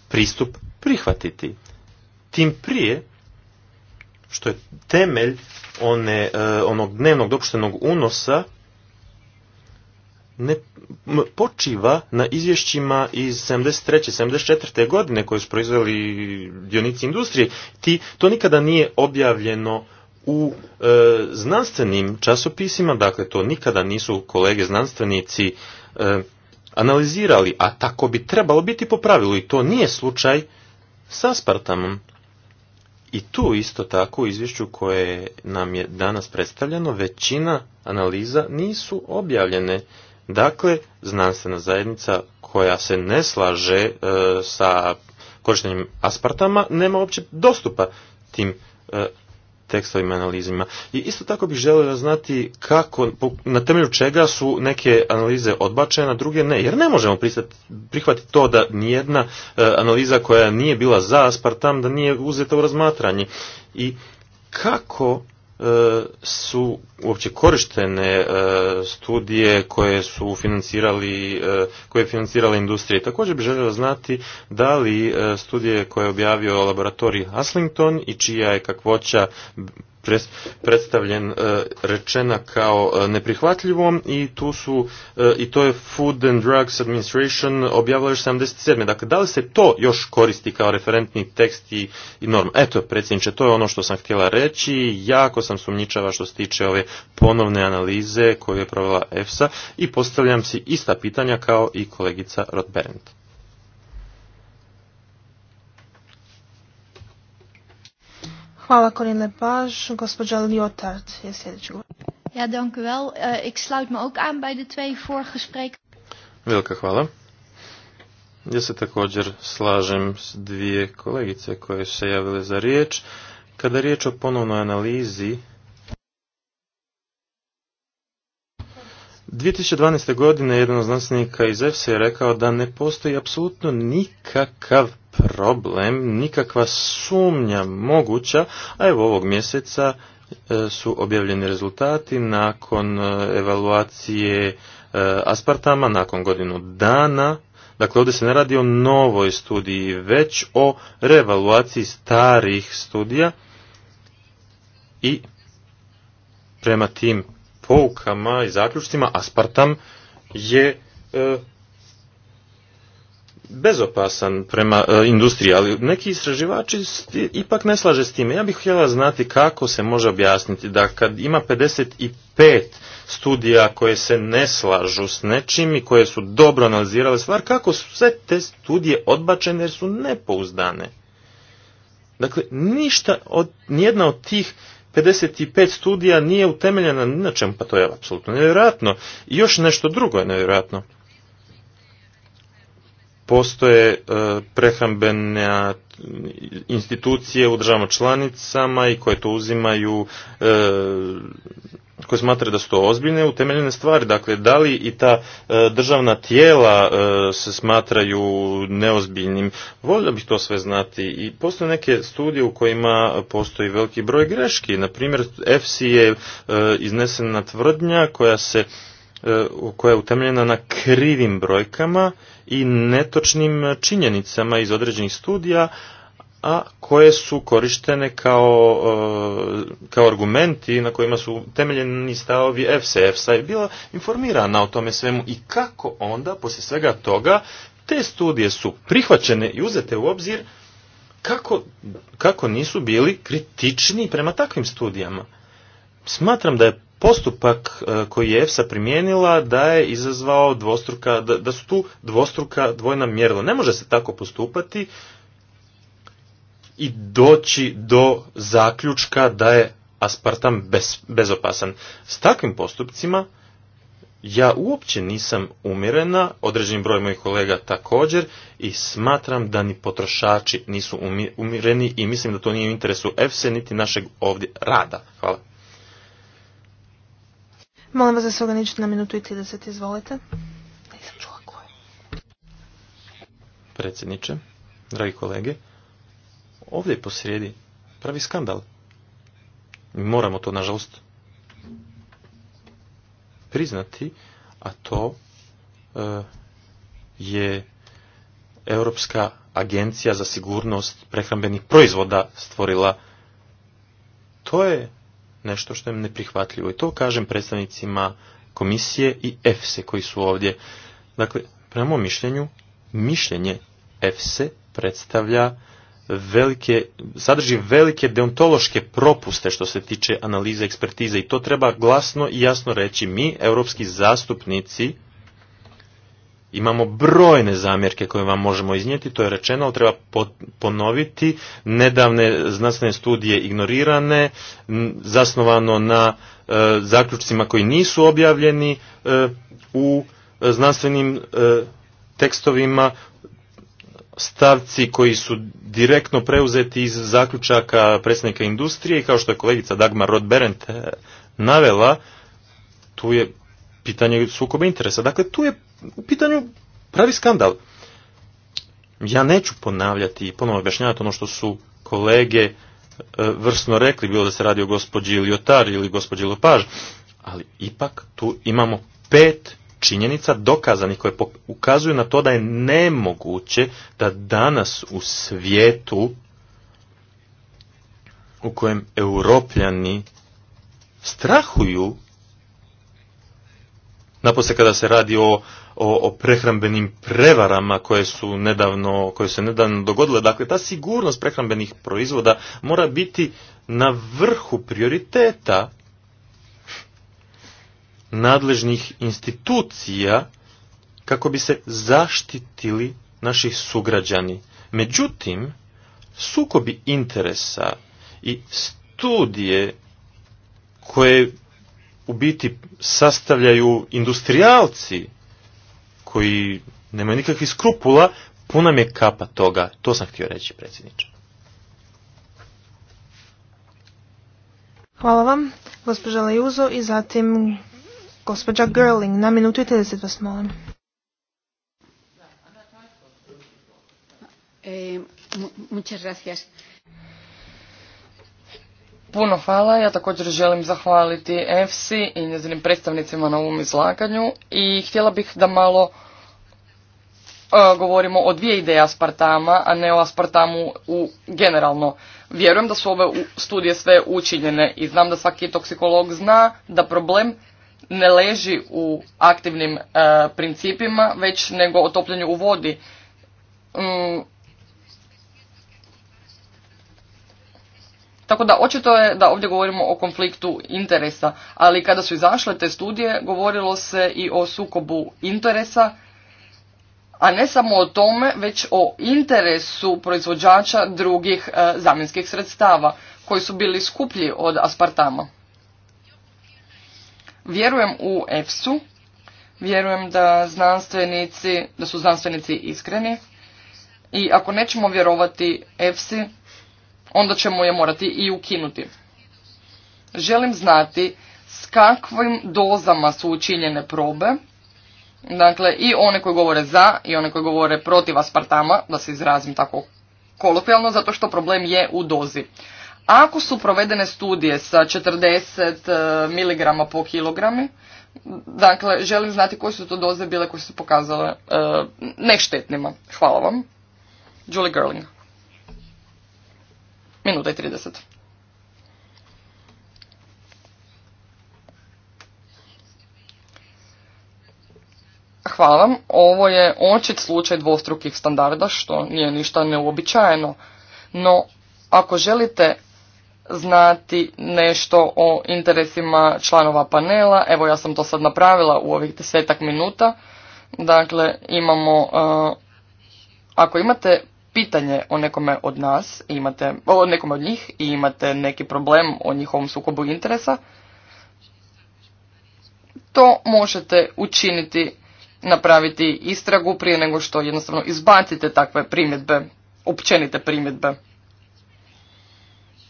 pristup prihvatiti. Tim prije što je temelj one, e, onog dnevnog dopuštenog unosa ne počiva na izvješćima iz 73. 74. godine koje su proizveli dionici industrije. Ti, to nikada nije objavljeno u e, znanstvenim časopisima, dakle to nikada nisu kolege znanstvenici e, analizirali, a tako bi trebalo biti po pravilu i to nije slučaj sa aspartamom I tu isto tako u izvješću koje nam je danas predstavljeno, većina analiza nisu objavljene. Dakle, znanstvena zajednica koja se ne slaže e, sa korištenjem aspartama nema uopće dostupa tim e, tekstovima analizima. I isto tako bih želio znati kako, na temelju čega su neke analize odbačene, a druge ne. Jer ne možemo prihvatiti to da nijedna e, analiza koja nije bila za Aspartam, da nije uzeta u razmatranje. I kako E, su uopće korištene e, studije koje su financirali, e, koje je financirala industrija. Također bi želio znati da li studije koje je objavio laboratorij Haslington i čija je kakvoća predstavljen e, rečena kao e, neprihvatljivom i tu su e, i to je Food and Drugs Administration objavila još 77. Dakle, da li se to još koristi kao referentni tekst i, norma? Eto, predsjedniče, to je ono što sam htjela reći. Jako sam sumnjičava što se tiče ove ponovne analize koju je provela EFSA i postavljam si ista pitanja kao i kolegica Berendt. Hvala Corinne Lepage. Gospođa Liotard je sljedeći govor. Ja, dank u wel. Uh, ik sluit me ook aan bij de twee vorige sprekers. Velika hvala. Ja se također slažem s dvije kolegice koje se javile za riječ. Kada je riječ o ponovnoj analizi 2012. godine jedan od znanstvenika iz EFSA je rekao da ne postoji apsolutno nikakav problem, nikakva sumnja moguća, a evo ovog mjeseca e, su objavljeni rezultati nakon e, evaluacije e, aspartama, nakon godinu dana. Dakle, ovdje se ne radi o novoj studiji, već o revaluaciji starih studija i prema tim poukama i zaključcima, Aspartam je e, bezopasan prema e, industriji, ali neki istraživači ipak ne slaže s time. Ja bih htjela znati kako se može objasniti da kad ima 55 studija koje se ne slažu s nečim i koje su dobro analizirale stvar, kako su sve te studije odbačene jer su nepouzdane. Dakle, ništa od, nijedna od tih 55 studija nije utemeljena ni na čemu, pa to je apsolutno nevjerojatno. I još nešto drugo je nevjerojatno postoje e, prehrambene institucije u državama članicama i koje to uzimaju e, koje smatraju da su to ozbiljne utemeljene stvari. Dakle, da li i ta e, državna tijela se smatraju neozbiljnim? Volio bih to sve znati. I postoje neke studije u kojima postoji veliki broj greški. Naprimjer, FC je iznesena tvrdnja koja se E, koja je utemljena na krivim brojkama i netočnim činjenicama iz određenih studija, a koje su korištene kao, e, kao argumenti na kojima su temeljeni stavovi EFSA. EFSA je bila informirana o tome svemu i kako onda, poslije svega toga, te studije su prihvaćene i uzete u obzir kako, kako nisu bili kritični prema takvim studijama. Smatram da je postupak e, koji je EFSA primijenila da je izazvao dvostruka, da, su tu dvostruka dvojna mjerila. Ne može se tako postupati i doći do zaključka da je aspartam bezopasan. S takvim postupcima ja uopće nisam umjerena, određeni broj mojih kolega također i smatram da ni potrošači nisu umireni i mislim da to nije u interesu EFSA niti našeg ovdje rada. Hvala. Molim vas da se ograničite na minutu i 30, izvolite. Nisam čula je. Predsjedniče, dragi kolege, ovdje je posrijedi pravi skandal. Moramo to, nažalost, priznati, a to e, je Europska agencija za sigurnost prehrambenih proizvoda stvorila. To je nešto što je neprihvatljivo. I to kažem predstavnicima komisije i EFSE koji su ovdje. Dakle, prema mišljenju, mišljenje EFSE predstavlja velike, sadrži velike deontološke propuste što se tiče analize ekspertize i to treba glasno i jasno reći. Mi, europski zastupnici, Imamo brojne zamjerke koje vam možemo iznijeti, to je rečeno, ali treba ponoviti. Nedavne znanstvene studije ignorirane, zasnovano na e, zaključcima koji nisu objavljeni e, u znanstvenim e, tekstovima, stavci koji su direktno preuzeti iz zaključaka predsjednika industrije i kao što je kolegica Dagmar Rodberent navela, tu je pitanje sukoba interesa. Dakle, tu je u pitanju pravi skandal. Ja neću ponavljati i ponovno objašnjavati ono što su kolege e, vrsno rekli, bilo da se radi o gospođi Liotar ili gospođi Lopaž, ali ipak tu imamo pet činjenica dokazanih koje ukazuju na to da je nemoguće da danas u svijetu u kojem europljani strahuju napose kada se radi o, o, prehrambenim prevarama koje su nedavno, koje se nedavno dogodile. Dakle, ta sigurnost prehrambenih proizvoda mora biti na vrhu prioriteta nadležnih institucija kako bi se zaštitili naših sugrađani. Međutim, sukobi interesa i studije koje u biti sastavljaju industrijalci koji nemaju nikakvih skrupula, puna mi je kapa toga. To sam htio reći, predsjedniče. Hvala vam, gospođa Lajuzo i zatim gospođa girling Na minutu i 30 vas molim. Eh, muchas gracias. Puno hvala. Ja također želim zahvaliti EFSI i njezinim predstavnicima na ovom izlaganju i htjela bih da malo e, govorimo o dvije ideje aspartama, a ne o aspartamu u generalno. Vjerujem da su ove studije sve učinjene i znam da svaki toksikolog zna da problem ne leži u aktivnim e, principima, već nego o topljenju u vodi. Mm, Tako da očito je da ovdje govorimo o konfliktu interesa, ali kada su izašle te studije govorilo se i o sukobu interesa, a ne samo o tome, već o interesu proizvođača drugih e, zamjenskih sredstava koji su bili skuplji od aspartama. Vjerujem u EFSU, vjerujem da znanstvenici, da su znanstvenici iskreni i ako nećemo vjerovati EFSI, onda ćemo je morati i ukinuti. Želim znati s kakvim dozama su učinjene probe, dakle i one koje govore za i one koje govore protiv aspartama, da se izrazim tako kolokvijalno, zato što problem je u dozi. Ako su provedene studije sa 40 e, mg po kilogrami, dakle, želim znati koje su to doze bile koje su pokazale e, neštetnima. Hvala vam. Julie Gerling. Minuta i 30. Hvala vam. Ovo je očit slučaj dvostrukih standarda, što nije ništa neuobičajeno. No, ako želite znati nešto o interesima članova panela, evo ja sam to sad napravila u ovih desetak minuta, dakle imamo, eh, ako imate pitanje o nekome od nas, imate, o nekome od njih i imate neki problem o njihovom sukobu interesa, to možete učiniti, napraviti istragu prije nego što jednostavno izbacite takve primjedbe, općenite primjedbe.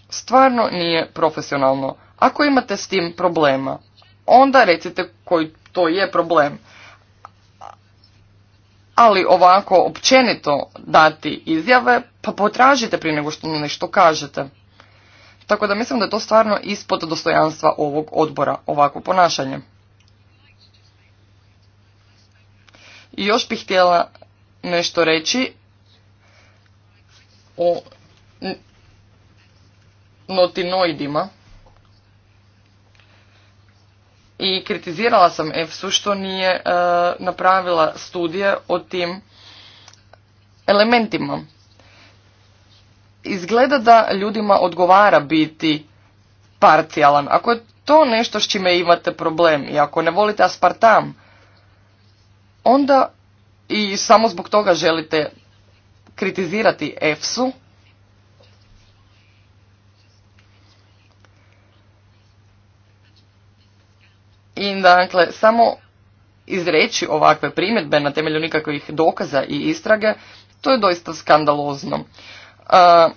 Stvarno nije profesionalno. Ako imate s tim problema, onda recite koji to je problem ali ovako općenito dati izjave, pa potražite prije nego što nešto kažete. Tako da mislim da je to stvarno ispod dostojanstva ovog odbora, ovako ponašanje. I još bih htjela nešto reći o notinoidima i kritizirala sam EFSU što nije e, napravila studije o tim elementima. Izgleda da ljudima odgovara biti parcijalan. Ako je to nešto s čime imate problem i ako ne volite aspartam, onda i samo zbog toga želite kritizirati EFSU, I dakle, samo izreći ovakve primjedbe na temelju nikakvih dokaza i istrage, to je doista skandalozno. E,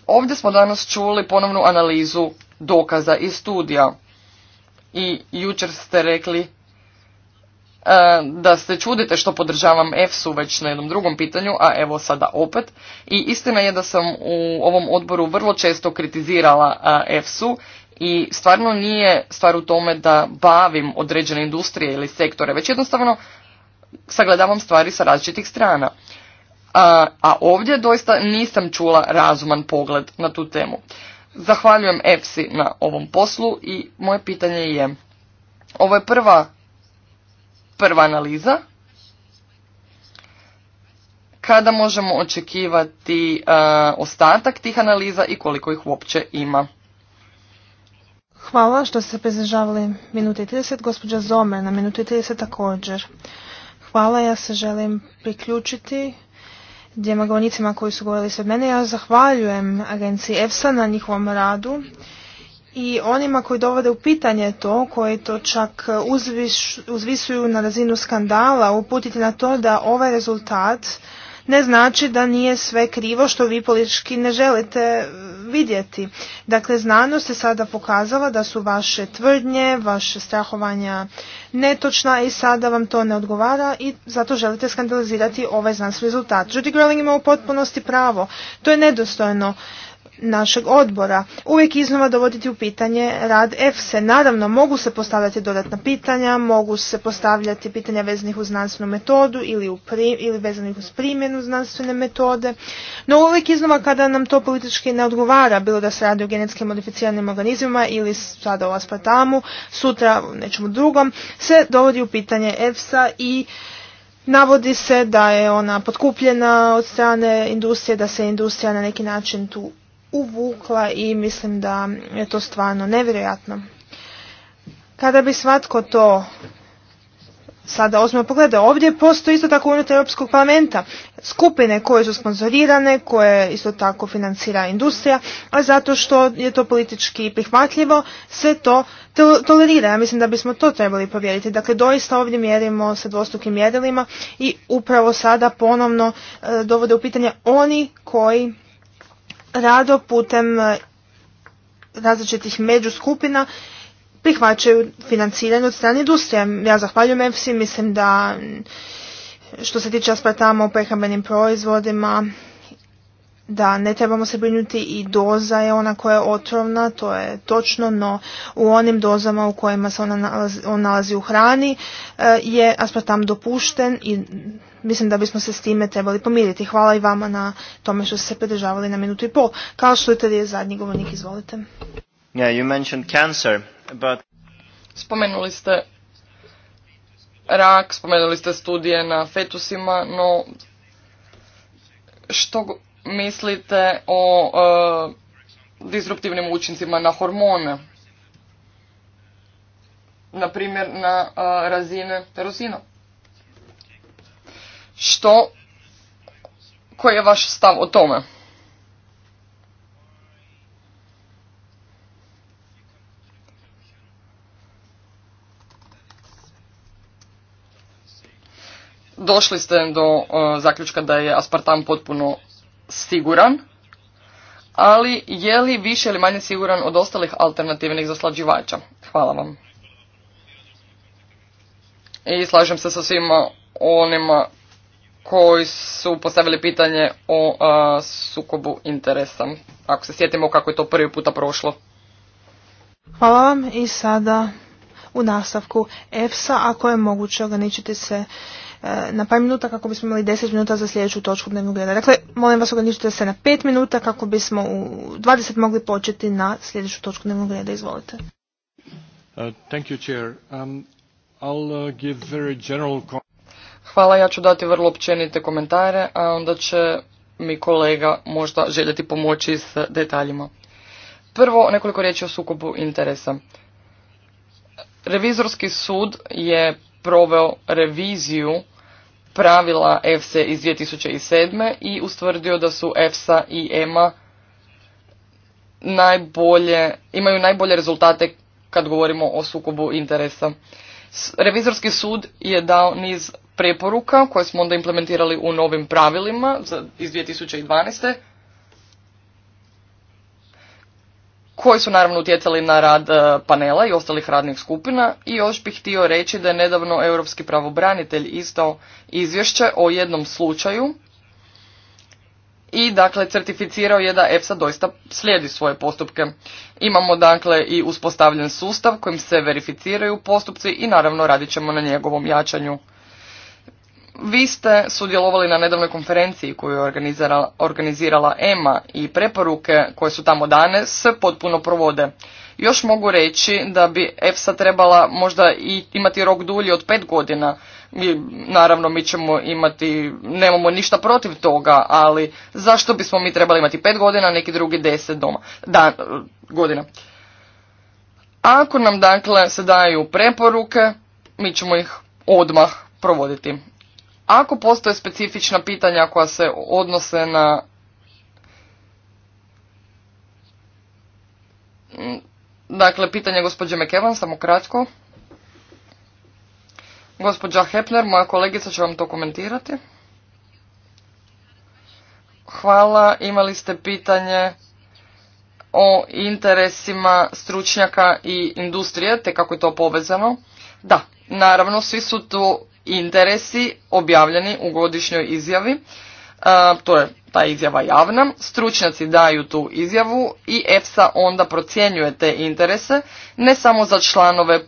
ovdje smo danas čuli ponovnu analizu dokaza i studija. I jučer ste rekli e, da se čudite što podržavam EFSU već na jednom drugom pitanju, a evo sada opet. I istina je da sam u ovom odboru vrlo često kritizirala EFSU i stvarno nije stvar u tome da bavim određene industrije ili sektore, već jednostavno sagledavam stvari sa različitih strana. A, a ovdje doista nisam čula razuman pogled na tu temu. Zahvaljujem EFSI na ovom poslu i moje pitanje je, ovo je prva, prva analiza, kada možemo očekivati ostatak tih analiza i koliko ih uopće ima. Hvala što ste pridržavali minute i 30. Gospođa Zomer na minute i 30 također. Hvala, ja se želim priključiti dvijema govornicima koji su govorili sve mene. Ja zahvaljujem agenciji EFSA na njihovom radu i onima koji dovode u pitanje to, koji to čak uzvisuju na razinu skandala, uputiti na to da ovaj rezultat ne znači da nije sve krivo što vi politički ne želite vidjeti. Dakle, znanost je sada pokazala da su vaše tvrdnje, vaše strahovanja netočna i sada vam to ne odgovara i zato želite skandalizirati ovaj znanstveni rezultat. Judy Grelling ima u potpunosti pravo. To je nedostojno našeg odbora. Uvijek iznova dovoditi u pitanje rad EFSE. Naravno, mogu se postavljati dodatna pitanja, mogu se postavljati pitanja vezanih uz znanstvenu metodu ili, u ili vezanih uz primjenu znanstvene metode. No uvijek iznova kada nam to politički ne odgovara, bilo da se radi o genetski modificiranim organizmima ili sada o aspartamu, sutra nečemu drugom, se dovodi u pitanje EFSA i Navodi se da je ona potkupljena od strane industrije, da se industrija na neki način tu uvukla i mislim da je to stvarno nevjerojatno. Kada bi svatko to sada ozbiljno pogleda, ovdje postoji isto tako unutar Europskog parlamenta skupine koje su sponzorirane, koje isto tako financira industrija, a zato što je to politički prihvatljivo, se to tolerira. Ja mislim da bismo to trebali povjeriti. Dakle, doista ovdje mjerimo sa dvostrukim mjerilima i upravo sada ponovno e, dovode u pitanje oni koji rado putem e, različitih međuskupina prihvaćaju financiranje od strane industrije. Ja zahvaljujem EFSI, mislim da što se tiče aspartama u prehrambenim proizvodima, da ne trebamo se brinuti i doza je ona koja je otrovna, to je točno, no u onim dozama u kojima se ona on nalazi u hrani e, je aspartam dopušten i Mislim da bismo se s time trebali pomiriti. Hvala i vama na tome što ste se pridržavali na minutu i pol. Kao što je zadnji govornik, izvolite. mentioned cancer, Spomenuli ste rak, spomenuli ste studije na fetusima, no što mislite o e, disruptivnim učincima na hormone? Naprimjer na e, razine terosina što, koji je vaš stav o tome? Došli ste do uh, zaključka da je aspartam potpuno siguran, ali je li više ili manje siguran od ostalih alternativnih zaslađivača? Hvala vam. I slažem se sa svima onima koji su postavili pitanje o sukobu interesa. Ako se sjetimo kako je to prvi puta prošlo. Hvala vam i sada u nastavku EFSA, ako je moguće ograničiti se e, na par minuta kako bismo imali 10 minuta za sljedeću točku dnevnog reda. Dakle, molim vas ograničite se na 5 minuta kako bismo u 20 mogli početi na sljedeću točku dnevnog reda. Izvolite. Uh, thank you, Chair. Um, I'll, uh, give very general... Hvala, ja ću dati vrlo općenite komentare, a onda će mi kolega možda željeti pomoći s detaljima. Prvo, nekoliko riječi o sukobu interesa. Revizorski sud je proveo reviziju pravila EFSA iz 2007. i ustvrdio da su EFSA i EMA najbolje, imaju najbolje rezultate kad govorimo o sukobu interesa. Revizorski sud je dao niz preporuka koje smo onda implementirali u novim pravilima iz 2012. koji su naravno utjecali na rad e, panela i ostalih radnih skupina i još bih htio reći da je nedavno Europski pravobranitelj izdao izvješće o jednom slučaju i dakle certificirao je da EFSA doista slijedi svoje postupke. Imamo dakle i uspostavljen sustav kojim se verificiraju postupci i naravno radit ćemo na njegovom jačanju. Vi ste sudjelovali na nedavnoj konferenciji koju je organizirala, EMA i preporuke koje su tamo dane se potpuno provode. Još mogu reći da bi EFSA trebala možda i imati rok dulji od pet godina. Mi, naravno mi ćemo imati, nemamo ništa protiv toga, ali zašto bismo mi trebali imati pet godina, neki drugi deset doma, godina. Ako nam dakle se daju preporuke, mi ćemo ih odmah provoditi. Ako postoje specifična pitanja koja se odnose na Dakle, pitanje gospođe McEvan, samo kratko. Gospođa Hepner, moja kolegica će vam to komentirati. Hvala, imali ste pitanje o interesima stručnjaka i industrije, te kako je to povezano. Da, naravno, svi su tu interesi objavljeni u godišnjoj izjavi. E, to je ta izjava javna. Stručnjaci daju tu izjavu i EFSA onda procjenjuje te interese ne samo za članove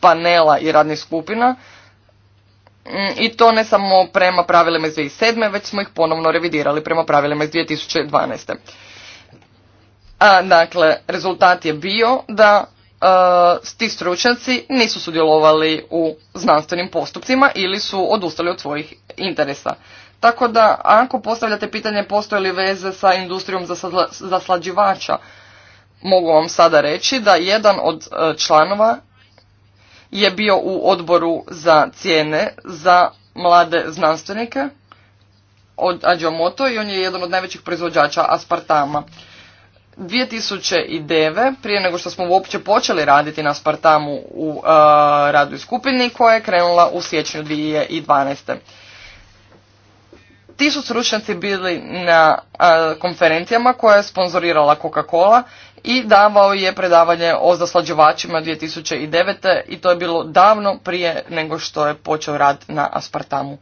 panela i radnih skupina, mm, i to ne samo prema pravilima iz 2007. već smo ih ponovno revidirali prema pravilima iz 2012. A, dakle, rezultat je bio da E, ti stručnjaci nisu sudjelovali u znanstvenim postupcima ili su odustali od svojih interesa. Tako da, ako postavljate pitanje postoje li veze sa industrijom zaslađivača, mogu vam sada reći da jedan od e, članova je bio u odboru za cijene za mlade znanstvenike od Ađomoto i on je jedan od najvećih proizvođača aspartama. 2009. prije nego što smo uopće počeli raditi na Spartamu u uh, i skupini koja je krenula u siječnju 2012. Ti su stručnjaci bili na uh, konferencijama koje je sponzorirala Coca-Cola i davao je predavanje o zaslađivačima 2009. i to je bilo davno prije nego što je počeo rad na Aspartamu.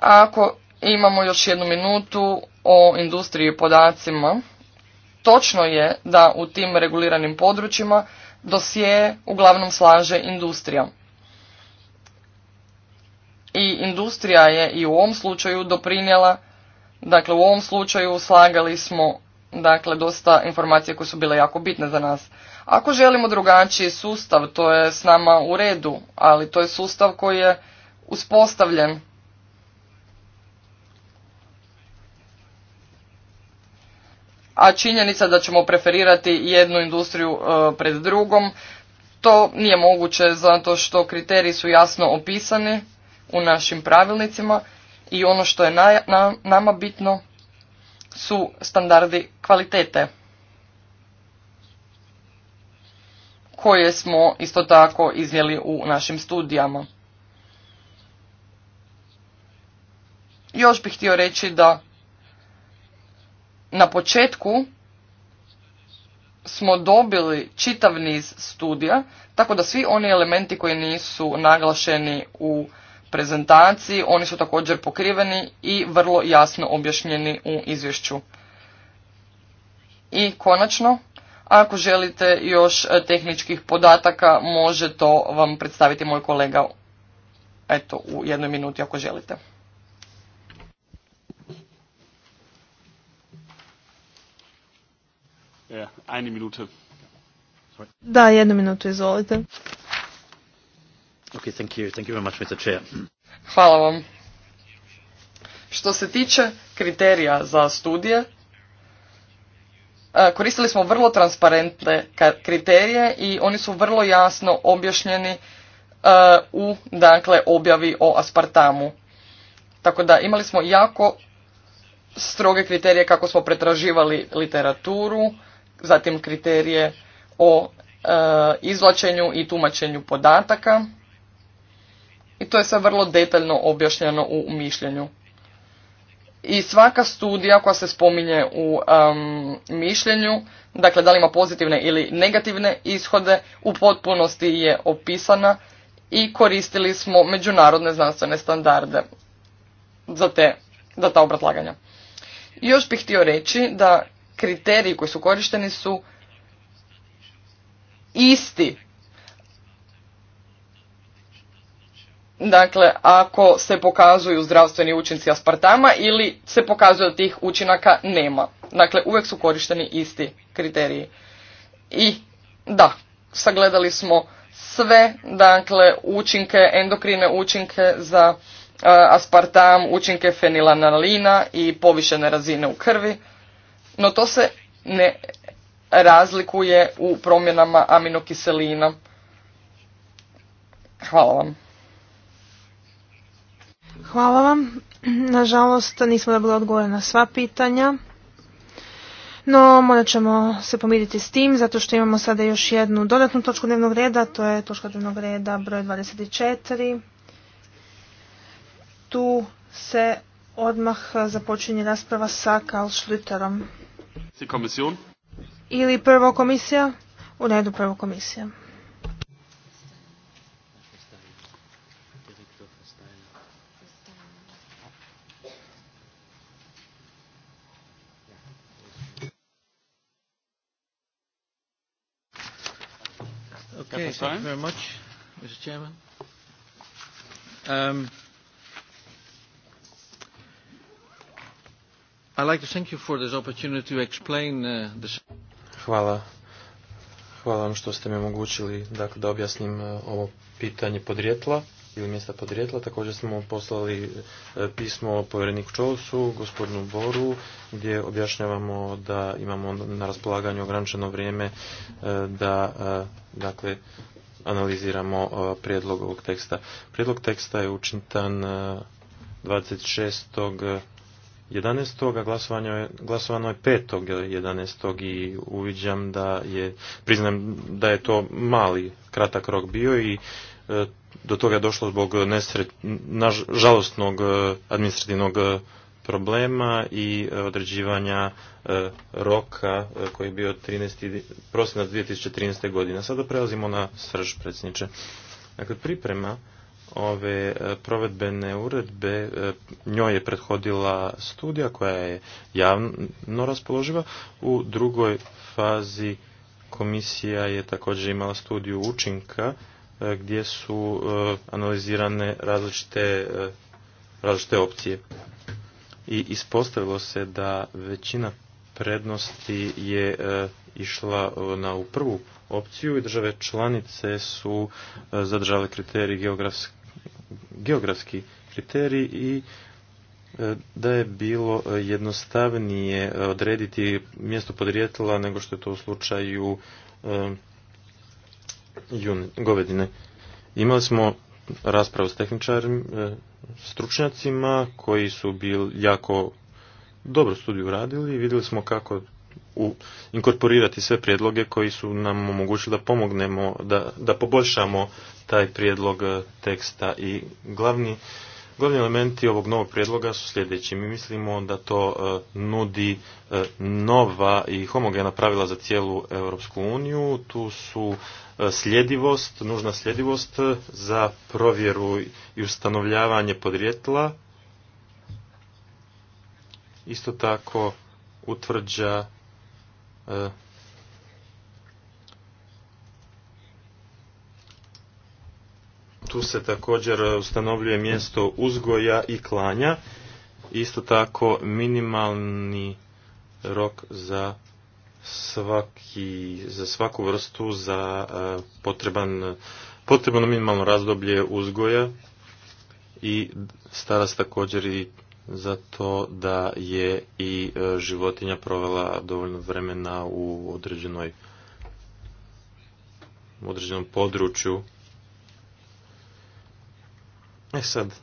Ako imamo još jednu minutu o industriji i podacima, točno je da u tim reguliranim područjima dosije uglavnom slaže industrija. I industrija je i u ovom slučaju doprinjela, dakle u ovom slučaju slagali smo dakle dosta informacije koje su bile jako bitne za nas. Ako želimo drugačiji sustav, to je s nama u redu, ali to je sustav koji je uspostavljen a činjenica da ćemo preferirati jednu industriju e, pred drugom, to nije moguće zato što kriteriji su jasno opisani u našim pravilnicima i ono što je nama bitno su standardi kvalitete koje smo isto tako iznijeli u našim studijama. Još bih htio reći da na početku smo dobili čitav niz studija, tako da svi oni elementi koji nisu naglašeni u prezentaciji, oni su također pokriveni i vrlo jasno objašnjeni u izvješću. I konačno, ako želite još tehničkih podataka, može to vam predstaviti moj kolega eto, u jednoj minuti ako želite. Eh, eine Da, jednu minutu, izvolite. thank you. Thank you very much, Mr. Hvala vam. Što se tiče kriterija za studije, eh, koristili smo vrlo transparentne kriterije i oni su vrlo jasno objašnjeni eh, u dakle, objavi o aspartamu. Tako da imali smo jako stroge kriterije kako smo pretraživali literaturu, zatim kriterije o e, izvlačenju i tumačenju podataka i to je sve vrlo detaljno objašnjeno u mišljenju. I svaka studija koja se spominje u mišljenju, dakle da li ima pozitivne ili negativne ishode, u potpunosti je opisana i koristili smo međunarodne znanstvene standarde za, te, za ta obratlaganja. još bih htio reći da kriteriji koji su korišteni su isti. Dakle, ako se pokazuju zdravstveni učinci aspartama ili se pokazuje da tih učinaka nema. Dakle, uvijek su korišteni isti kriteriji. I da, sagledali smo sve, dakle, učinke, endokrine učinke za e, aspartam, učinke fenilanalina i povišene razine u krvi no to se ne razlikuje u promjenama aminokiselina. Hvala vam. Hvala vam. Nažalost, nismo dobili odgovore na sva pitanja. No, morat ćemo se pomiriti s tim, zato što imamo sada još jednu dodatnu točku dnevnog reda, to je točka dnevnog reda broj 24. Tu se odmah započinje rasprava sa Karl Schlüterom. Ili prvo komisija? U redu prvo komisija. Okay, thank you very much, Mr. Chairman. Um, Hvala. Hvala vam što ste mi omogućili dakle, da objasnim uh, ovo pitanje podrijetla ili mjesta podrijetla. Također smo poslali uh, pismo povjereniku Čovsu, gospodinu Boru, gdje objašnjavamo da imamo na raspolaganju ograničeno vrijeme uh, da dakle, analiziramo prijedlog ovog teksta. Prijedlog teksta je učitan 26. 11. glasovano je 5. 11. i uviđam da je, priznam da je to mali kratak rok bio i e, do toga je došlo zbog nesret, žalostnog e, administrativnog e, problema i određivanja roka koji je bio 13. prosinac 2013. godine. Sada prelazimo na srž predsjedniče. Dakle, priprema ove e, provedbene uredbe, e, njoj je prethodila studija koja je javno raspoloživa. U drugoj fazi komisija je također imala studiju učinka e, gdje su analizirane različite, različite opcije. I ispostavilo se da većina prednosti je išla na u prvu opciju i države članice su zadržale kriterij geografske geografski kriterij i e, da je bilo jednostavnije odrediti mjesto podrijetla nego što je to u slučaju e, govedine. Imali smo raspravu s tehničarim e, stručnjacima koji su bili jako dobro studiju radili i vidjeli smo kako inkorporirati sve prijedloge koji su nam omogućili da pomognemo, da, da poboljšamo taj prijedlog e, teksta i glavni elementi ovog novog prijedloga su sljedeći. Mi mislimo da to e, nudi e, nova i homogena pravila za cijelu Europsku uniju. Tu su sljedivost, nužna sljedivost za provjeru i ustanovljavanje podrijetla. Isto tako utvrđa E, tu se također ustanovljuje mjesto uzgoja i klanja. Isto tako minimalni rok za svaki, za svaku vrstu za e, potreban, potrebno minimalno razdoblje uzgoja i stara se također i zato da je i e, životinja provela dovoljno vremena u određenoj u određenom području. E sad,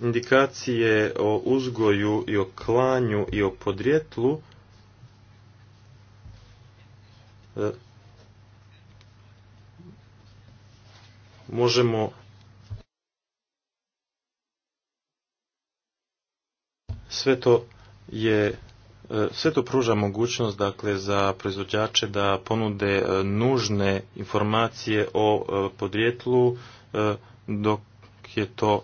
indikacije o uzgoju i o klanju i o podrijetlu e, možemo Sve to je e, sve to pruža mogućnost dakle za proizvođače da ponude e, nužne informacije o e, podrijetlu dok je to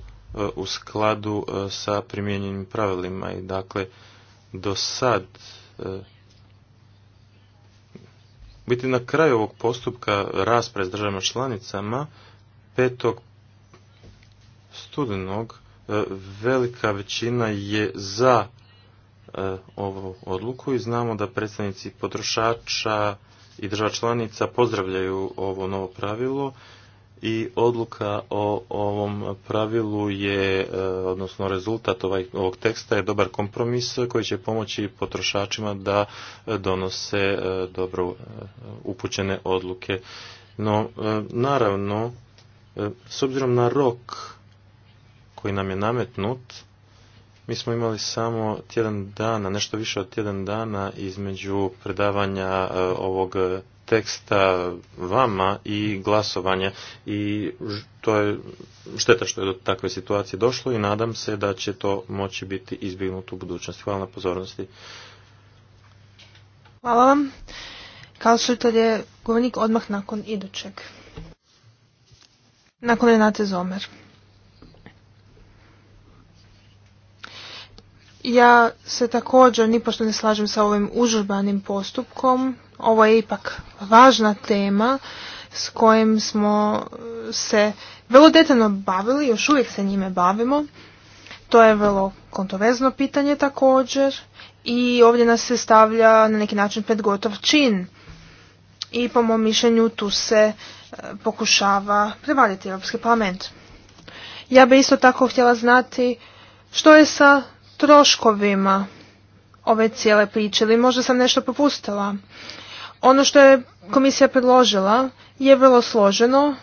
u skladu sa primijenjenim pravilima i dakle do sad biti na kraju ovog postupka rasprave s državama članicama petog studenog E, velika većina je za e, ovu odluku i znamo da predstavnici potrošača i država članica pozdravljaju ovo novo pravilo i odluka o ovom pravilu je, e, odnosno rezultat ovaj, ovog teksta je dobar kompromis koji će pomoći potrošačima da donose dobro upućene odluke. No, naravno, s obzirom na rok koji nam je nametnut, mi smo imali samo tjedan dana, nešto više od tjedan dana između predavanja e, ovog teksta vama i glasovanja i to je šteta što je do takve situacije došlo i nadam se da će to moći biti izbjegnuto u budućnosti. Hvala na pozornosti. Hvala vam. Kao je govornik odmah nakon idućeg. Nakon Nate Zomer. Ja se također nipošto ne slažem sa ovim užurbanim postupkom. Ovo je ipak važna tema s kojim smo se vrlo detaljno bavili, još uvijek se njime bavimo. To je vrlo kontroverzno pitanje također i ovdje nas se stavlja na neki način pred gotov čin. I po mom mišljenju tu se e, pokušava prevaliti Europski parlament. Ja bi isto tako htjela znati što je sa troškovima ove cijele priče ili možda sam nešto propustila. Ono što je komisija predložila je vrlo složeno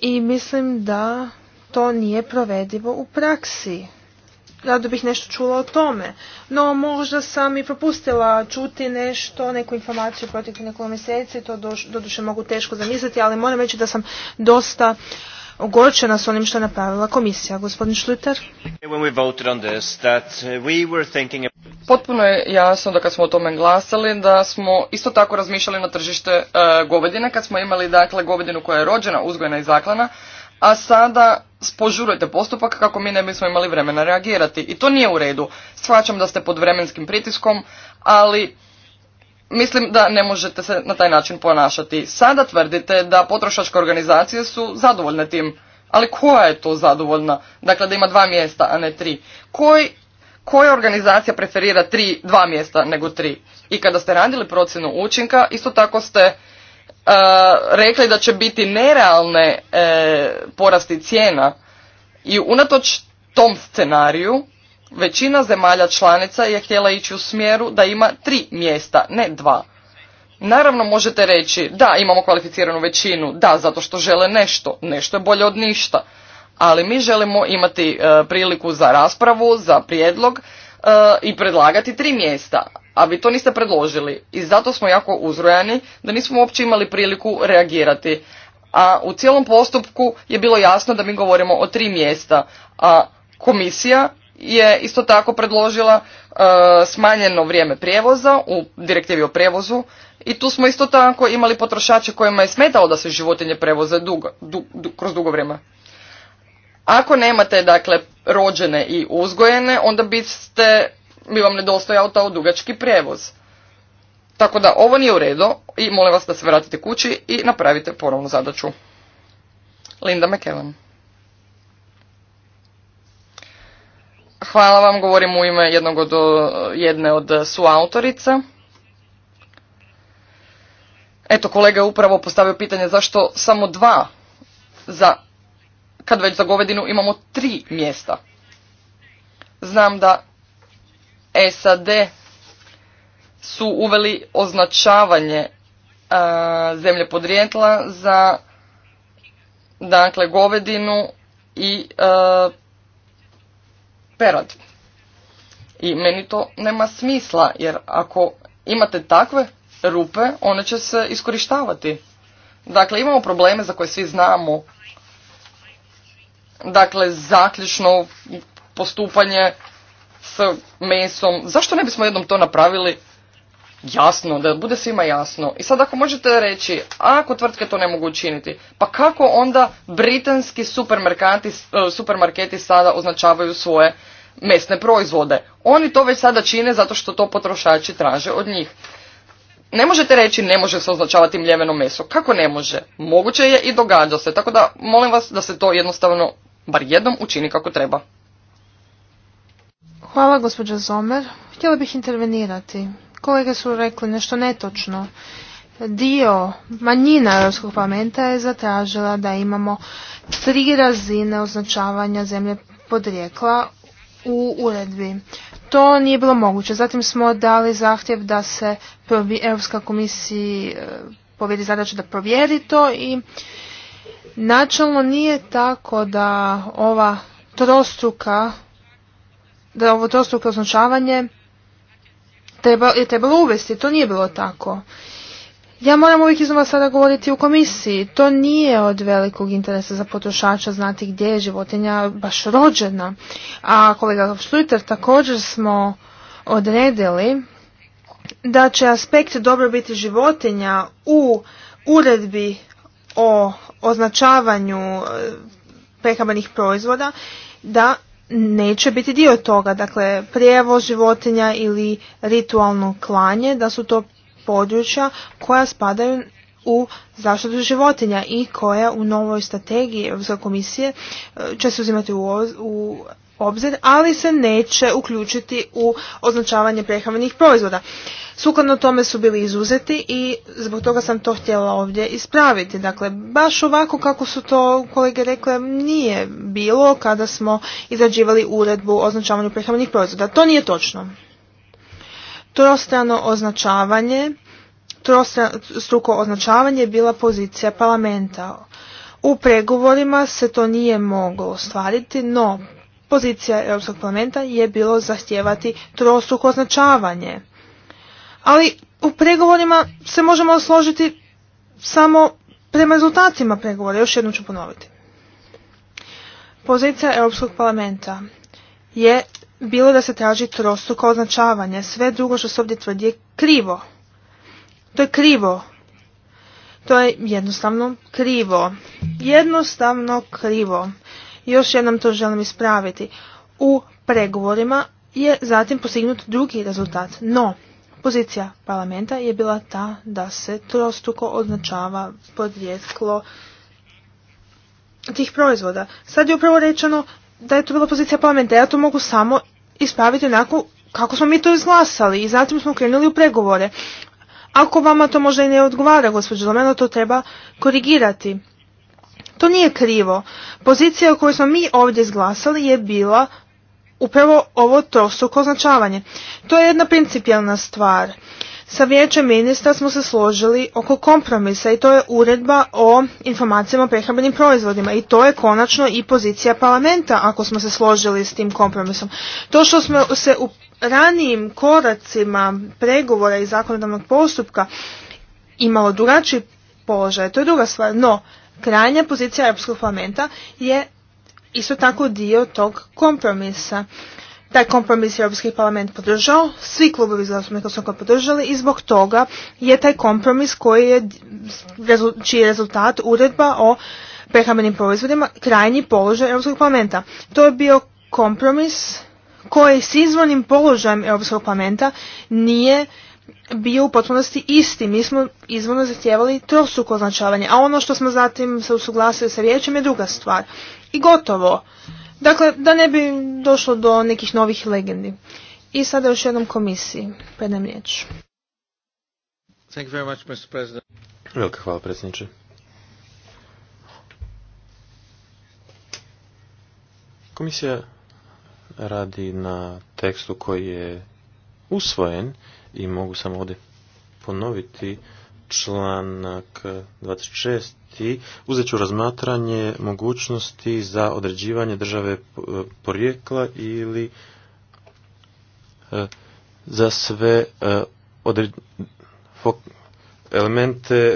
i mislim da to nije provedivo u praksi. Rado bih nešto čula o tome, no možda sam i propustila čuti nešto, neku informaciju protiv nekoliko mjeseci, to doduše mogu teško zamisliti, ali moram reći da sam dosta ogorčena s onim što je napravila komisija. Gospodin Šliter? Uh, Potpuno je jasno da kad smo o tome glasali da smo isto tako razmišljali na tržište uh, govedine kad smo imali dakle govedinu koja je rođena, uzgojena i zaklana, a sada spožurujete postupak kako mi ne bismo imali vremena reagirati. I to nije u redu. Shvaćam da ste pod vremenskim pritiskom, ali Mislim da ne možete se na taj način ponašati. Sada tvrdite da potrošačke organizacije su zadovoljne tim. Ali koja je to zadovoljna? Dakle, da ima dva mjesta, a ne tri. Koji, koja organizacija preferira tri, dva mjesta nego tri? I kada ste radili procjenu učinka, isto tako ste e, rekli da će biti nerealne e, porasti cijena i unatoč tom scenariju Većina zemalja članica je htjela ići u smjeru da ima tri mjesta, ne dva. Naravno možete reći da imamo kvalificiranu većinu, da zato što žele nešto, nešto je bolje od ništa, ali mi želimo imati e, priliku za raspravu, za prijedlog e, i predlagati tri mjesta, a vi to niste predložili i zato smo jako uzrojani da nismo uopće imali priliku reagirati. A u cijelom postupku je bilo jasno da mi govorimo o tri mjesta, a komisija je isto tako predložila e, smanjeno vrijeme prijevoza u direktivi o prijevozu i tu smo isto tako imali potrošače kojima je smetalo da se životinje prevoze dugo, kroz dugo vrijeme. Ako nemate dakle rođene i uzgojene, onda biste, bi vam nedostojao taj dugački prijevoz. Tako da ovo nije u redu i molim vas da se vratite kući i napravite ponovnu zadaću. Linda McKellen. Hvala vam, govorim u ime jednog od, jedne od e, suautorica. Eto, kolega je upravo postavio pitanje zašto samo dva za, kad već za govedinu imamo tri mjesta. Znam da SAD su uveli označavanje e, zemlje podrijetla za dakle govedinu i e, perad. I meni to nema smisla, jer ako imate takve rupe, one će se iskorištavati. Dakle, imamo probleme za koje svi znamo. Dakle, zaključno postupanje s mesom. Zašto ne bismo jednom to napravili jasno, da bude svima jasno. I sad ako možete reći, ako tvrtke to ne mogu učiniti, pa kako onda britanski supermarketi, e, supermarketi sada označavaju svoje mesne proizvode? Oni to već sada čine zato što to potrošači traže od njih. Ne možete reći ne može se označavati mljeveno meso. Kako ne može? Moguće je i događa se. Tako da molim vas da se to jednostavno bar jednom učini kako treba. Hvala gospođo Zomer. Htjela bih intervenirati. Kolege su rekli nešto netočno. Dio manjina Europskog parlamenta je zatražila da imamo tri razine označavanja zemlje podrijekla u uredbi. To nije bilo moguće. Zatim smo dali zahtjev da se Europska komisija e, povjeri zadaća da provjeri to i načelno nije tako da ova trostruka da ovo trostruko označavanje treba, je trebalo uvesti. To nije bilo tako. Ja moram uvijek iznova sada govoriti u komisiji. To nije od velikog interesa za potrošača znati gdje je životinja baš rođena. A kolega Šluter također smo odredili da će aspekt dobrobiti životinja u uredbi o označavanju eh, prehrambenih proizvoda da neće biti dio toga, dakle prijevo životinja ili ritualno klanje, da su to područja koja spadaju u zaštitu životinja i koja u novoj strategiji Europske komisije e, će se uzimati u obzir, ali se neće uključiti u označavanje prehrambenih proizvoda. Sukladno tome su bili izuzeti i zbog toga sam to htjela ovdje ispraviti. Dakle, baš ovako kako su to kolege rekle nije bilo kada smo izrađivali uredbu o označavanju prehrambenih proizvoda. To nije točno. Trostrano označavanje, struko označavanje je bila pozicija parlamenta. U pregovorima se to nije moglo ostvariti, no pozicija Europskog parlamenta je bilo zahtijevati trostruko označavanje. Ali u pregovorima se možemo složiti samo prema rezultatima pregovora. Još jednom ću ponoviti. Pozicija Europskog parlamenta je bilo da se traži trostruko označavanje. Sve drugo što se ovdje tvrdi je krivo. To je krivo. To je jednostavno krivo. Jednostavno krivo još jednom to želim ispraviti. U pregovorima je zatim postignut drugi rezultat, no pozicija parlamenta je bila ta da se trostuko označava podrijetlo tih proizvoda. Sad je upravo rečeno da je to bila pozicija parlamenta, ja to mogu samo ispraviti onako kako smo mi to izglasali i zatim smo krenuli u pregovore. Ako vama to možda i ne odgovara, gospođo Lomeno, to treba korigirati. To nije krivo. Pozicija u kojoj smo mi ovdje izglasali je bila upravo ovo trostruko označavanje. To je jedna principijalna stvar. Sa vijećem ministra smo se složili oko kompromisa i to je uredba o informacijama o prehrambenim proizvodima i to je konačno i pozicija parlamenta ako smo se složili s tim kompromisom. To što smo se u ranijim koracima pregovora i zakonodavnog postupka imalo drugačiji položaj, to je druga stvar, no krajnja pozicija Europskog parlamenta je isto tako dio tog kompromisa. Taj kompromis je Europski parlament podržao, svi klubovi zastupnika su ga podržali i zbog toga je taj kompromis koji je, čiji je rezultat uredba o prehrambenim proizvodima krajnji položaj Europskog parlamenta. To je bio kompromis koji s izvornim položajem Europskog parlamenta nije bio u potpunosti isti. Mi smo izvorno zahtjevali trosuko označavanje, a ono što smo zatim se usuglasili sa vijećem je druga stvar. I gotovo. Dakle, da ne bi došlo do nekih novih legendi. I sada još jednom komisiji. Predam riječ. Velika hvala, predsjedniče. Komisija radi na tekstu koji je usvojen i mogu samo ovdje ponoviti članak 26. Uzet ću razmatranje mogućnosti za određivanje države e, porijekla ili e, za sve e, elemente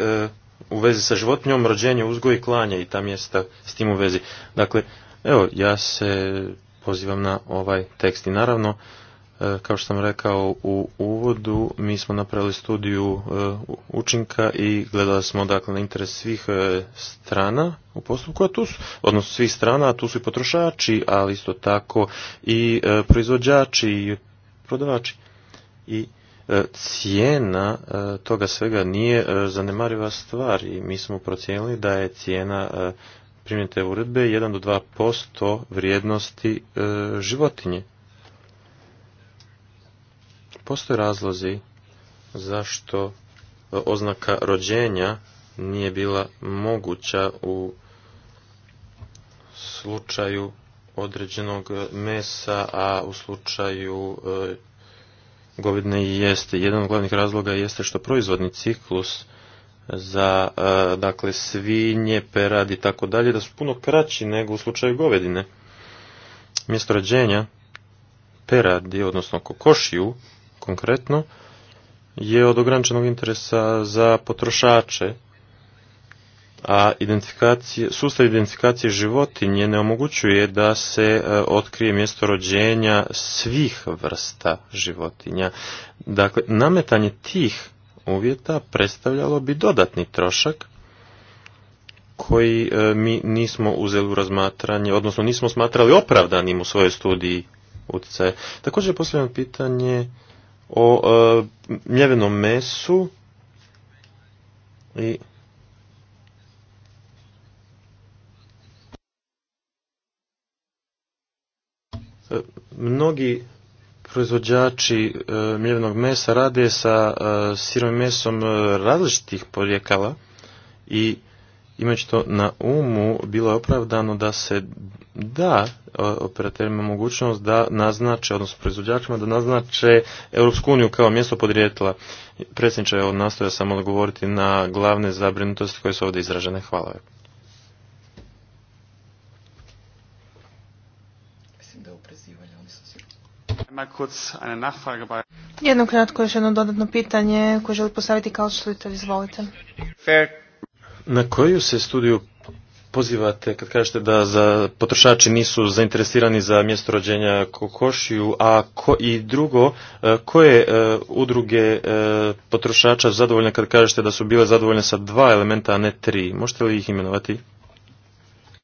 u vezi sa životinjom, rođenje, uzgoj i klanje i ta mjesta s tim u vezi. Dakle, evo, ja se pozivam na ovaj tekst i naravno E, kao što sam rekao u uvodu, mi smo napravili studiju e, učinka i gledali smo dakle na interes svih e, strana u postupku, a tu su, odnosno svih strana, a tu su i potrošači, ali isto tako i proizvođači i prodavači. I cijena toga svega nije zanemariva stvar i mi smo procijenili da je cijena primjene uredbe 1 do 2% vrijednosti životinje. Postoje razlozi zašto e, oznaka rođenja nije bila moguća u slučaju određenog mesa, a u slučaju e, govedine i jeste. Jedan od glavnih razloga jeste što proizvodni ciklus za e, dakle svinje, peradi i tako dalje da su puno kraći nego u slučaju govedine. Mjesto rođenja peradi, odnosno kokošiju, konkretno je od ograničenog interesa za potrošače, a identifikacije, sustav identifikacije životinje ne omogućuje da se e, otkrije mjesto rođenja svih vrsta životinja. Dakle, nametanje tih uvjeta predstavljalo bi dodatni trošak koji e, mi nismo uzeli u razmatranje, odnosno nismo smatrali opravdanim u svojoj studiji utjecaje. Također je pitanje o e, mljevenom mesu i e, mnogi proizvođači e, mljevenog mesa rade sa e, sirovim mesom e, različitih porijekala i Imajući to na umu, bilo je opravdano da se da operaterima mogućnost da naznače, odnosno proizvođačima, da naznače Europsku uniju kao mjesto podrijetla. Predsjedniče, evo, nastoja samo odgovoriti na glavne zabrinutosti koje su ovdje izražene. Hvala. Jedno kratko još jedno dodatno pitanje koje želi postaviti kao izvolite. Na koju se studiju pozivate kad kažete da za potrošači nisu zainteresirani za mjesto rođenja kokošiju, a ko, i drugo, e, koje e, udruge e, potrošača zadovoljne kad kažete da su bile zadovoljne sa dva elementa, a ne tri? Možete li ih imenovati?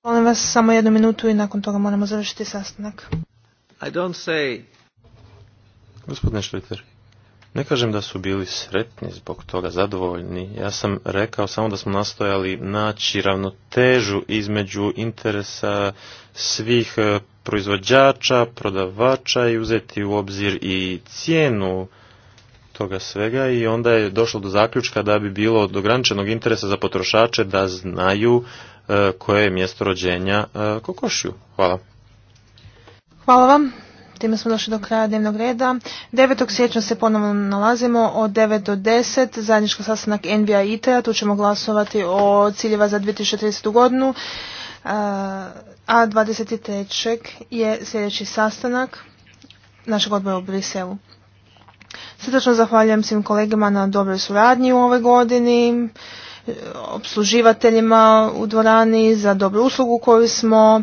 Molim vas samo jednu minutu i nakon toga moramo završiti sastanak. I don't say... Gospodine Šliteri. Ne kažem da su bili sretni zbog toga, zadovoljni. Ja sam rekao samo da smo nastojali naći ravnotežu između interesa svih e, proizvođača, prodavača i uzeti u obzir i cijenu toga svega i onda je došlo do zaključka da bi bilo od ograničenog interesa za potrošače da znaju e, koje je mjesto rođenja e, kokošju. Hvala. Hvala vam. Time smo došli do kraja dnevnog reda. 9. siječnja se ponovno nalazimo od 9 do 10. Zajednički sastanak NBA ITA, Tu ćemo glasovati o ciljeva za 2030. godinu. A 23. je sljedeći sastanak našeg odbora u Briselu. Srdačno zahvaljujem svim kolegama na dobroj suradnji u ovoj godini, obsluživateljima u dvorani za dobru uslugu koju smo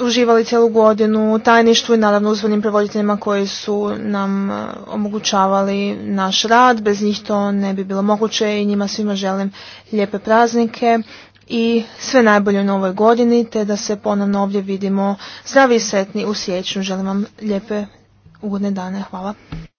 uživali cijelu godinu u tajništvu i naravno uzvanim prevoditeljima koji su nam eh, omogućavali naš rad. Bez njih to ne bi bilo moguće i njima svima želim lijepe praznike i sve najbolje u novoj godini te da se ponovno ovdje vidimo zdravi i sretni u siječnju. Želim vam lijepe ugodne dane. Hvala.